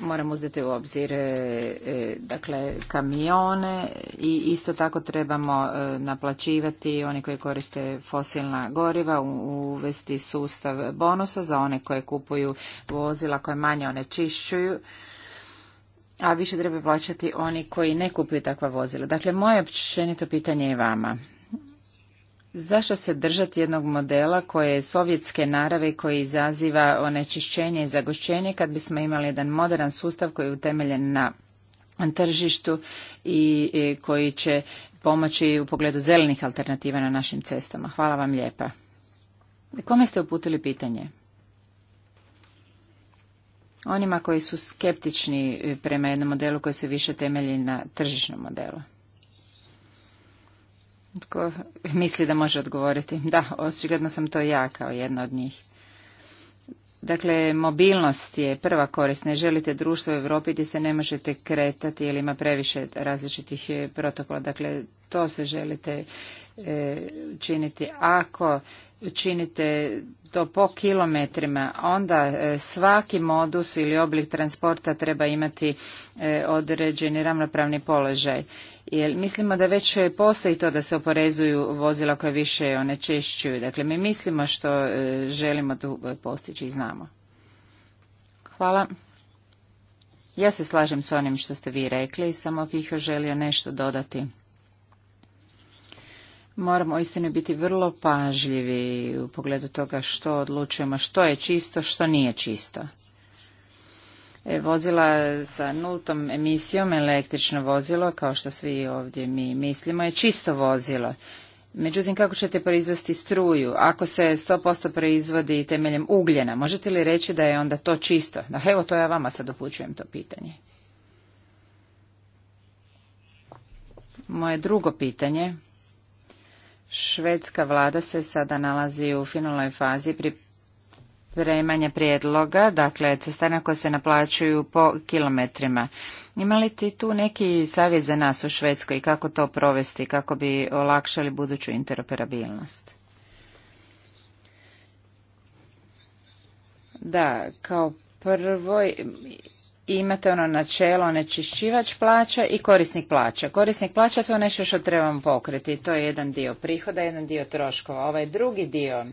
moramo uzeti u obzir e, e, dakle kamione i isto tako trebamo e, naplaćivati oni koji koriste fosilna goriva uvesti sustav bonusa za one koje kupuju vozila koje manje onečišćuju a više treba plaćati oni koji ne kupuju takva vozila. Dakle, moje općenito pitanje je vama. Zašto se držati jednog modela koje je sovjetske narave koji izaziva onečišćenje i zagošćenje kad bismo imali jedan modern sustav koji je utemeljen na tržištu i koji će pomoći u pogledu zelenih alternativa na našim cestama. Hvala vam lijepa. Kome ste uputili pitanje? Onima koji su skeptični prema jednom modelu koji se više temelji na tržišnom modelu. Tko misli da može odgovoriti? Da, očigledno sam to ja kao jedna od njih. Dakle, mobilnost je prva korist. Ne želite društvo u Europi gdje se ne možete kretati ili ima previše različitih e, protokola. Dakle, to se želite e, činiti. Ako činite to po kilometrima, onda e, svaki modus ili oblik transporta treba imati e, određeni ravnopravni položaj jer mislimo da već postoji to da se oporezuju vozila koja više onečišćuju. Dakle, mi mislimo što e, želimo tu postići i znamo. Hvala. Ja se slažem s onim što ste vi rekli, samo bih još želio nešto dodati. Moramo istinu biti vrlo pažljivi u pogledu toga što odlučujemo, što je čisto, što nije čisto. E, vozila sa nultom emisijom, električno vozilo, kao što svi ovdje mi mislimo, je čisto vozilo. Međutim, kako ćete proizvesti struju? Ako se 100% proizvodi temeljem ugljena, možete li reći da je onda to čisto? Da, evo, to ja vama sad upućujem to pitanje. Moje drugo pitanje. Švedska vlada se sada nalazi u finalnoj fazi pri spremanja prijedloga, dakle cestarina koje se naplaćuju po kilometrima. Ima li ti tu neki savjet za nas u Švedskoj i kako to provesti, kako bi olakšali buduću interoperabilnost? Da, kao prvo imate ono načelo onečišćivač plaća i korisnik plaća. Korisnik plaća to je nešto što trebamo pokriti, to je jedan dio prihoda, jedan dio troškova. Ovaj drugi dio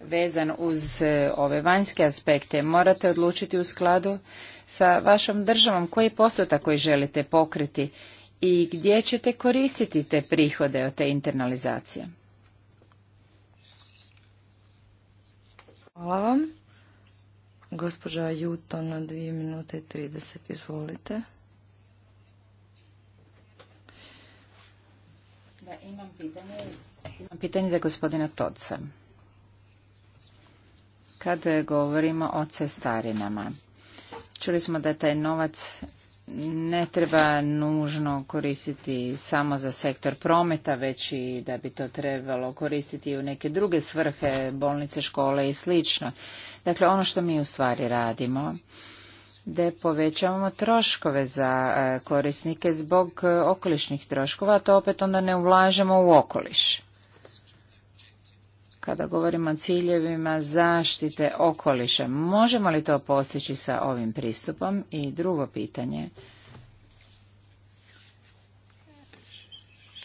vezan uz e, ove vanjske aspekte morate odlučiti u skladu sa vašom državom koji postotak koji želite pokriti i gdje ćete koristiti te prihode od te internalizacije. Hvala vam. Gospođa Juto na 2 minute i 30, izvolite. Da, imam pitanje, za gospodina todca kad govorimo o cestarinama. Čuli smo da taj novac ne treba nužno koristiti samo za sektor prometa, već i da bi to trebalo koristiti u neke druge svrhe, bolnice, škole i sl. Dakle, ono što mi u stvari radimo, da povećavamo troškove za e, korisnike zbog e, okolišnih troškova, a to opet onda ne ulažemo u okoliš kada govorimo o ciljevima zaštite okoliša. Možemo li to postići sa ovim pristupom? I drugo pitanje.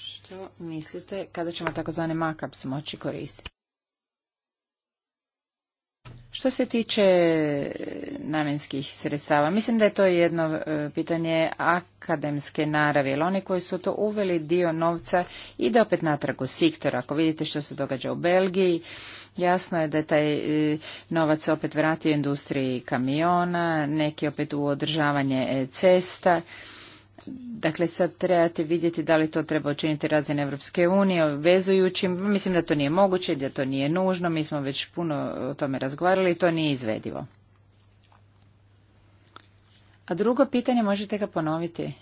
Što mislite kada ćemo takozvani markups moći koristiti? Što se tiče namjenskih sredstava, mislim da je to jedno e, pitanje akademske naravi, jer oni koji su to uveli dio novca ide opet natrag u sektor. Ako vidite što se događa u Belgiji, jasno je da je taj e, novac opet vratio industriji kamiona, neki opet u održavanje e, cesta. Dakle, sad trebate vidjeti da li to treba učiniti razine Evropske unije, vezujući. Mislim da to nije moguće, da to nije nužno. Mi smo već puno o tome razgovarali i to nije izvedivo. A drugo pitanje, možete ga ponoviti?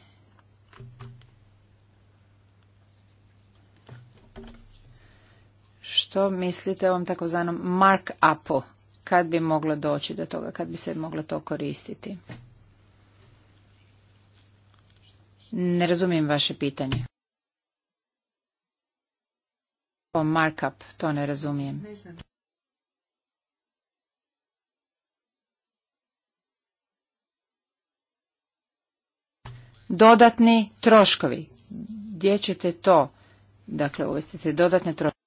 Što mislite o ovom takozvanom mark-upu? Kad bi moglo doći do toga? Kad bi se moglo to koristiti? Ne razumijem vaše pitanje. O markup, to ne razumijem. Ne znam. Dodatni troškovi. Gdje ćete to? Dakle, uvestite dodatne troškovi.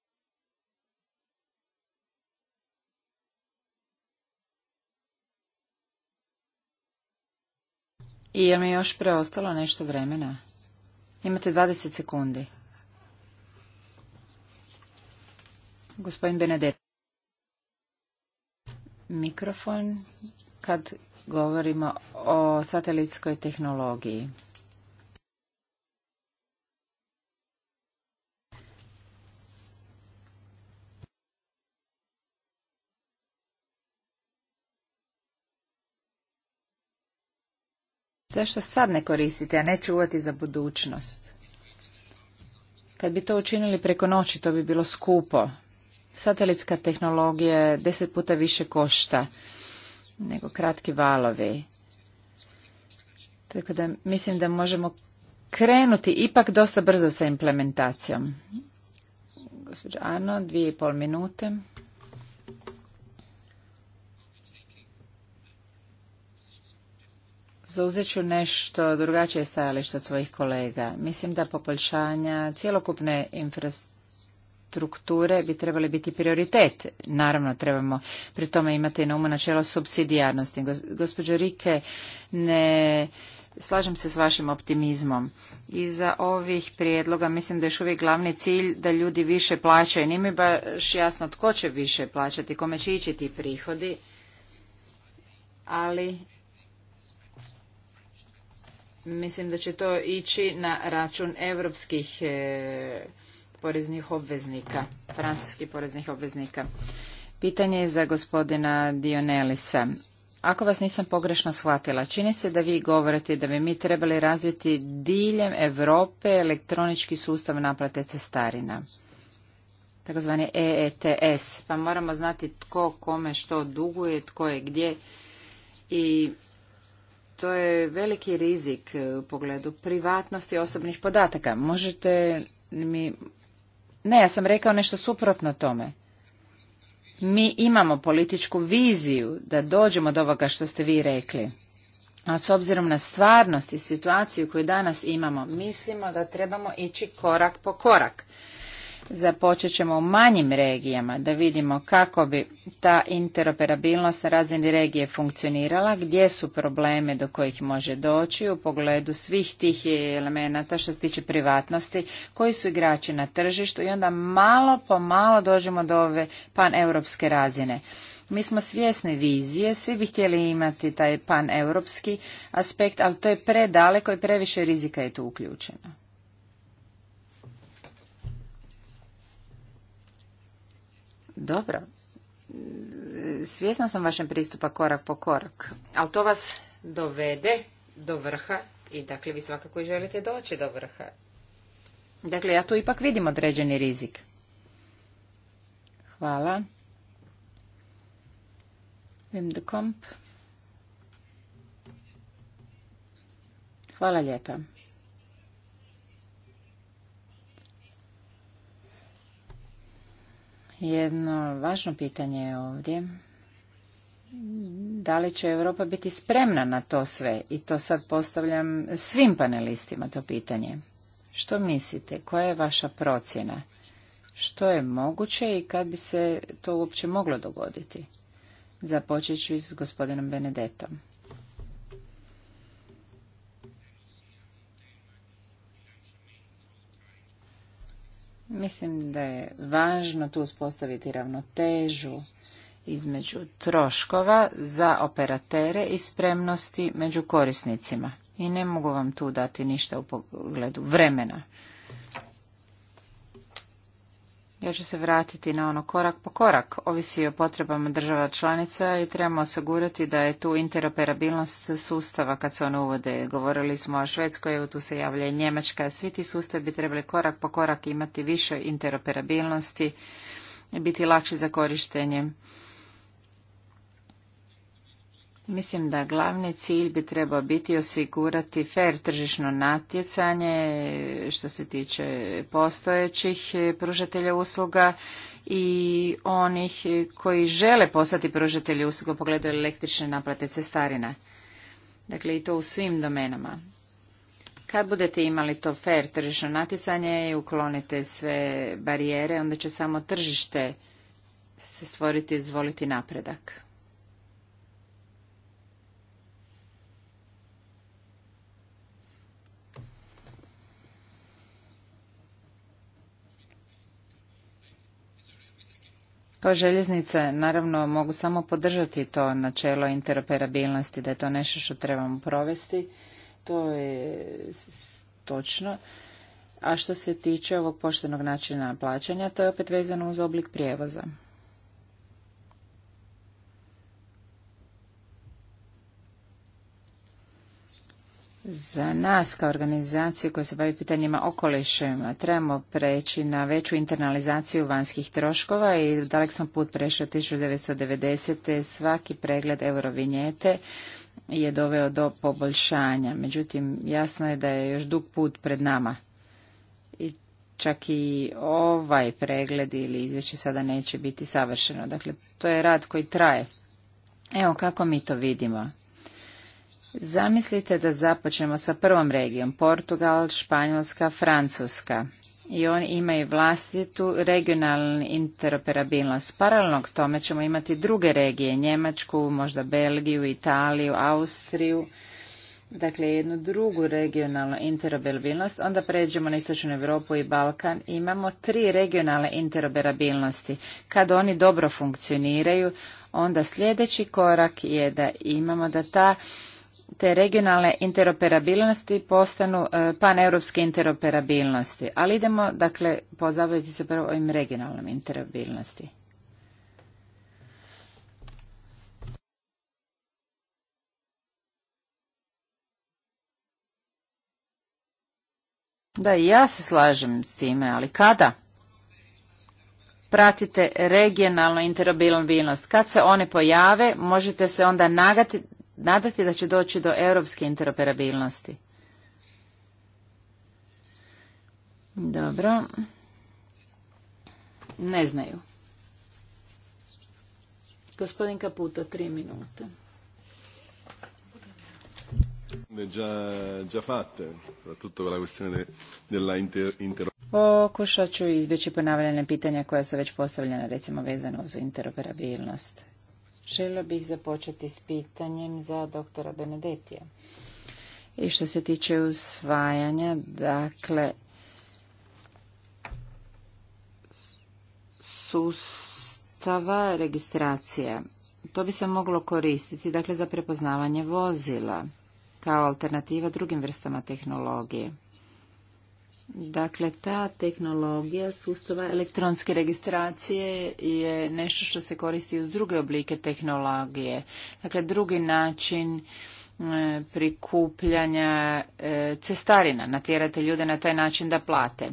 I je mi još preostalo nešto vremena? Imate 20 sekundi. Gospodin Benedet. Mikrofon kad govorimo o satelitskoj tehnologiji. Zašto sad ne koristite, a ne čuvati za budućnost? Kad bi to učinili preko noći, to bi bilo skupo. Satelitska tehnologija deset puta više košta nego kratki valovi. Tako da mislim da možemo krenuti ipak dosta brzo sa implementacijom. Gospođa Arno, dvije i pol minute. Zauzet ću nešto drugačije stajalište od svojih kolega. Mislim da poboljšanja cjelokupne infrastrukture bi trebali biti prioritet. Naravno, trebamo pri tome imati na umu načelo subsidijarnosti. Gospođo Rike, ne slažem se s vašim optimizmom. Iza ovih prijedloga mislim da je još uvijek glavni cilj da ljudi više plaćaju. Nije mi baš jasno tko će više plaćati, kome će ići ti prihodi ali Mislim da će to ići na račun evropskih e, poreznih obveznika, francuskih poreznih obveznika. Pitanje je za gospodina Dionelisa. Ako vas nisam pogrešno shvatila, čini se da vi govorite da bi mi trebali razviti diljem Europe elektronički sustav naplate cestarina, takozvani EETS, pa moramo znati tko kome što duguje, tko je gdje i to je veliki rizik e, u pogledu privatnosti osobnih podataka. Možete mi... Ne, ja sam rekao nešto suprotno tome. Mi imamo političku viziju da dođemo do ovoga što ste vi rekli. A s obzirom na stvarnost i situaciju koju danas imamo, mislimo da trebamo ići korak po korak. Započet ćemo u manjim regijama da vidimo kako bi ta interoperabilnost na razini regije funkcionirala, gdje su probleme do kojih može doći u pogledu svih tih elemenata što se tiče privatnosti, koji su igrači na tržištu i onda malo po malo dođemo do ove paneuropske razine. Mi smo svjesni vizije, svi bi htjeli imati taj paneuropski aspekt, ali to je predaleko i previše rizika je tu uključeno. Dobro. Svjesna sam vašem pristupa korak po korak, ali to vas dovede do vrha i dakle vi svakako i želite doći do vrha. Dakle, ja tu ipak vidim određeni rizik. Hvala. Vim Hvala lijepa. Jedno važno pitanje je ovdje da li će Europa biti spremna na to sve i to sad postavljam svim panelistima to pitanje. Što mislite? Koja je vaša procjena? Što je moguće i kad bi se to uopće moglo dogoditi? Započet s gospodinom Benedetom. Mislim da je važno tu uspostaviti ravnotežu između troškova za operatere i spremnosti među korisnicima. I ne mogu vam tu dati ništa u pogledu vremena ja ću se vratiti na ono korak po korak. Ovisi o potrebama država članica i trebamo osigurati da je tu interoperabilnost sustava kad se one uvode. Govorili smo o Švedskoj, evo tu se javlja i Njemačka. Svi ti sustavi bi trebali korak po korak imati više interoperabilnosti i biti lakši za korištenje. Mislim da glavni cilj bi trebao biti osigurati fair tržišno natjecanje što se tiče postojećih pružatelja usluga i onih koji žele postati pružatelji usluga u pogledu električne naplate cestarina. Dakle, i to u svim domenama. Kad budete imali to fair tržišno natjecanje i uklonite sve barijere, onda će samo tržište se stvoriti i izvoliti napredak. Kao pa željeznice, naravno, mogu samo podržati to načelo interoperabilnosti, da je to nešto što trebamo provesti. To je točno. A što se tiče ovog poštenog načina plaćanja, to je opet vezano uz oblik prijevoza. Za nas kao organizaciju koja se bavi pitanjima okolišem trebamo preći na veću internalizaciju vanjskih troškova i dalek sam put prešao 1990. Svaki pregled eurovinjete je doveo do poboljšanja. Međutim, jasno je da je još dug put pred nama. I čak i ovaj pregled ili izvješće sada neće biti savršeno. Dakle, to je rad koji traje. Evo kako mi to vidimo. Zamislite da započnemo sa prvom regijom, Portugal, Španjolska, Francuska. I oni imaju vlastitu regionalnu interoperabilnost. Paralelno k tome ćemo imati druge regije, Njemačku, možda Belgiju, Italiju, Austriju. Dakle, jednu drugu regionalnu interoperabilnost. Onda pređemo na Istočnu Europu i Balkan. Imamo tri regionalne interoperabilnosti. Kad oni dobro funkcioniraju, onda sljedeći korak je da imamo da ta te regionalne interoperabilnosti postanu e, paneuropske interoperabilnosti. Ali idemo, dakle, pozabaviti se prvo ovim regionalnom interoperabilnosti. Da, i ja se slažem s time, ali kada? Pratite regionalnu interoperabilnost. Kad se one pojave, možete se onda nagati nadati da će doći do europske interoperabilnosti? Dobro. Ne znaju. Gospodin Kaputo, tri minute. Pokušat ću izbjeći ponavljanje pitanja koja su već postavljena, recimo vezano uz interoperabilnost željela bih započeti s pitanjem za doktora Benedetija. I što se tiče usvajanja, dakle, sustava registracije. To bi se moglo koristiti, dakle, za prepoznavanje vozila kao alternativa drugim vrstama tehnologije. Dakle, ta tehnologija sustava elektronske registracije je nešto što se koristi uz druge oblike tehnologije. Dakle, drugi način e, prikupljanja e, cestarina, natjerate ljude na taj način da plate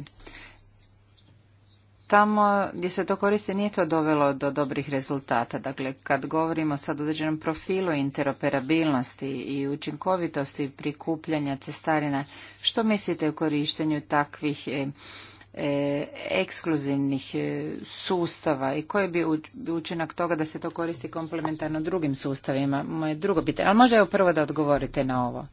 tamo gdje se to koristi nije to dovelo do dobrih rezultata. Dakle, kad govorimo sad o određenom profilu interoperabilnosti i učinkovitosti prikupljanja cestarina, što mislite o korištenju takvih e, e, ekskluzivnih e, sustava i koji bi učinak toga da se to koristi komplementarno drugim sustavima? Moje drugo pitanje, ali možda evo prvo da odgovorite na ovo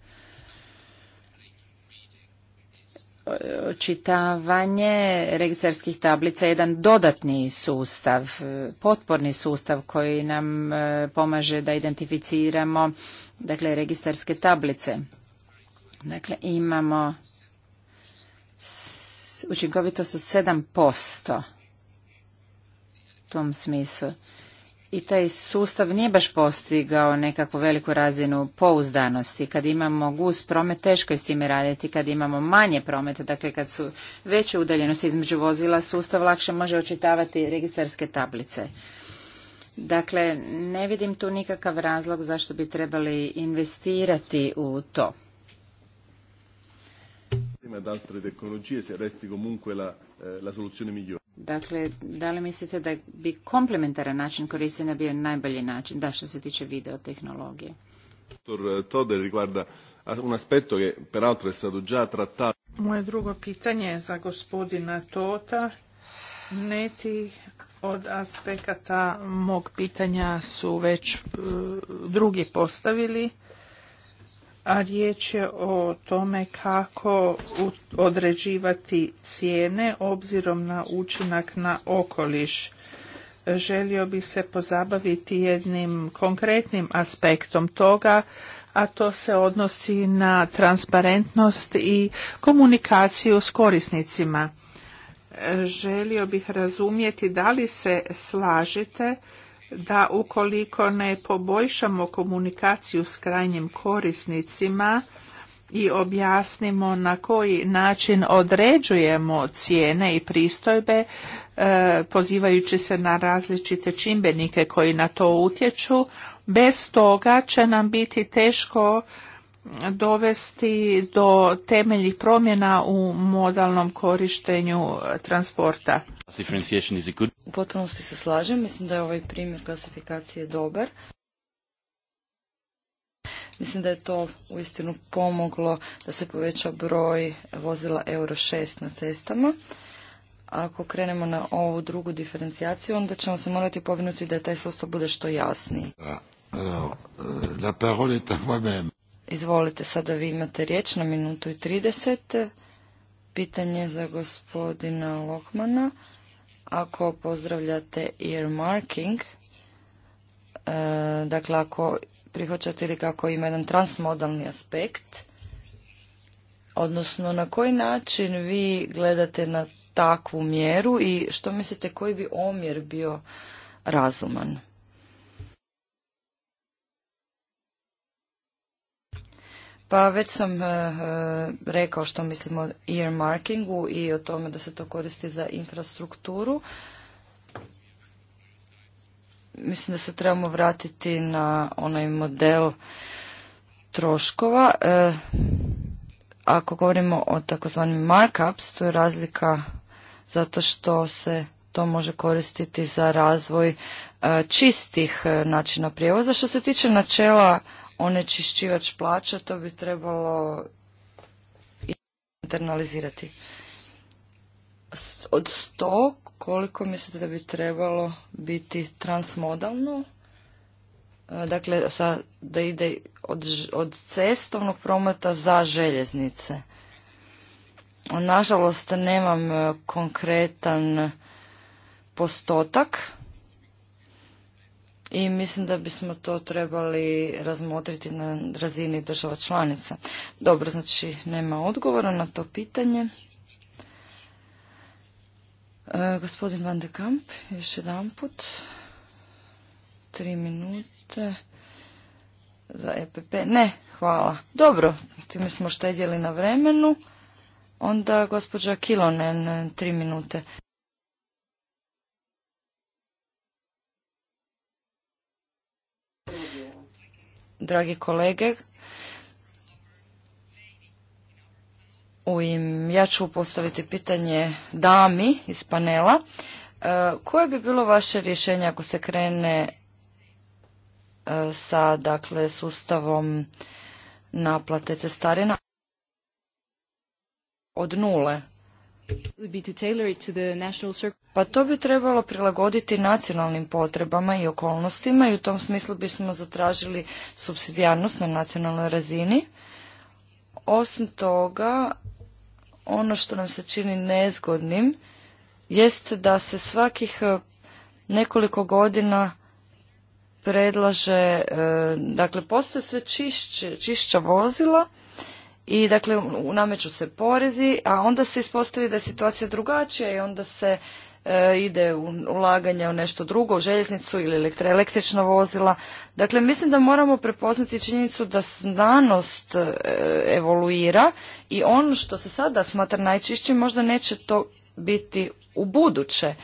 očitavanje registarskih tablica je jedan dodatni sustav, e, potporni sustav koji nam e, pomaže da identificiramo dakle, registarske tablice. Dakle, imamo učinkovitost od 7% u tom smislu i taj sustav nije baš postigao nekakvu veliku razinu pouzdanosti. Kad imamo gus promet, teško je s time raditi. Kad imamo manje prometa, dakle kad su veće udaljenosti između vozila, sustav lakše može očitavati registarske tablice. Dakle, ne vidim tu nikakav razlog zašto bi trebali investirati u to. ad altre tehnologije se resti comunque la, eh, la soluzione migliore. Dakle, da li mislite da bi komplementaran način korištenja bio najbolji način, da što se tiče videotehnologije? Eh, Toder riguarda un aspetto che Moje drugo pitanje je za gospodina Tota. Neti od aspekata mog pitanja su već eh, drugi postavili a riječ je o tome kako određivati cijene obzirom na učinak na okoliš. Želio bih se pozabaviti jednim konkretnim aspektom toga, a to se odnosi na transparentnost i komunikaciju s korisnicima. Želio bih razumjeti da li se slažete da ukoliko ne poboljšamo komunikaciju s krajnjim korisnicima i objasnimo na koji način određujemo cijene i pristojbe e, pozivajući se na različite čimbenike koji na to utječu bez toga će nam biti teško dovesti do temeljnih promjena u modalnom korištenju transporta u potpunosti se slažem, mislim da je ovaj primjer klasifikacije dobar. Mislim da je to uistinu pomoglo da se poveća broj vozila Euro 6 na cestama. Ako krenemo na ovu drugu diferencijaciju, onda ćemo se morati povinuti da taj sustav bude što jasniji. Euh, Izvolite, sada vi imate riječ na minutu i 30. Pitanje za gospodina Lokmana ako pozdravljate earmarking, e, dakle ako prihvaćate ili kako ima jedan transmodalni aspekt, odnosno na koji način vi gledate na takvu mjeru i što mislite koji bi omjer bio razuman? Pa već sam e, e, rekao što mislim o earmarkingu i o tome da se to koristi za infrastrukturu. Mislim da se trebamo vratiti na onaj model troškova. E, ako govorimo o takozvanim markups, to je razlika zato što se to može koristiti za razvoj čistih načina prijevoza. Što se tiče načela onečišćivač plaća, to bi trebalo internalizirati. Od 100, koliko mislite da bi trebalo biti transmodalno? E, dakle, da ide od, od cestovnog prometa za željeznice. Nažalost, nemam e, konkretan postotak i mislim da bismo to trebali razmotriti na razini država članica. Dobro, znači nema odgovora na to pitanje. E, gospodin Van de Kamp, još jedan put. Tri minute za EPP. Ne, hvala. Dobro, time smo štedjeli na vremenu. Onda gospođa Kilonen, tri minute. dragi kolege. U ja ću postaviti pitanje dami iz panela. E, koje bi bilo vaše rješenje ako se krene e, sa dakle, sustavom naplate cestarina od nule? Pa to bi trebalo prilagoditi nacionalnim potrebama i okolnostima i u tom smislu bismo zatražili subsidijarnost na nacionalnoj razini. Osim toga, ono što nam se čini nezgodnim jest da se svakih e, nekoliko godina predlaže, e, dakle postoje sve čišća vozila, i dakle nameću se porezi, a onda se ispostavi da je situacija drugačija i onda se e, ide u ulaganje u nešto drugo, u željeznicu ili električna vozila. Dakle, mislim da moramo prepoznati činjenicu da znanost e, evoluira i ono što se sada smatra najčišćim možda neće to biti u buduće.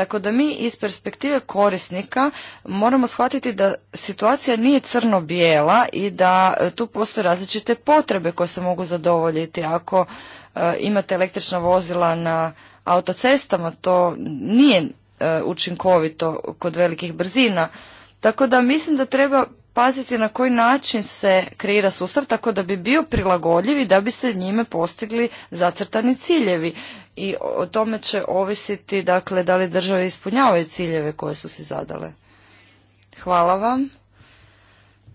Tako da mi iz perspektive korisnika moramo shvatiti da situacija nije crno-bijela i da e, tu postoje različite potrebe koje se mogu zadovoljiti. Ako e, imate električna vozila na autocestama, to nije e, učinkovito kod velikih brzina. Tako da mislim da treba paziti na koji način se kreira sustav tako da bi bio prilagodljiv i da bi se njime postigli zacrtani ciljevi i o tome će ovisiti dakle da li države ispunjavaju ciljeve koje su si zadale. Hvala vam.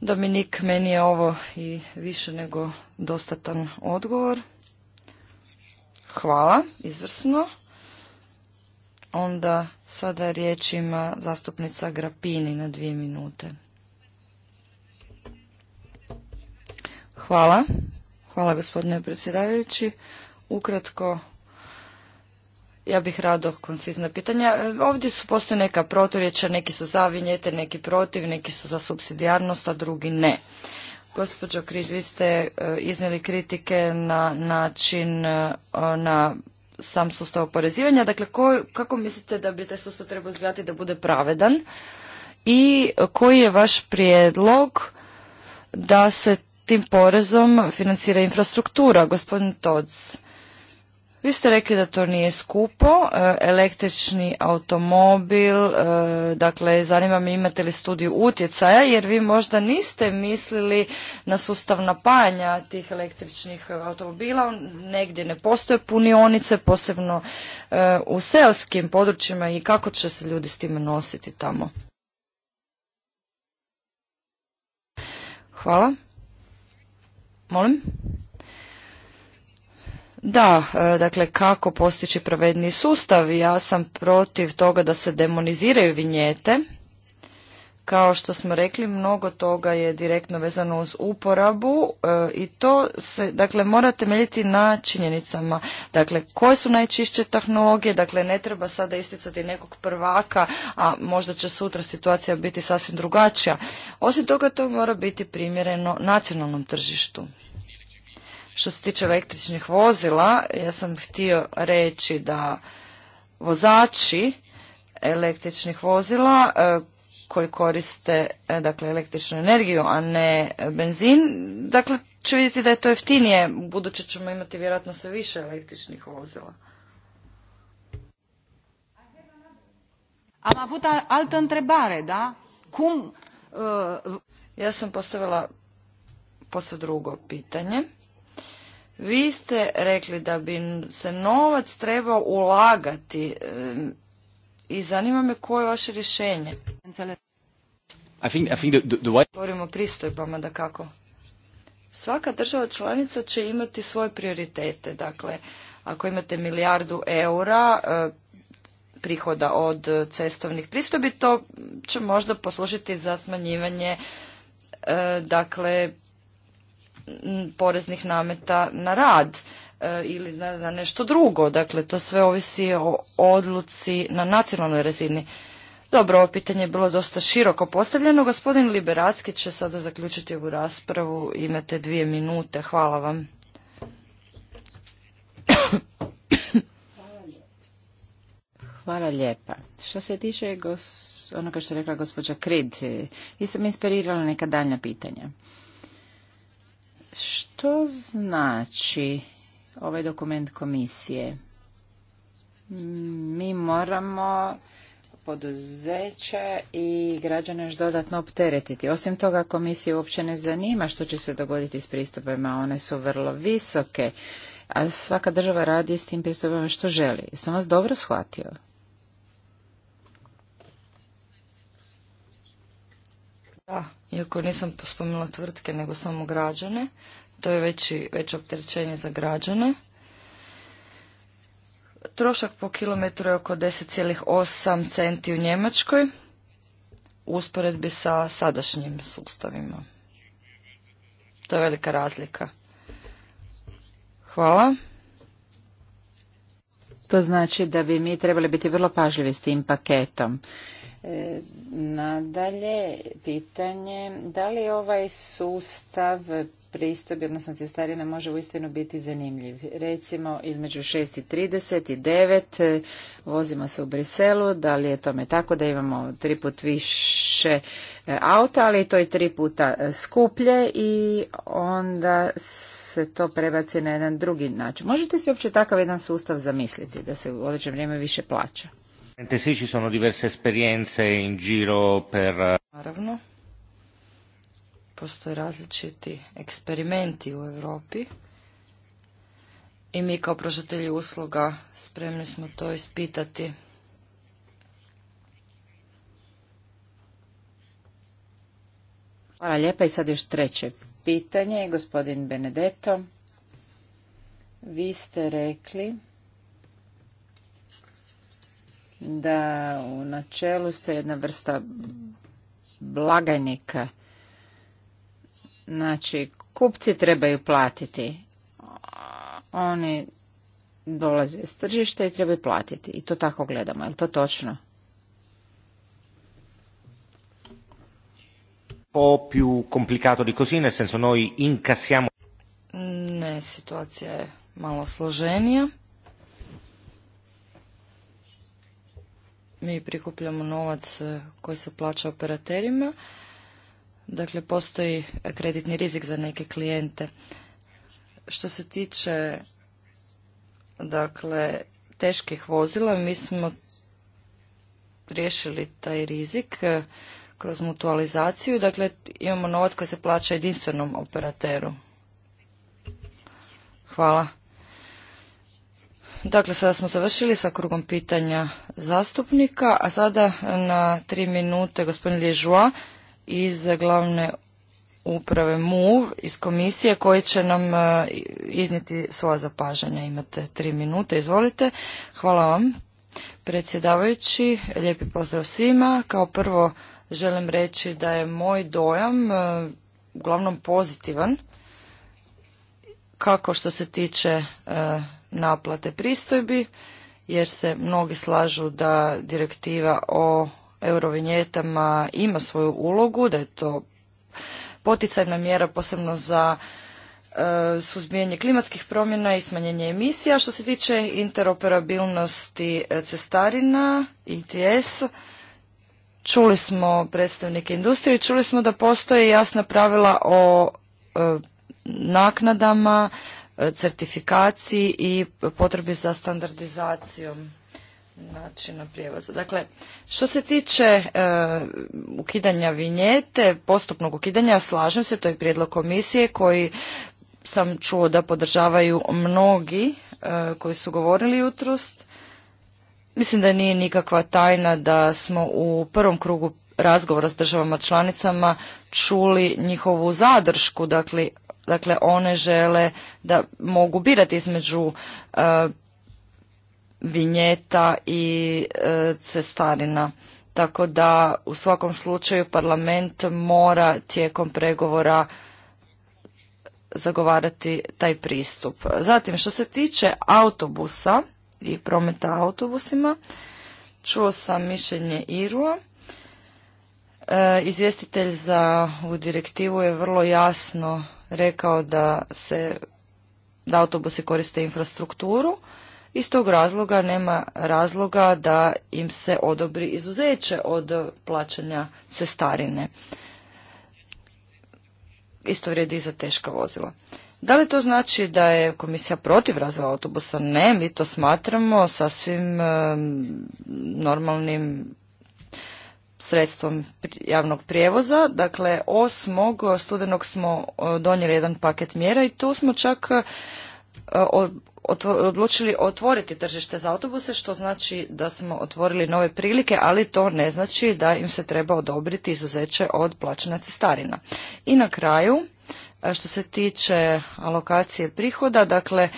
Dominik, meni je ovo i više nego dostatan odgovor. Hvala, izvrsno. Onda sada riječ ima zastupnica Grapini na dvije minute. Hvala. Hvala gospodine predsjedavajući. Ukratko ja bih rado koncizna pitanja. E, ovdje su postoje neka proturječa, neki su za vinjete, neki protiv, neki su za subsidijarnost, a drugi ne. Gospođo Križ, vi ste e, iznijeli kritike na način, e, na sam sustav oporezivanja. Dakle, kako mislite da bi taj sustav trebao izgledati da bude pravedan? I koji je vaš prijedlog da se tim porezom financira infrastruktura? Gospodin Tods vi ste rekli da to nije skupo, e, električni automobil, e, dakle zanima me imate li studiju utjecaja jer vi možda niste mislili na sustav napajanja tih električnih automobila, negdje ne postoje punionice, posebno e, u seoskim područjima i kako će se ljudi s time nositi tamo? Hvala. Molim? Da, e, dakle kako postići pravedni sustav? Ja sam protiv toga da se demoniziraju vinjete. Kao što smo rekli, mnogo toga je direktno vezano uz uporabu e, i to se, dakle, mora temeljiti na činjenicama. Dakle, koje su najčišće tehnologije, dakle, ne treba sada isticati nekog prvaka, a možda će sutra situacija biti sasvim drugačija. Osim toga, to mora biti primjereno nacionalnom tržištu. Što se tiče električnih vozila, ja sam htio reći da vozači električnih vozila e, koji koriste e, dakle, električnu energiju, a ne benzin, dakle, ću vidjeti da je to jeftinije, budući ćemo imati vjerojatno sve više električnih vozila. Am avut altă întrebare, da? Cum... E, ja sam postavila posve drugo pitanje. Vi ste rekli da bi se novac trebao ulagati i zanima me koje je vaše rješenje. Govorimo o pristojbama, da kako. Svaka država članica će imati svoje prioritete. Dakle, ako imate milijardu eura e, prihoda od cestovnih pristojbi, to će možda poslušiti za smanjivanje e, dakle poreznih nameta na rad e, ili na nešto drugo. Dakle, to sve ovisi o odluci na nacionalnoj razini. Dobro, ovo pitanje je bilo dosta široko postavljeno. Gospodin Liberacki će sada zaključiti ovu raspravu. Imate dvije minute. Hvala vam. Hvala lijepa. Što se tiče onoga što je rekla gospođa Krid, vi ste mi inspirirali neka daljna pitanja. Što znači ovaj dokument komisije? Mi moramo poduzeće i građane još dodatno opteretiti. Osim toga, komisija uopće ne zanima što će se dogoditi s pristupima. One su vrlo visoke, a svaka država radi s tim pristupima što želi. Sam vas dobro shvatio? Da, iako nisam spomenula tvrtke nego samo građane, to je veći, veće opterećenje za građane. Trošak po kilometru je oko 10,8 centi u Njemačkoj, u usporedbi sa sadašnjim sustavima. To je velika razlika. Hvala. To znači da bi mi trebali biti vrlo pažljivi s tim paketom. E, nadalje, pitanje da li ovaj sustav pristup, odnosno cestarina može uistinu biti zanimljiv. Recimo, između 6.30 i 9 e, vozimo se u Briselu, da li je tome tako da imamo tri put više e, auta, ali to je tri puta skuplje i onda se to prebaci na jedan drugi način. Možete si uopće takav jedan sustav zamisliti, da se u određeno vrijeme više plaća? sono diverse eh, Naravno, postoje različiti eksperimenti u Europi i mi kao pružatelji usluga spremni smo to ispitati. Hvala lijepa i sad još treće pitanje, gospodin Benedetto. Vi ste rekli da u načelu ste jedna vrsta blagajnika. Znači, kupci trebaju platiti. Oni dolaze s tržišta i trebaju platiti. I to tako gledamo. Je li to točno? po' più di così, senso noi incassiamo... Ne, situacija je malo složenija. mi prikupljamo novac e, koji se plaća operaterima. Dakle, postoji kreditni rizik za neke klijente. Što se tiče dakle, teških vozila, mi smo riješili taj rizik e, kroz mutualizaciju. Dakle, imamo novac koji se plaća jedinstvenom operateru. Hvala. Dakle, sada smo završili sa krugom pitanja zastupnika, a sada na tri minute gospodin ližua iz glavne uprave MUV iz komisije koji će nam e, iznijeti svoja zapažanja. Imate tri minute, izvolite. Hvala vam predsjedavajući, lijepi pozdrav svima. Kao prvo želim reći da je moj dojam e, uglavnom pozitivan kako što se tiče e, naplate pristojbi, jer se mnogi slažu da direktiva o eurovinjetama ima svoju ulogu, da je to poticajna mjera posebno za e, suzbijanje klimatskih promjena i smanjenje emisija. Što se tiče interoperabilnosti e, cestarina, ITS, e čuli smo predstavnike industrije, čuli smo da postoje jasna pravila o e, naknadama, certifikaciji i potrebi za standardizacijom načina prijevoza. Dakle, što se tiče e, ukidanja vinjete, postupnog ukidanja, slažem se, to je prijedlog komisije koji sam čuo da podržavaju mnogi e, koji su govorili jutros. Mislim da nije nikakva tajna da smo u prvom krugu razgovora s državama članicama čuli njihovu zadršku, dakle Dakle, one žele da mogu birati između e, vinjeta i e, cestarina. Tako da u svakom slučaju parlament mora tijekom pregovora zagovarati taj pristup. Zatim, što se tiče autobusa i prometa autobusima, čuo sam mišljenje Irua. E, izvjestitelj za ovu direktivu je vrlo jasno rekao da se da autobusi koriste infrastrukturu. Iz tog razloga nema razloga da im se odobri izuzeće od plaćanja cestarine. Isto vrijedi i za teška vozila. Da li to znači da je komisija protiv razvoja autobusa? Ne, mi to smatramo sasvim normalnim sredstvom javnog prijevoza. Dakle, osmog studenog smo e, donijeli jedan paket mjera i tu smo čak e, odlučili otvoriti tržište za autobuse, što znači da smo otvorili nove prilike, ali to ne znači da im se treba odobriti izuzeće od plaćanja cestarina. I na kraju, e, što se tiče alokacije prihoda, dakle,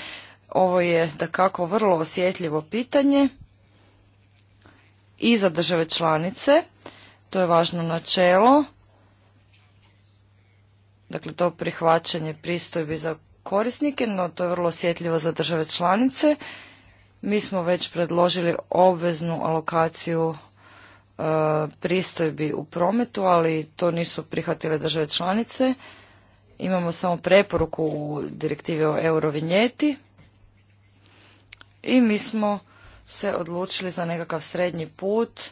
ovo je da kako vrlo osjetljivo pitanje i za države članice to je važno načelo. Dakle, to prihvaćanje pristojbi za korisnike, no to je vrlo osjetljivo za države članice. Mi smo već predložili obveznu alokaciju e, pristojbi u prometu, ali to nisu prihvatile države članice. Imamo samo preporuku u direktivi o eurovinjeti i mi smo se odlučili za nekakav srednji put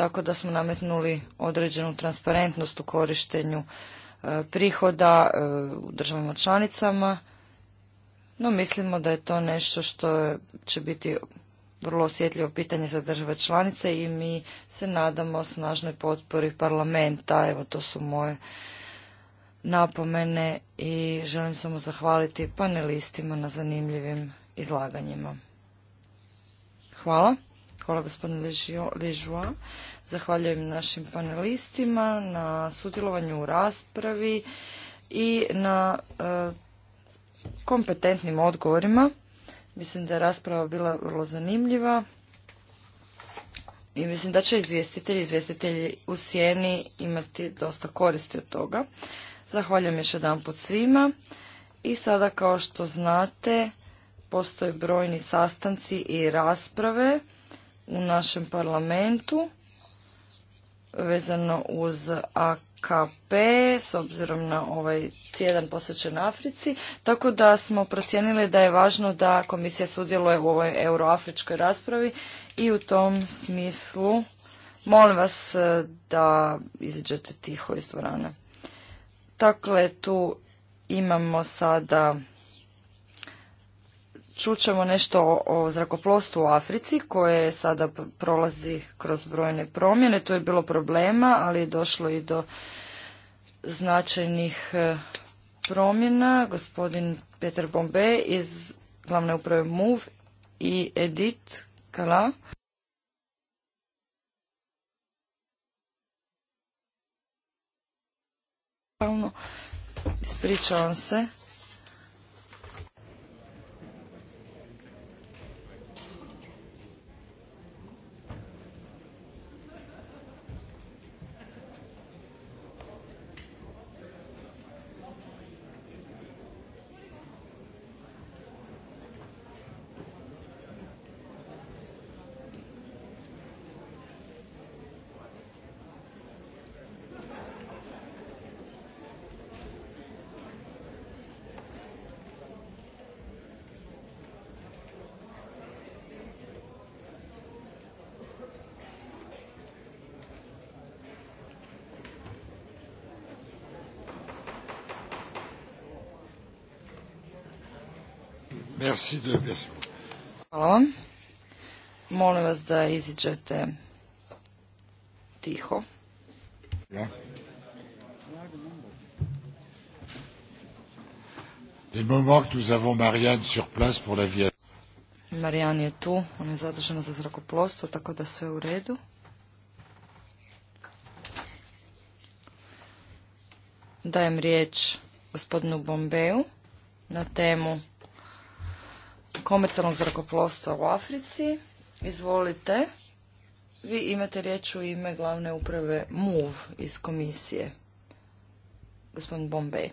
tako da smo nametnuli određenu transparentnost u korištenju e, prihoda e, u državama članicama, no mislimo da je to nešto što će biti vrlo osjetljivo pitanje za države članice i mi se nadamo snažnoj potpori parlamenta. Evo, to su moje napomene i želim samo zahvaliti panelistima na zanimljivim izlaganjima. Hvala. Hvala gospodine Ležua. Zahvaljujem našim panelistima na sudjelovanju u raspravi i na e, kompetentnim odgovorima. Mislim da je rasprava bila vrlo zanimljiva i mislim da će izvjestitelji, izvjestitelji u sjeni imati dosta koristi od toga. Zahvaljujem još jedan put svima i sada kao što znate postoje brojni sastanci i rasprave u našem parlamentu vezano uz AKP s obzirom na ovaj tjedan posvećen Africi, tako da smo procijenili da je važno da komisija sudjeluje u ovoj euroafričkoj raspravi i u tom smislu molim vas e, da izađete tiho iz dvorane. Dakle, tu imamo sada ćemo nešto o zrakoplovstvu u Africi koje sada prolazi kroz brojne promjene. To je bilo problema, ali je došlo i do značajnih e, promjena. Gospodin Peter Bombe iz glavne uprave MUV i EDIT, Kala. Ispričavam se. Hvala vam. Molim vas da iziđete tiho. Ja. Marijan je tu, ona je zadužena za zrakoplovstvo, tako da sve u redu. Dajem riječ gospodinu Bombeju na temu komercijalnog zrakoplovstva u Africi. Izvolite. Vi imate riječ u ime glavne uprave MUV iz komisije. Gospodin Bombay.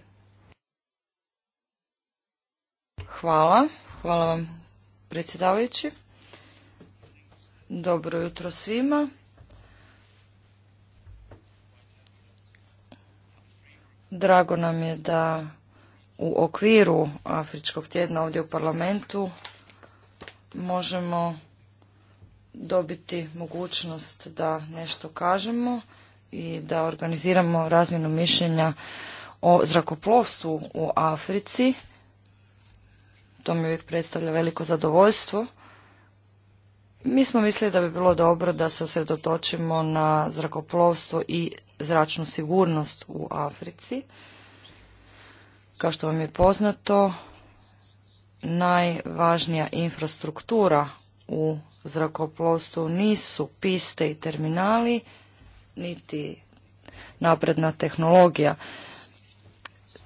Hvala. Hvala vam predsjedavajući. Dobro jutro svima. Drago nam je da u okviru Afričkog tjedna ovdje u parlamentu možemo dobiti mogućnost da nešto kažemo i da organiziramo razmjenu mišljenja o zrakoplovstvu u Africi. To mi uvijek predstavlja veliko zadovoljstvo. Mi smo mislili da bi bilo dobro da se osredotočimo na zrakoplovstvo i zračnu sigurnost u Africi. Kao što vam je poznato, najvažnija infrastruktura u zrakoplovstvu nisu piste i terminali, niti napredna tehnologija.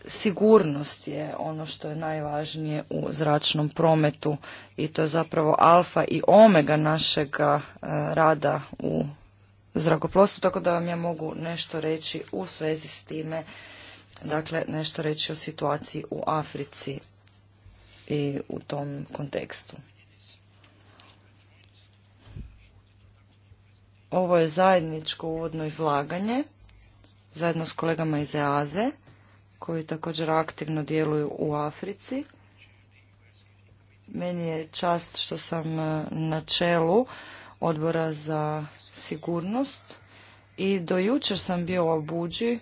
Sigurnost je ono što je najvažnije u zračnom prometu i to je zapravo alfa i omega našeg e, rada u zrakoplovstvu, tako da vam ja mogu nešto reći u svezi s time dakle nešto reći o situaciji u Africi i u tom kontekstu. Ovo je zajedničko uvodno izlaganje zajedno s kolegama iz EAZE e, koji također aktivno djeluju u Africi. Meni je čast što sam e, na čelu odbora za sigurnost i do jučer sam bio u Abuđi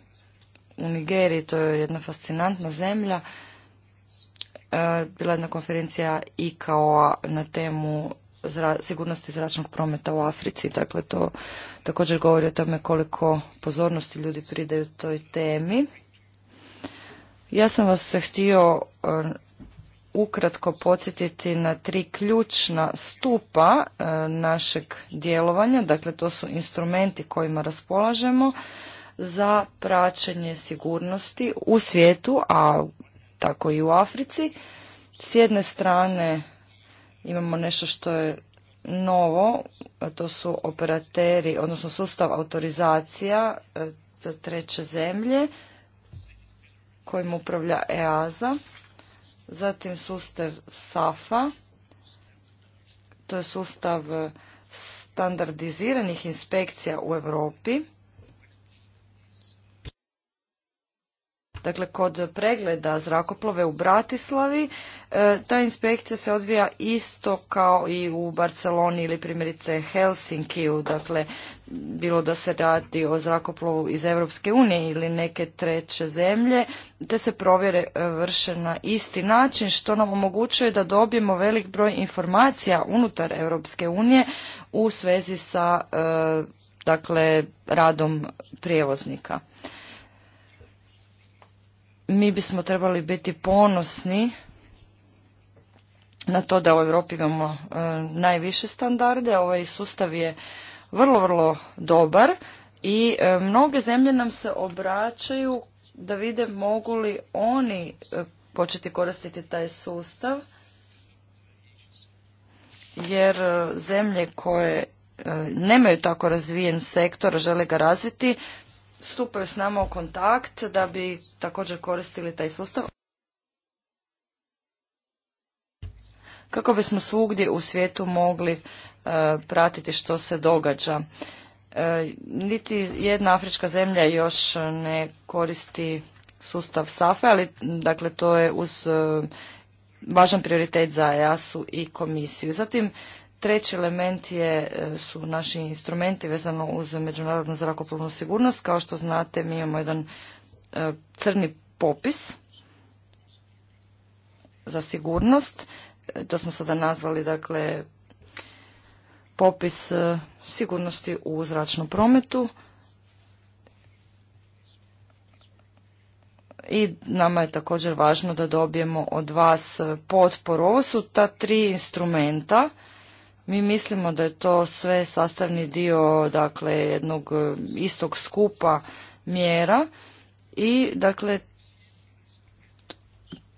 u Nigeriji, to je jedna fascinantna zemlja. E, bila jedna konferencija i na temu sigurnosti zračnog prometa u Africi. Dakle, to također govori o tome koliko pozornosti ljudi pridaju toj temi. Ja sam vas se htio e, ukratko podsjetiti na tri ključna stupa e, našeg djelovanja, dakle to su instrumenti kojima raspolažemo, za praćenje sigurnosti u svijetu, a tako i u Africi. S jedne strane imamo nešto što je novo, to su operateri, odnosno sustav autorizacija e, za treće zemlje kojim upravlja EASA, zatim sustav SAFA, to je sustav standardiziranih inspekcija u Europi Dakle, kod pregleda zrakoplove u Bratislavi, e, ta inspekcija se odvija isto kao i u Barceloni ili primjerice Helsinkiju, dakle, bilo da se radi o zrakoplovu iz Europske unije ili neke treće zemlje, te se provjere e, vrše na isti način, što nam omogućuje da dobijemo velik broj informacija unutar Europske unije u svezi sa, e, dakle, radom prijevoznika mi bismo trebali biti ponosni na to da u Europi imamo e, najviše standarde. Ovaj sustav je vrlo, vrlo dobar i e, mnoge zemlje nam se obraćaju da vide mogu li oni e, početi koristiti taj sustav jer zemlje koje nemaju tako razvijen sektor, žele ga razviti, stupaju s nama u kontakt da bi također koristili taj sustav. Kako bismo svugdje u svijetu mogli e, pratiti što se događa. E, niti jedna afrička zemlja još ne koristi sustav SAFE, ali dakle to je uz e, važan prioritet za EAS-u i komisiju. Zatim Treći element je, e, su naši instrumenti vezano uz međunarodnu zrakoplovnu sigurnost. Kao što znate, mi imamo jedan e, crni popis za sigurnost. E, to smo sada nazvali, dakle, popis sigurnosti u zračnom prometu. i nama je također važno da dobijemo od vas potporu. Ovo su ta tri instrumenta mi mislimo da je to sve sastavni dio dakle jednog e, istog skupa mjera i dakle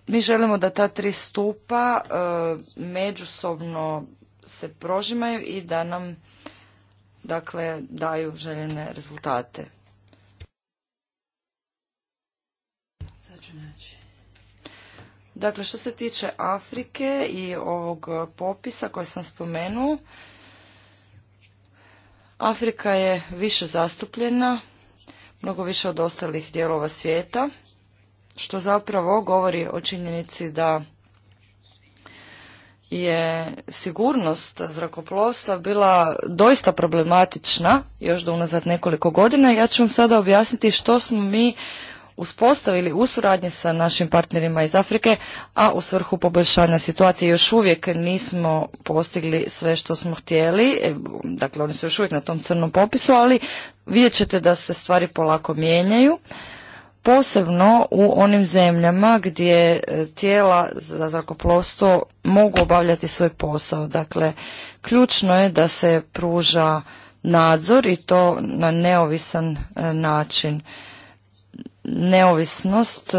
mi želimo da ta tri stupa e, međusobno se prožimaju i da nam dakle daju željene rezultate. Dakle, što se tiče Afrike i ovog popisa koje sam spomenuo, Afrika je više zastupljena, mnogo više od ostalih dijelova svijeta, što zapravo govori o činjenici da je sigurnost zrakoplovstva bila doista problematična još do unazad nekoliko godina. Ja ću vam sada objasniti što smo mi uspostavili u suradnji sa našim partnerima iz Afrike, a u svrhu poboljšanja situacije još uvijek nismo postigli sve što smo htjeli, e, dakle oni su još uvijek na tom crnom popisu, ali vidjet ćete da se stvari polako mijenjaju, posebno u onim zemljama gdje e, tijela za zrakoplovstvo mogu obavljati svoj posao. Dakle, ključno je da se pruža nadzor i to na neovisan e, način neovisnost e,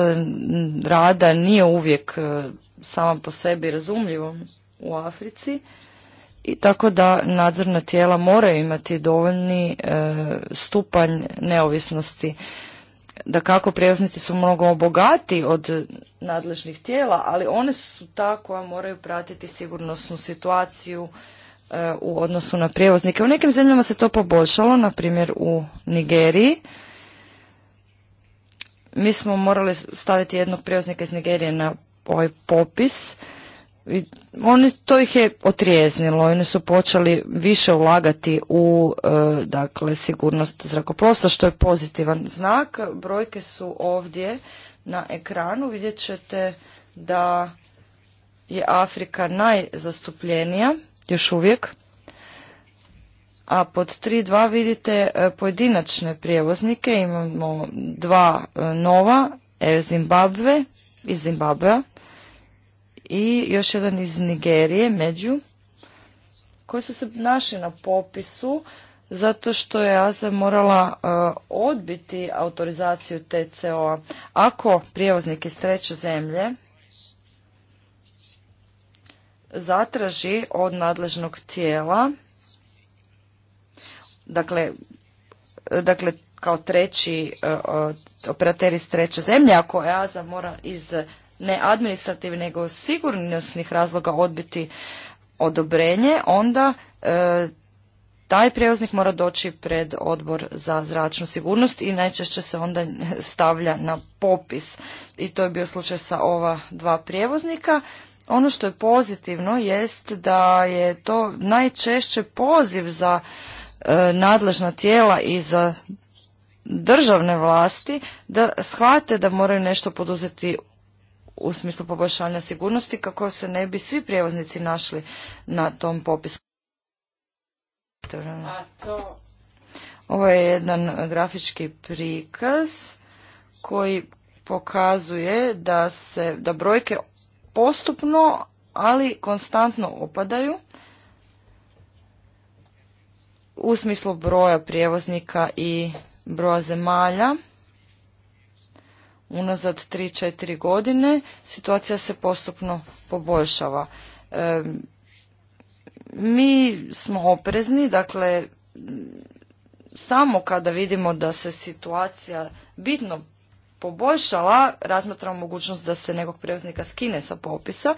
rada nije uvijek e, sama po sebi razumljivo u Africi i tako da nadzorna tijela moraju imati dovoljni e, stupanj neovisnosti. Da kako prijevoznici su mnogo bogati od nadležnih tijela, ali one su ta koja moraju pratiti sigurnosnu situaciju u odnosu na prijevoznike. U nekim zemljama se to poboljšalo, na primjer u Nigeriji mi smo morali staviti jednog prijevoznika iz Nigerije na ovaj popis. I oni, to ih je otrijeznilo, oni su počeli više ulagati u e, dakle, sigurnost zrakoplovstva, što je pozitivan znak. Brojke su ovdje na ekranu, vidjet ćete da je Afrika najzastupljenija još uvijek a pod 3.2 vidite e, pojedinačne prijevoznike, imamo dva e, nova, Air Zimbabwe iz Zimbabvea i još jedan iz Nigerije, Među, koji su se našli na popisu zato što je AZE morala e, odbiti autorizaciju TCO-a. Ako prijevoznik iz treće zemlje zatraži od nadležnog tijela dakle, dakle kao treći e, operater iz treće zemlje, ako EASA mora iz ne administrativnih nego sigurnosnih razloga odbiti odobrenje, onda e, taj prijevoznik mora doći pred odbor za zračnu sigurnost i najčešće se onda stavlja na popis. I to je bio slučaj sa ova dva prijevoznika. Ono što je pozitivno jest da je to najčešće poziv za E, nadležna tijela i za e, državne vlasti da shvate da moraju nešto poduzeti u smislu poboljšanja sigurnosti kako se ne bi svi prijevoznici našli na tom popisu. Ovo je jedan grafički prikaz koji pokazuje da se da brojke postupno ali konstantno opadaju u smislu broja prijevoznika i broja zemalja unazad 3-4 godine situacija se postupno poboljšava. mi smo oprezni, dakle samo kada vidimo da se situacija bitno poboljšala, razmatramo mogućnost da se nekog prijevoznika skine sa popisa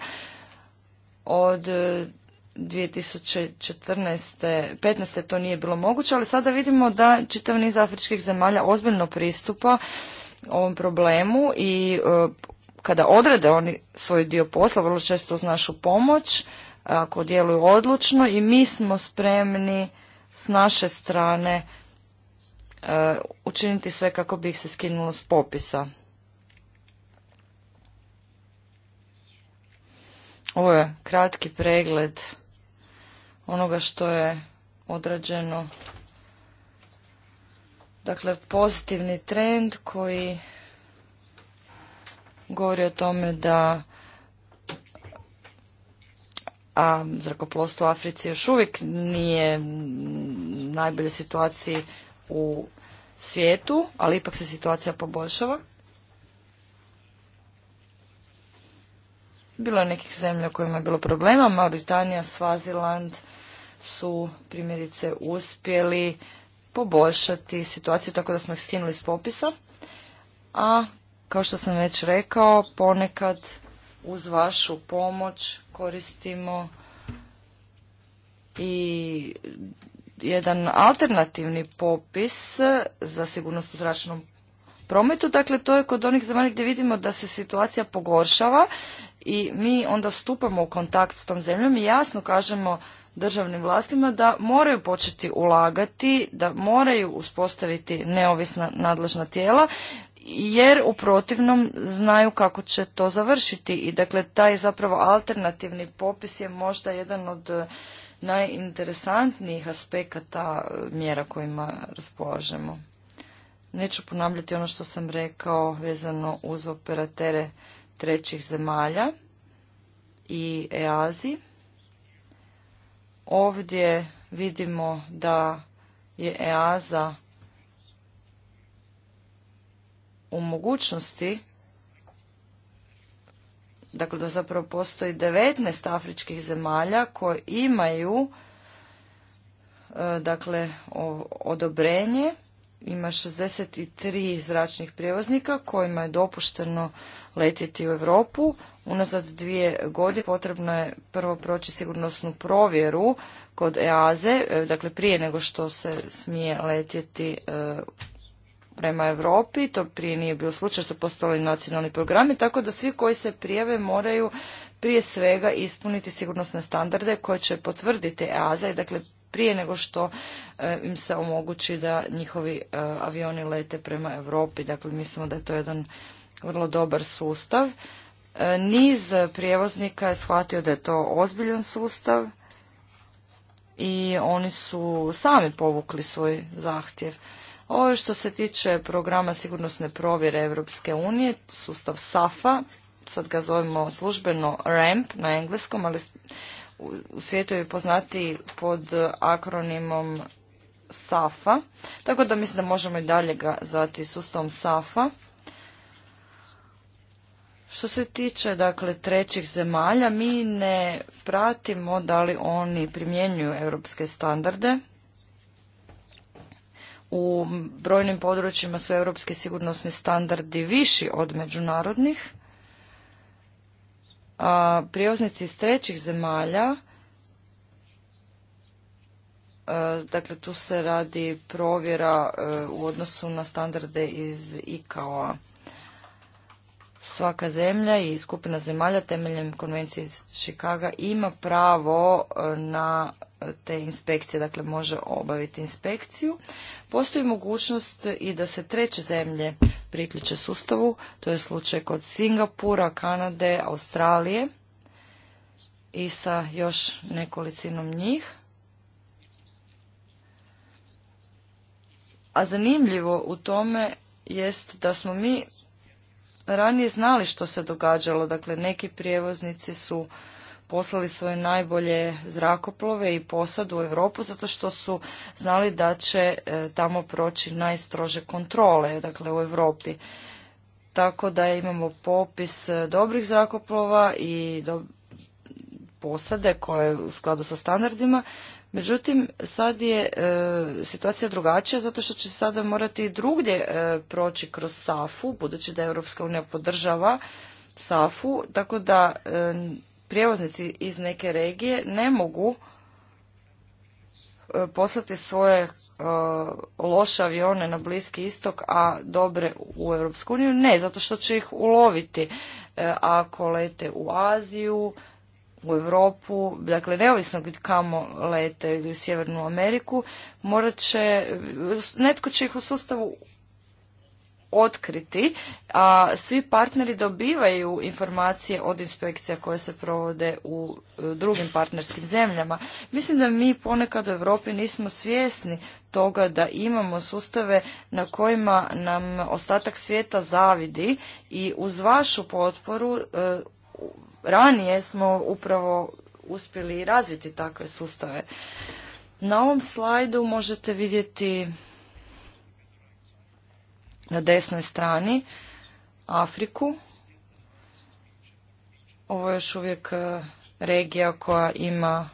od 2014. 15. to nije bilo moguće, ali sada vidimo da čitav niz afričkih zemalja ozbiljno pristupa ovom problemu i e, kada odrede oni svoj dio posla, vrlo često uz našu pomoć, ako djeluju odlučno i mi smo spremni s naše strane e, učiniti sve kako bi ih se skinulo s popisa. Ovo je kratki pregled onoga što je odrađeno. Dakle, pozitivni trend koji govori o tome da a zrakoplovstvo u Africi još uvijek nije najbolje situaciji u svijetu, ali ipak se situacija poboljšava. Bilo je nekih zemlja u kojima je bilo problema, Mauritanija, Svaziland, su primjerice uspjeli poboljšati situaciju tako da smo ih skinuli s popisa. A kao što sam već rekao, ponekad uz vašu pomoć koristimo i jedan alternativni popis za sigurnost u zračnom prometu. Dakle, to je kod onih zemalja gdje vidimo da se situacija pogoršava i mi onda stupamo u kontakt s tom zemljom i jasno kažemo državnim vlastima da moraju početi ulagati, da moraju uspostaviti neovisna nadležna tijela jer u protivnom znaju kako će to završiti i dakle taj zapravo alternativni popis je možda jedan od eh, najinteresantnijih aspekata eh, mjera kojima raspolažemo. Neću ponavljati ono što sam rekao vezano uz operatere trećih zemalja i EAZI. Ovdje vidimo da je EASA u mogućnosti dakle da zapravo postoji 19 afričkih zemalja koje imaju e, dakle odobrenje ima 63 zračnih prijevoznika kojima je dopušteno letjeti u Europu. Unazad dvije godine potrebno je prvo proći sigurnosnu provjeru kod EAZE, e, dakle prije nego što se smije letjeti e, prema Europi, to prije nije bio slučaj su postali nacionalni programi, tako da svi koji se prijave moraju prije svega ispuniti sigurnosne standarde koje će potvrditi Eaze dakle prije nego što eh, im se omogući da njihovi eh, avioni lete prema Europi. Dakle, mislimo da je to jedan vrlo dobar sustav. Eh, niz prijevoznika je shvatio da je to ozbiljan sustav i oni su sami povukli svoj zahtjev. Ovo što se tiče programa sigurnosne provjere Europske unije, sustav SAFA, sad ga zovemo službeno RAMP na engleskom, ali u svijetu je poznati pod akronimom SAFA, tako da mislim da možemo i dalje ga zvati sustavom SAFA. Što se tiče dakle trećih zemalja, mi ne pratimo da li oni primjenjuju europske standarde. U brojnim područjima su europski sigurnosni standardi viši od međunarodnih a prijevoznici iz trećih zemalja, dakle tu se radi provjera e, u odnosu na standarde iz ICAO-a. Svaka zemlja i skupina zemalja temeljem konvencije iz Chicaga ima pravo e, na te inspekcije, dakle može obaviti inspekciju. Postoji mogućnost i da se treće zemlje priključe sustavu, to je slučaj kod Singapura, Kanade, Australije i sa još nekolicinom njih. A zanimljivo u tome jest da smo mi ranije znali što se događalo, dakle neki prijevoznici su poslali svoje najbolje zrakoplove i posadu u Europu zato što su znali da će e, tamo proći najstrože kontrole, dakle u Europi. Tako da imamo popis e, dobrih zrakoplova i do posade koje je u skladu sa standardima. Međutim, sad je e, situacija drugačija zato što će sada morati drugdje proći kroz SAFU, budući da Europska unija podržava SAFU, tako da prijevoznici iz neke regije ne mogu e, poslati svoje e, loše avione na Bliski istok, a dobre u Europsku uniju? Ne, zato što će ih uloviti e, ako lete u Aziju, u Europu, dakle neovisno kamo lete ili u Sjevernu Ameriku, morat će, netko će ih u sustavu otkriti, a svi partneri dobivaju informacije od inspekcija koje se provode u e, drugim partnerskim zemljama. Mislim da mi ponekad u Europi nismo svjesni toga da imamo sustave na kojima nam ostatak svijeta zavidi i uz vašu potporu e, ranije smo upravo uspjeli razviti takve sustave. Na ovom slajdu možete vidjeti na desnoj strani Afriku. Ovo je još uvijek e, regija koja ima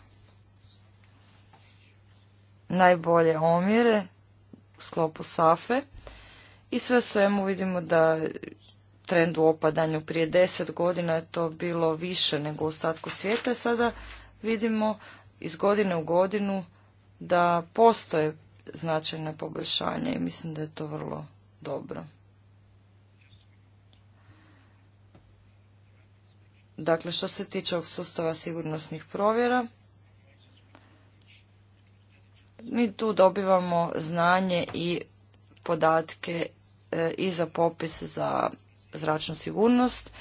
najbolje omjere u sklopu SAFE i sve svemu vidimo da trend u opadanju prije deset godina je to bilo više nego u ostatku svijeta. Sada vidimo iz godine u godinu da postoje značajne poboljšanje i mislim da je to vrlo dobro. Dakle, što se tiče ovog sustava sigurnosnih provjera, mi tu dobivamo znanje i podatke e, i za popis za zračnu sigurnost.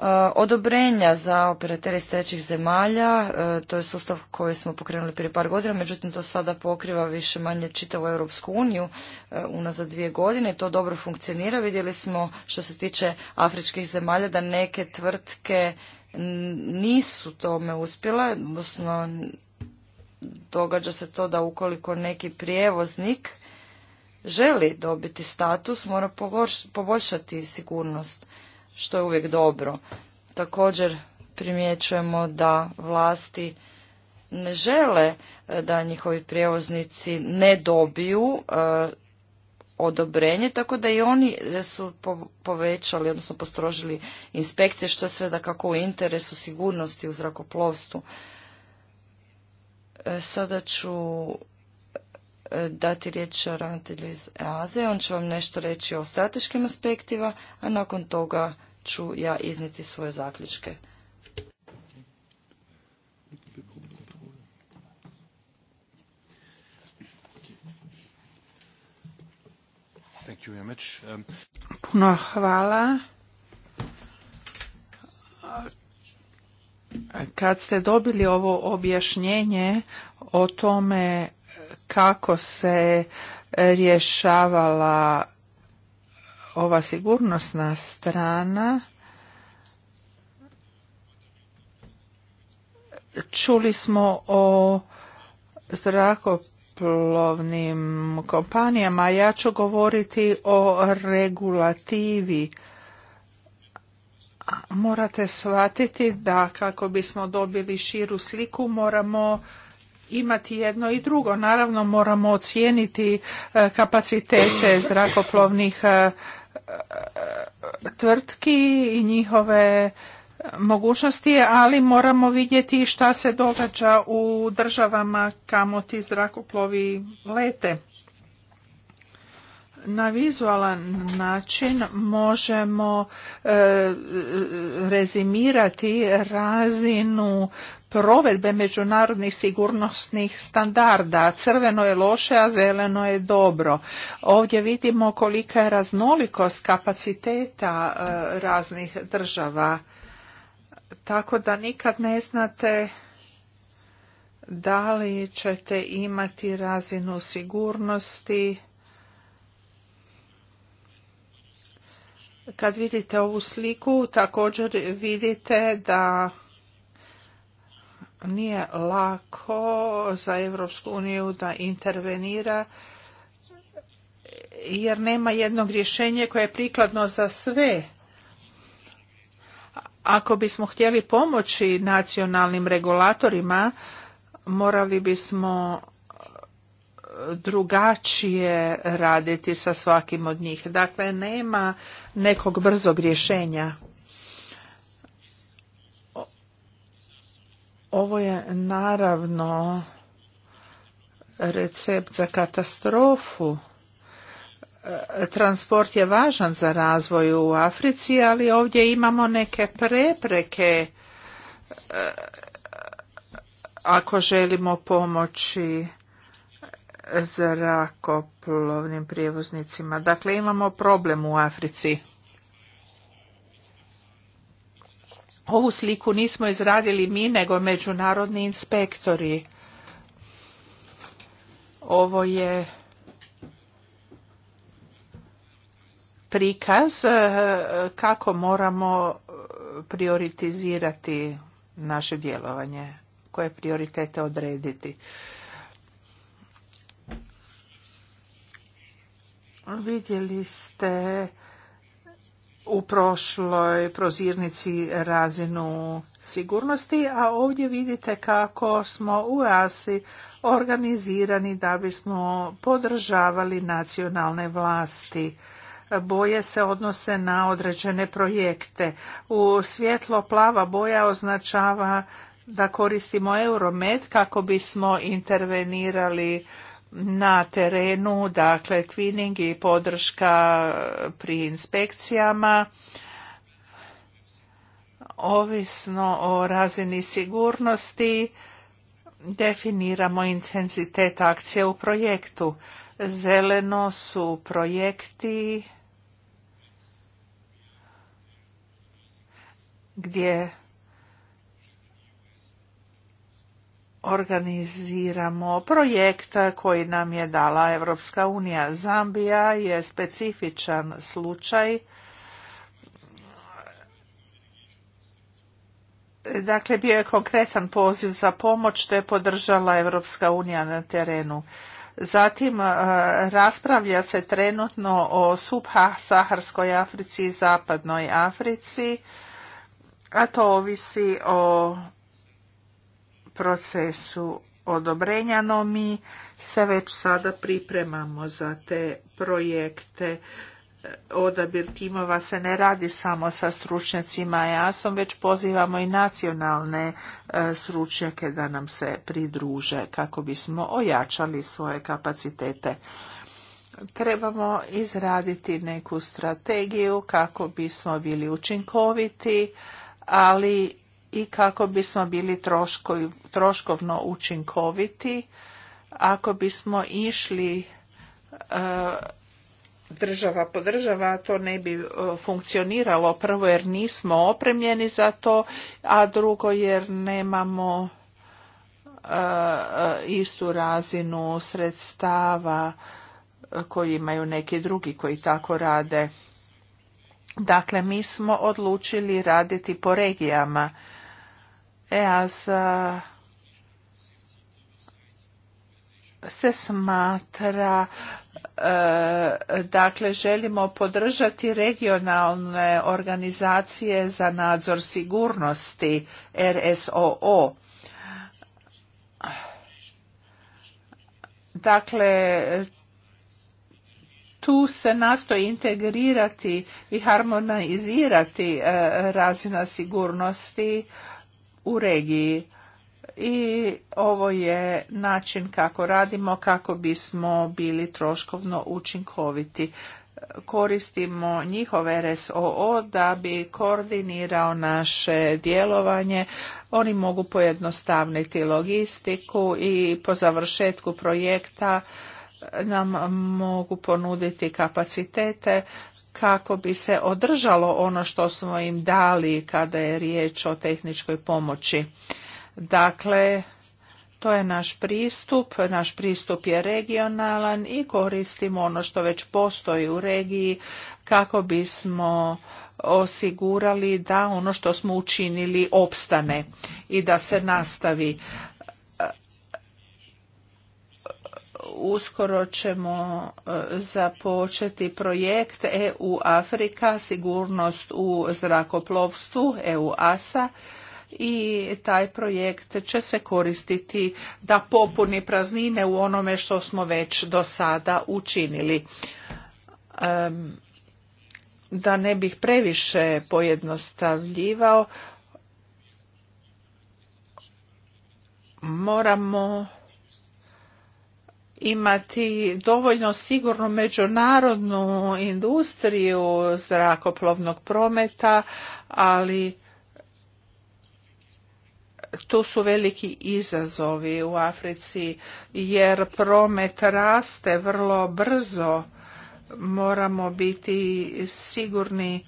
Eh, odobrenja za operatere iz trećih zemalja, eh, to je sustav koji smo pokrenuli prije par godina, međutim to sada pokriva više manje čitavu Europsku uniju eh, unazad dvije godine i to dobro funkcionira. Vidjeli smo što se tiče afričkih zemalja da neke tvrtke nisu tome uspjele, odnosno događa se to da ukoliko neki prijevoznik želi dobiti status, mora poboljšati sigurnost što je uvijek dobro. Također primjećujemo da vlasti ne žele e, da njihovi prijevoznici ne dobiju e, odobrenje, tako da i oni su povećali, odnosno postrožili inspekcije, što je sve da kako u interesu sigurnosti u zrakoplovstvu. E, sada ću dati riječ ravnatelju iz EAZE, on će vam nešto reći o strateškim aspektima, a nakon toga ću ja izniti svoje zaključke. Um, Puno hvala. Kad ste dobili ovo objašnjenje o tome kako se rješavala ova sigurnosna strana čuli smo o zrakoplovnim kompanijama, ja ću govoriti o regulativi. Morate shvatiti da kako bismo dobili širu sliku moramo imati jedno i drugo. Naravno moramo ocijeniti e, kapacitete zrakoplovnih kompanija e, tvrtki i njihove mogućnosti, ali moramo vidjeti šta se događa u državama kamo ti zrakoplovi lete na vizualan način možemo e, rezimirati razinu provedbe međunarodnih sigurnosnih standarda. Crveno je loše, a zeleno je dobro. Ovdje vidimo kolika je raznolikost kapaciteta e, raznih država. Tako da nikad ne znate da li ćete imati razinu sigurnosti Kad vidite ovu sliku, također vidite da nije lako za Europsku uniju da intervenira jer nema jednog rješenja koje je prikladno za sve. Ako bismo htjeli pomoći nacionalnim regulatorima, morali bismo drugačije raditi sa svakim od njih. Dakle, nema nekog brzog rješenja. Ovo je naravno recept za katastrofu. E, transport je važan za razvoj u Africi, ali ovdje imamo neke prepreke e, ako želimo pomoći zrakoplovnim prijevoznicima. Dakle, imamo problem u Africi. Ovu sliku nismo izradili mi, nego međunarodni inspektori. Ovo je prikaz eh, kako moramo eh, prioritizirati naše djelovanje, koje prioritete odrediti. Vidjeli ste u prošloj prozirnici razinu sigurnosti, a ovdje vidite kako smo u ASI organizirani da bismo podržavali nacionalne vlasti. Boje se odnose na određene projekte. U svjetlo plava boja označava da koristimo Euromed kako bismo intervenirali na terenu, dakle twinning i podrška pri inspekcijama, ovisno o razini sigurnosti, definiramo intenzitet akcije u projektu. Zeleno su projekti gdje organiziramo projekt koji nam je dala Europska unija. Zambija je specifičan slučaj. Dakle, bio je konkretan poziv za pomoć što je podržala Europska unija na terenu. Zatim e, raspravlja se trenutno o Saharskoj Africi i zapadnoj Africi, a to ovisi o procesu odobrenja, no mi se već sada pripremamo za te projekte. E, odabir timova se ne radi samo sa stručnjacima eas već pozivamo i nacionalne e, stručnjake da nam se pridruže kako bismo ojačali svoje kapacitete. Trebamo izraditi neku strategiju kako bismo bili učinkoviti, ali i kako bismo bili troškovno učinkoviti ako bismo išli e, država po država to ne bi e, funkcioniralo prvo jer nismo opremljeni za to a drugo jer nemamo e, istu razinu sredstava koji imaju neki drugi koji tako rade. Dakle, mi smo odlučili raditi po regijama se smatra e, dakle želimo podržati regionalne organizacije za nadzor sigurnosti RSOO dakle tu se nastoji integrirati i harmonizirati e, razina sigurnosti u regiji i ovo je način kako radimo kako bismo bili troškovno učinkoviti. Koristimo njihove RSOO da bi koordinirao naše djelovanje. Oni mogu pojednostavniti logistiku i po završetku projekta nam mogu ponuditi kapacitete kako bi se održalo ono što smo im dali kada je riječ o tehničkoj pomoći. Dakle, to je naš pristup. Naš pristup je regionalan i koristimo ono što već postoji u regiji kako bismo osigurali da ono što smo učinili opstane i da se nastavi. uskoro ćemo e, započeti projekt EU Afrika, sigurnost u zrakoplovstvu, EU ASA i taj projekt će se koristiti da popuni praznine u onome što smo već do sada učinili. Da ne bih previše pojednostavljivao, moramo imati dovoljno sigurnu međunarodnu industriju zrakoplovnog prometa, ali tu su veliki izazovi u Africi jer promet raste vrlo brzo. Moramo biti sigurni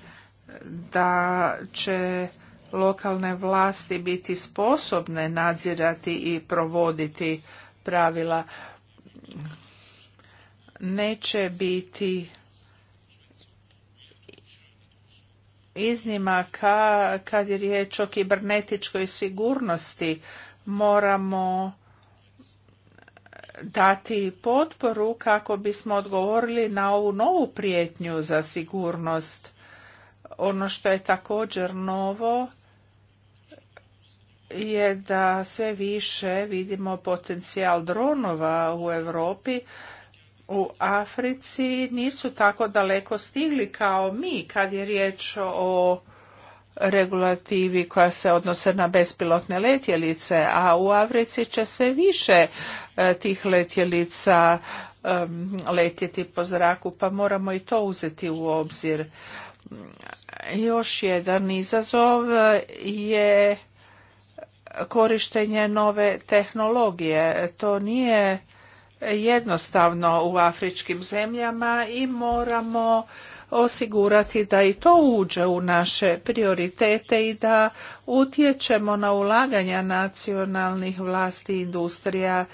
da će lokalne vlasti biti sposobne nadzirati i provoditi pravila neće biti iznimaka kad je riječ o kibernetičkoj sigurnosti. Moramo dati potporu kako bismo odgovorili na ovu novu prijetnju za sigurnost. Ono što je također novo je da sve više vidimo potencijal dronova u Europi u Africi nisu tako daleko stigli kao mi kad je riječ o regulativi koja se odnose na bespilotne letjelice, a u Africi će sve više e, tih letjelica letjeti po zraku, pa moramo i to uzeti u obzir. Još jedan izazov je korištenje nove tehnologije. To nije jednostavno u afričkim zemljama i moramo osigurati da i to uđe u naše prioritete i da utječemo na ulaganja nacionalnih vlasti i industrija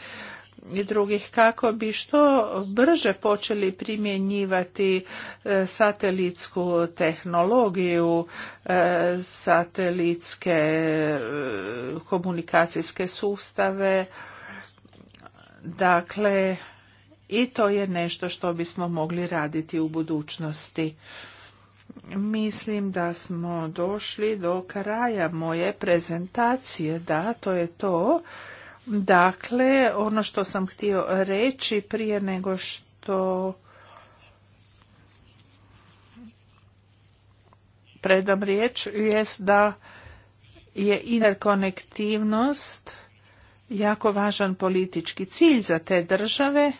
i drugih kako bi što brže počeli primjenjivati e, satelitsku tehnologiju, e, satelitske e, komunikacijske sustave. Dakle, i to je nešto što bismo mogli raditi u budućnosti. Mislim da smo došli do kraja moje prezentacije. Da, to je to. Dakle, ono što sam htio reći prije nego što predam riječ jest da je interkonektivnost jako važan politički cilj za te države,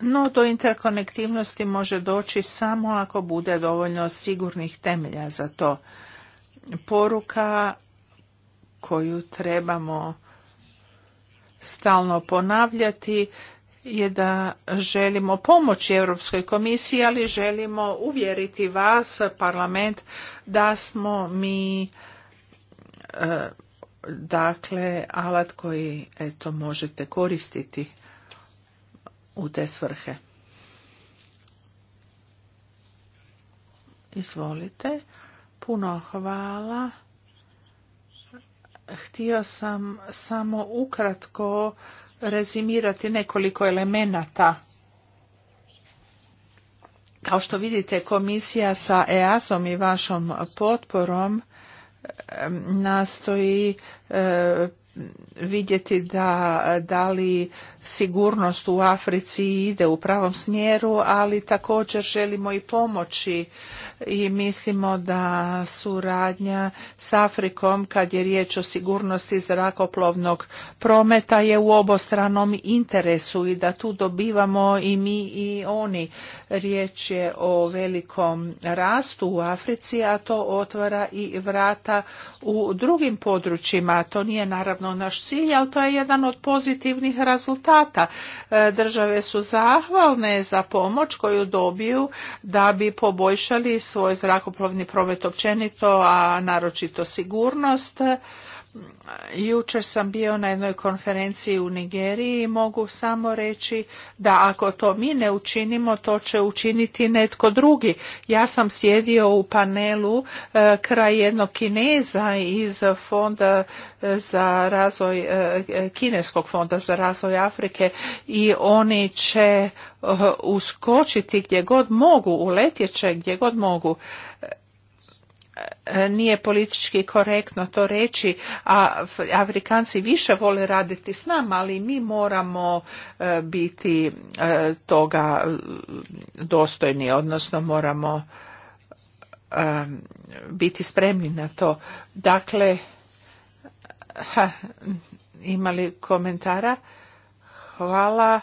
no do interkonektivnosti može doći samo ako bude dovoljno sigurnih temelja za to. Poruka koju trebamo stalno ponavljati je da želimo pomoći Europskoj komisiji, ali želimo uvjeriti vas, parlament, da smo mi e, dakle alat koji eto možete koristiti u te svrhe. Izvolite. Puno hvala. Htio sam samo ukratko rezimirati nekoliko elemenata. Kao što vidite, komisija sa EAS-om i vašom potporom nastoji e, vidjeti da, da li sigurnost u Africi ide u pravom smjeru, ali također želimo i pomoći i mislimo da suradnja s Afrikom kad je riječ o sigurnosti zrakoplovnog prometa je u obostranom interesu i da tu dobivamo i mi i oni. Riječ je o velikom rastu u Africi, a to otvara i vrata u drugim područjima. To nije naravno naš cilj, ali to je jedan od pozitivnih rezultata. E, države su zahvalne za pomoć koju dobiju da bi poboljšali svoj zrakoplovni promet općenito, a naročito sigurnost. Jučer sam bio na jednoj konferenciji u Nigeriji i mogu samo reći da ako to mi ne učinimo, to će učiniti netko drugi. Ja sam sjedio u panelu e, kraj jednog Kineza iz fonda e, za razvoj, e, Kineskog fonda za razvoj Afrike i oni će uskočiti gdje god mogu, uletjeće gdje god mogu. E, nije politički korektno to reći, a Afrikanci više vole raditi s nama, ali mi moramo e, biti e, toga mm, dostojni, odnosno moramo biti spremni na to. Dakle, ha, imali komentara? Hvala.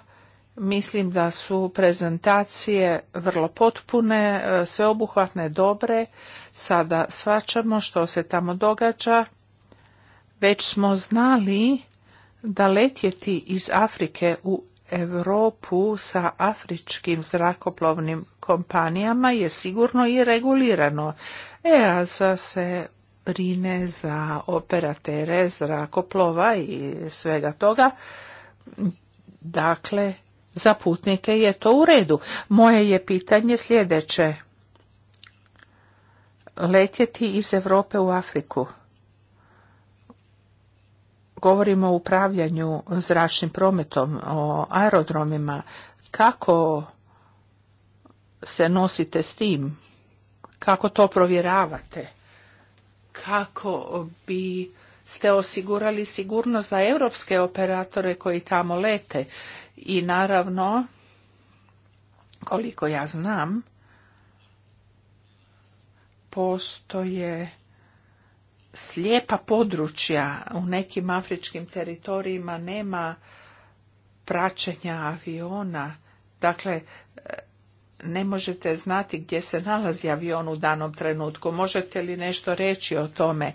Mislim da su prezentacije vrlo potpune, e, sveobuhvatne, dobre. Sada svačamo što se tamo događa. Već smo znali da letjeti iz Afrike u Europu sa afričkim zrakoplovnim kompanijama je sigurno i regulirano. EASA se brine za operatere zrakoplova i svega toga. Dakle, za putnike je to u redu. Moje je pitanje sljedeće. Letjeti iz Europe u Afriku. Govorimo o upravljanju zračnim prometom, o aerodromima. Kako se nosite s tim? Kako to provjeravate? Kako bi ste osigurali sigurnost za europske operatore koji tamo lete? I naravno, koliko ja znam, postoje slijepa područja u nekim afričkim teritorijima nema praćenja aviona. Dakle, ne možete znati gdje se nalazi avion u danom trenutku. Možete li nešto reći o tome?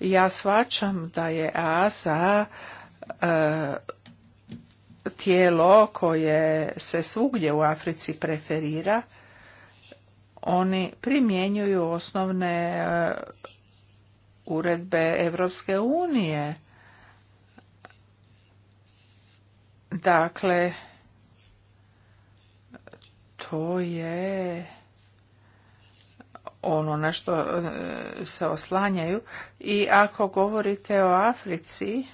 Ja svačam da je AASA tijelo koje se svugdje u Africi preferira, oni primjenjuju osnovne e, uredbe Europske unije. Dakle, to je ono na što e, se oslanjaju. I ako govorite o Africi,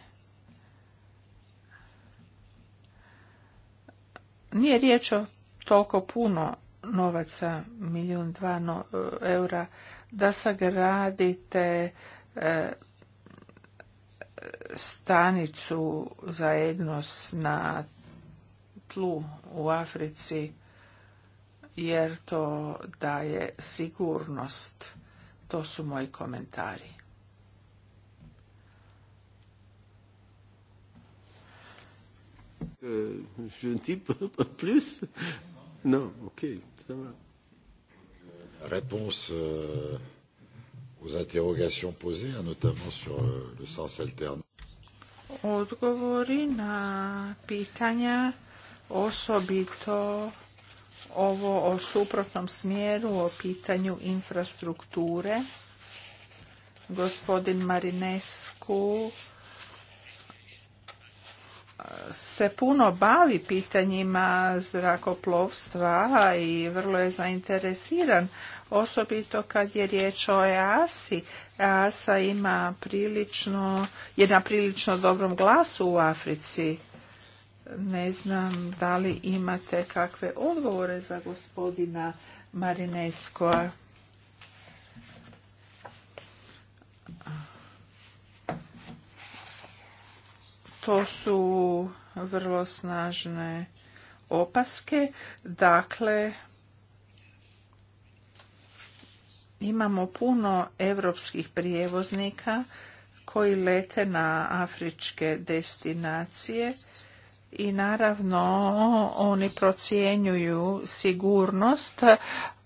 Nije riječ o toliko puno novaca, milijun dva e, eura, da sagradite e, stanicu za jednost na tlu u Africi, jer to daje sigurnost. To su moji komentari. Euh, je ne type pas plus Non, ok, ça va. Réponse euh, aux interrogations posées, notamment sur euh, le sens alterne. Odgovori na pitanja, osobito ovo o suprotnom smjeru, o pitanju infrastrukture. Gospodin Marinescu se puno bavi pitanjima zrakoplovstva i vrlo je zainteresiran, osobito kad je riječ o EASI. EASA ima prilično, je na prilično dobrom glasu u Africi. Ne znam da li imate kakve odgovore za gospodina Marineskoa. To su vrlo snažne opaske. Dakle, imamo puno europskih prijevoznika koji lete na afričke destinacije i naravno oni procjenjuju sigurnost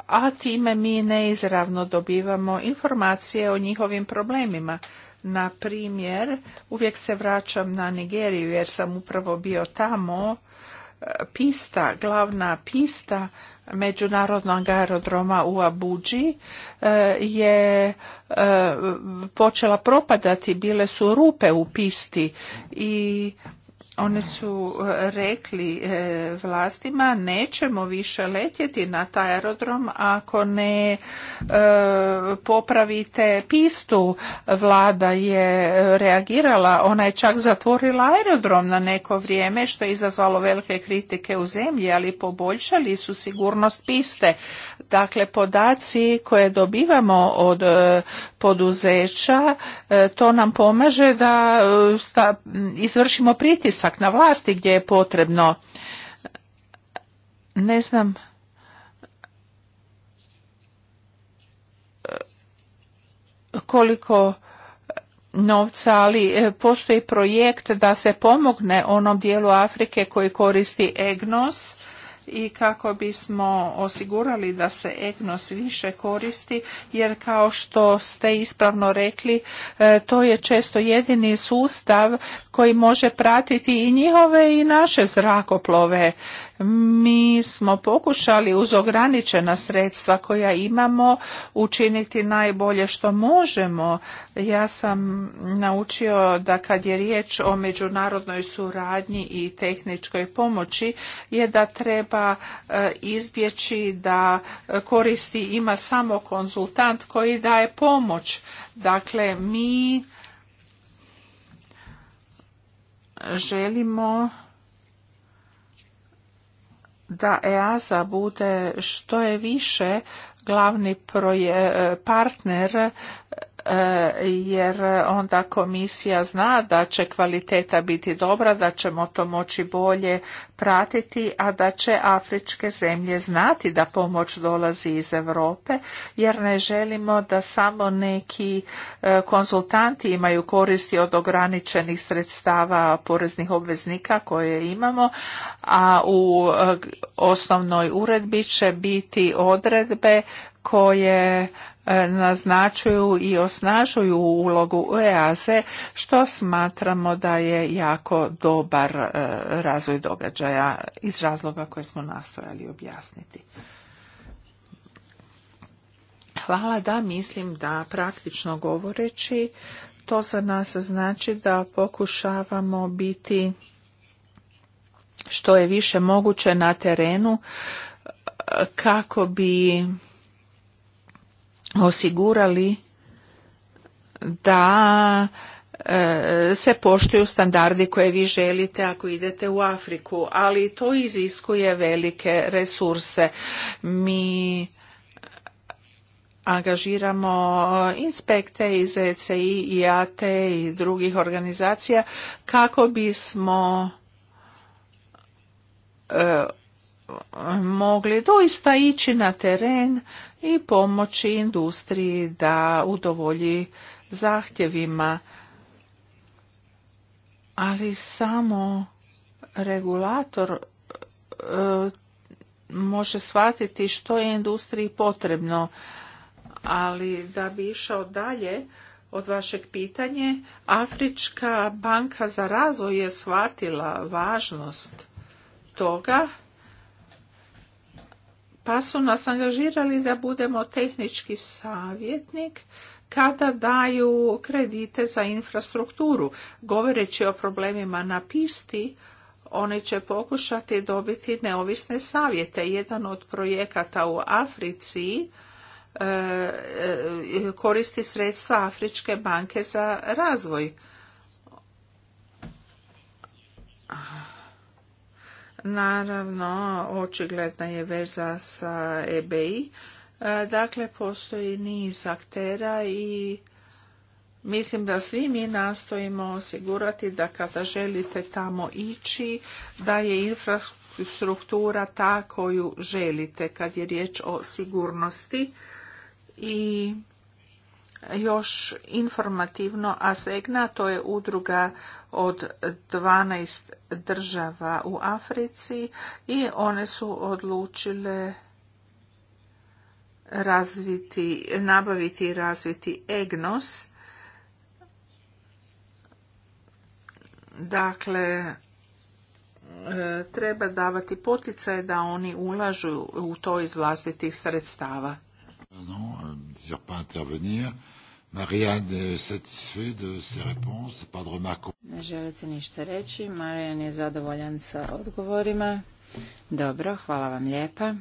a time mi neizravno dobivamo informacije o njihovim problemima na primjer, uvijek se vraćam na Nigeriju jer sam upravo bio tamo. E, pista, glavna pista međunarodnog aerodroma u Abuđi e, je e, počela propadati, bile su rupe u pisti i oni su e, rekli e, vlastima nećemo više letjeti na taj aerodrom ako ne e, popravite pistu. Vlada je reagirala, ona je čak zatvorila aerodrom na neko vrijeme što je izazvalo velike kritike u zemlji, ali poboljšali su sigurnost piste. Dakle, podaci koje dobivamo od poduzeća, to nam pomaže da izvršimo pritisak pritisak na vlasti gdje je potrebno. Ne znam. koliko novca, ali e, postoji projekt da se pomogne onom dijelu Afrike koji koristi EGNOS i kako bismo osigurali da se EGNOS više koristi jer kao što ste ispravno rekli e, to je često jedini sustav koji može pratiti i njihove i naše zrakoplove mi smo pokušali uz ograničena sredstva koja imamo učiniti najbolje što možemo. Ja sam naučio da kad je riječ o međunarodnoj suradnji i tehničkoj pomoći je da treba e, izbjeći da koristi ima samo konzultant koji daje pomoć. Dakle, mi želimo da EASA bude što je više glavni e, partner E, jer onda komisija zna da će kvaliteta biti dobra, da ćemo to moći bolje pratiti, a da će afričke zemlje znati da pomoć dolazi iz Europe, jer ne želimo da samo neki e, konzultanti imaju koristi od ograničenih sredstava poreznih obveznika koje imamo, a u e, osnovnoj uredbi će biti odredbe koje E, naznačuju i osnažuju ulogu EASE što smatramo da je jako dobar e, razvoj događaja iz razloga koje smo nastojali objasniti. Hvala da mislim da praktično govoreći to za nas znači da pokušavamo biti što je više moguće na terenu e, kako bi osigurali da e, se poštuju standardi koje vi želite ako idete u Afriku, ali to iziskuje velike resurse. Mi angažiramo inspekte iz ECI, IAT i drugih organizacija kako bismo e, mogli doista ići na teren i pomoći industriji da udovolji zahtjevima. Ali samo regulator e, može shvatiti što je industriji potrebno, ali da bi išao dalje od vašeg pitanje, Afrička banka za razvoj je shvatila važnost toga pa su nas angažirali da budemo tehnički savjetnik kada daju kredite za infrastrukturu. Govoreći o problemima na pisti, oni će pokušati dobiti neovisne savjete. Jedan od projekata u Africi e, e, koristi sredstva Afričke banke za razvoj. Naravno, očigledna je veza sa EBI. E, dakle, postoji niz aktera i mislim da svi mi nastojimo osigurati da kada želite tamo ići, da je infrastruktura ta koju želite kad je riječ o sigurnosti i još informativno ASEGNA, to je udruga od 12 država u Africi i one su odlučile razviti, nabaviti i razviti EGNOS. Dakle, e, treba davati poticaje da oni ulažu u to iz vlastitih sredstava. Non, pas intervenir. Marijan satisfait de ses réponses, pas de Ne želite ništa reći, Marijan je zadovoljan sa odgovorima. Dobro, hvala vam lijepa.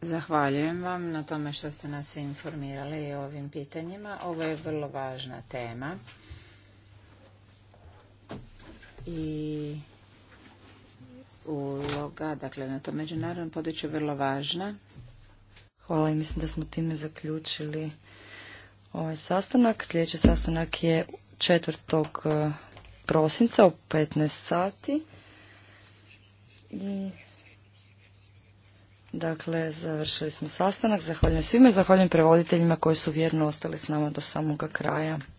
Zahvaljujem vam na tome što ste nas informirali o ovim pitanjima. Ovo je vrlo važna tema. I uloga, dakle na to međunarodnom području vrlo važna Hvala i mislim da smo time zaključili ovaj sastanak. Sljedeći sastanak je 4. E, prosinca u 15 sati. I Dakle, završili smo sastanak. Zahvaljujem svima, zahvaljujem prevoditeljima koji su vjerno ostali s nama do samoga kraja.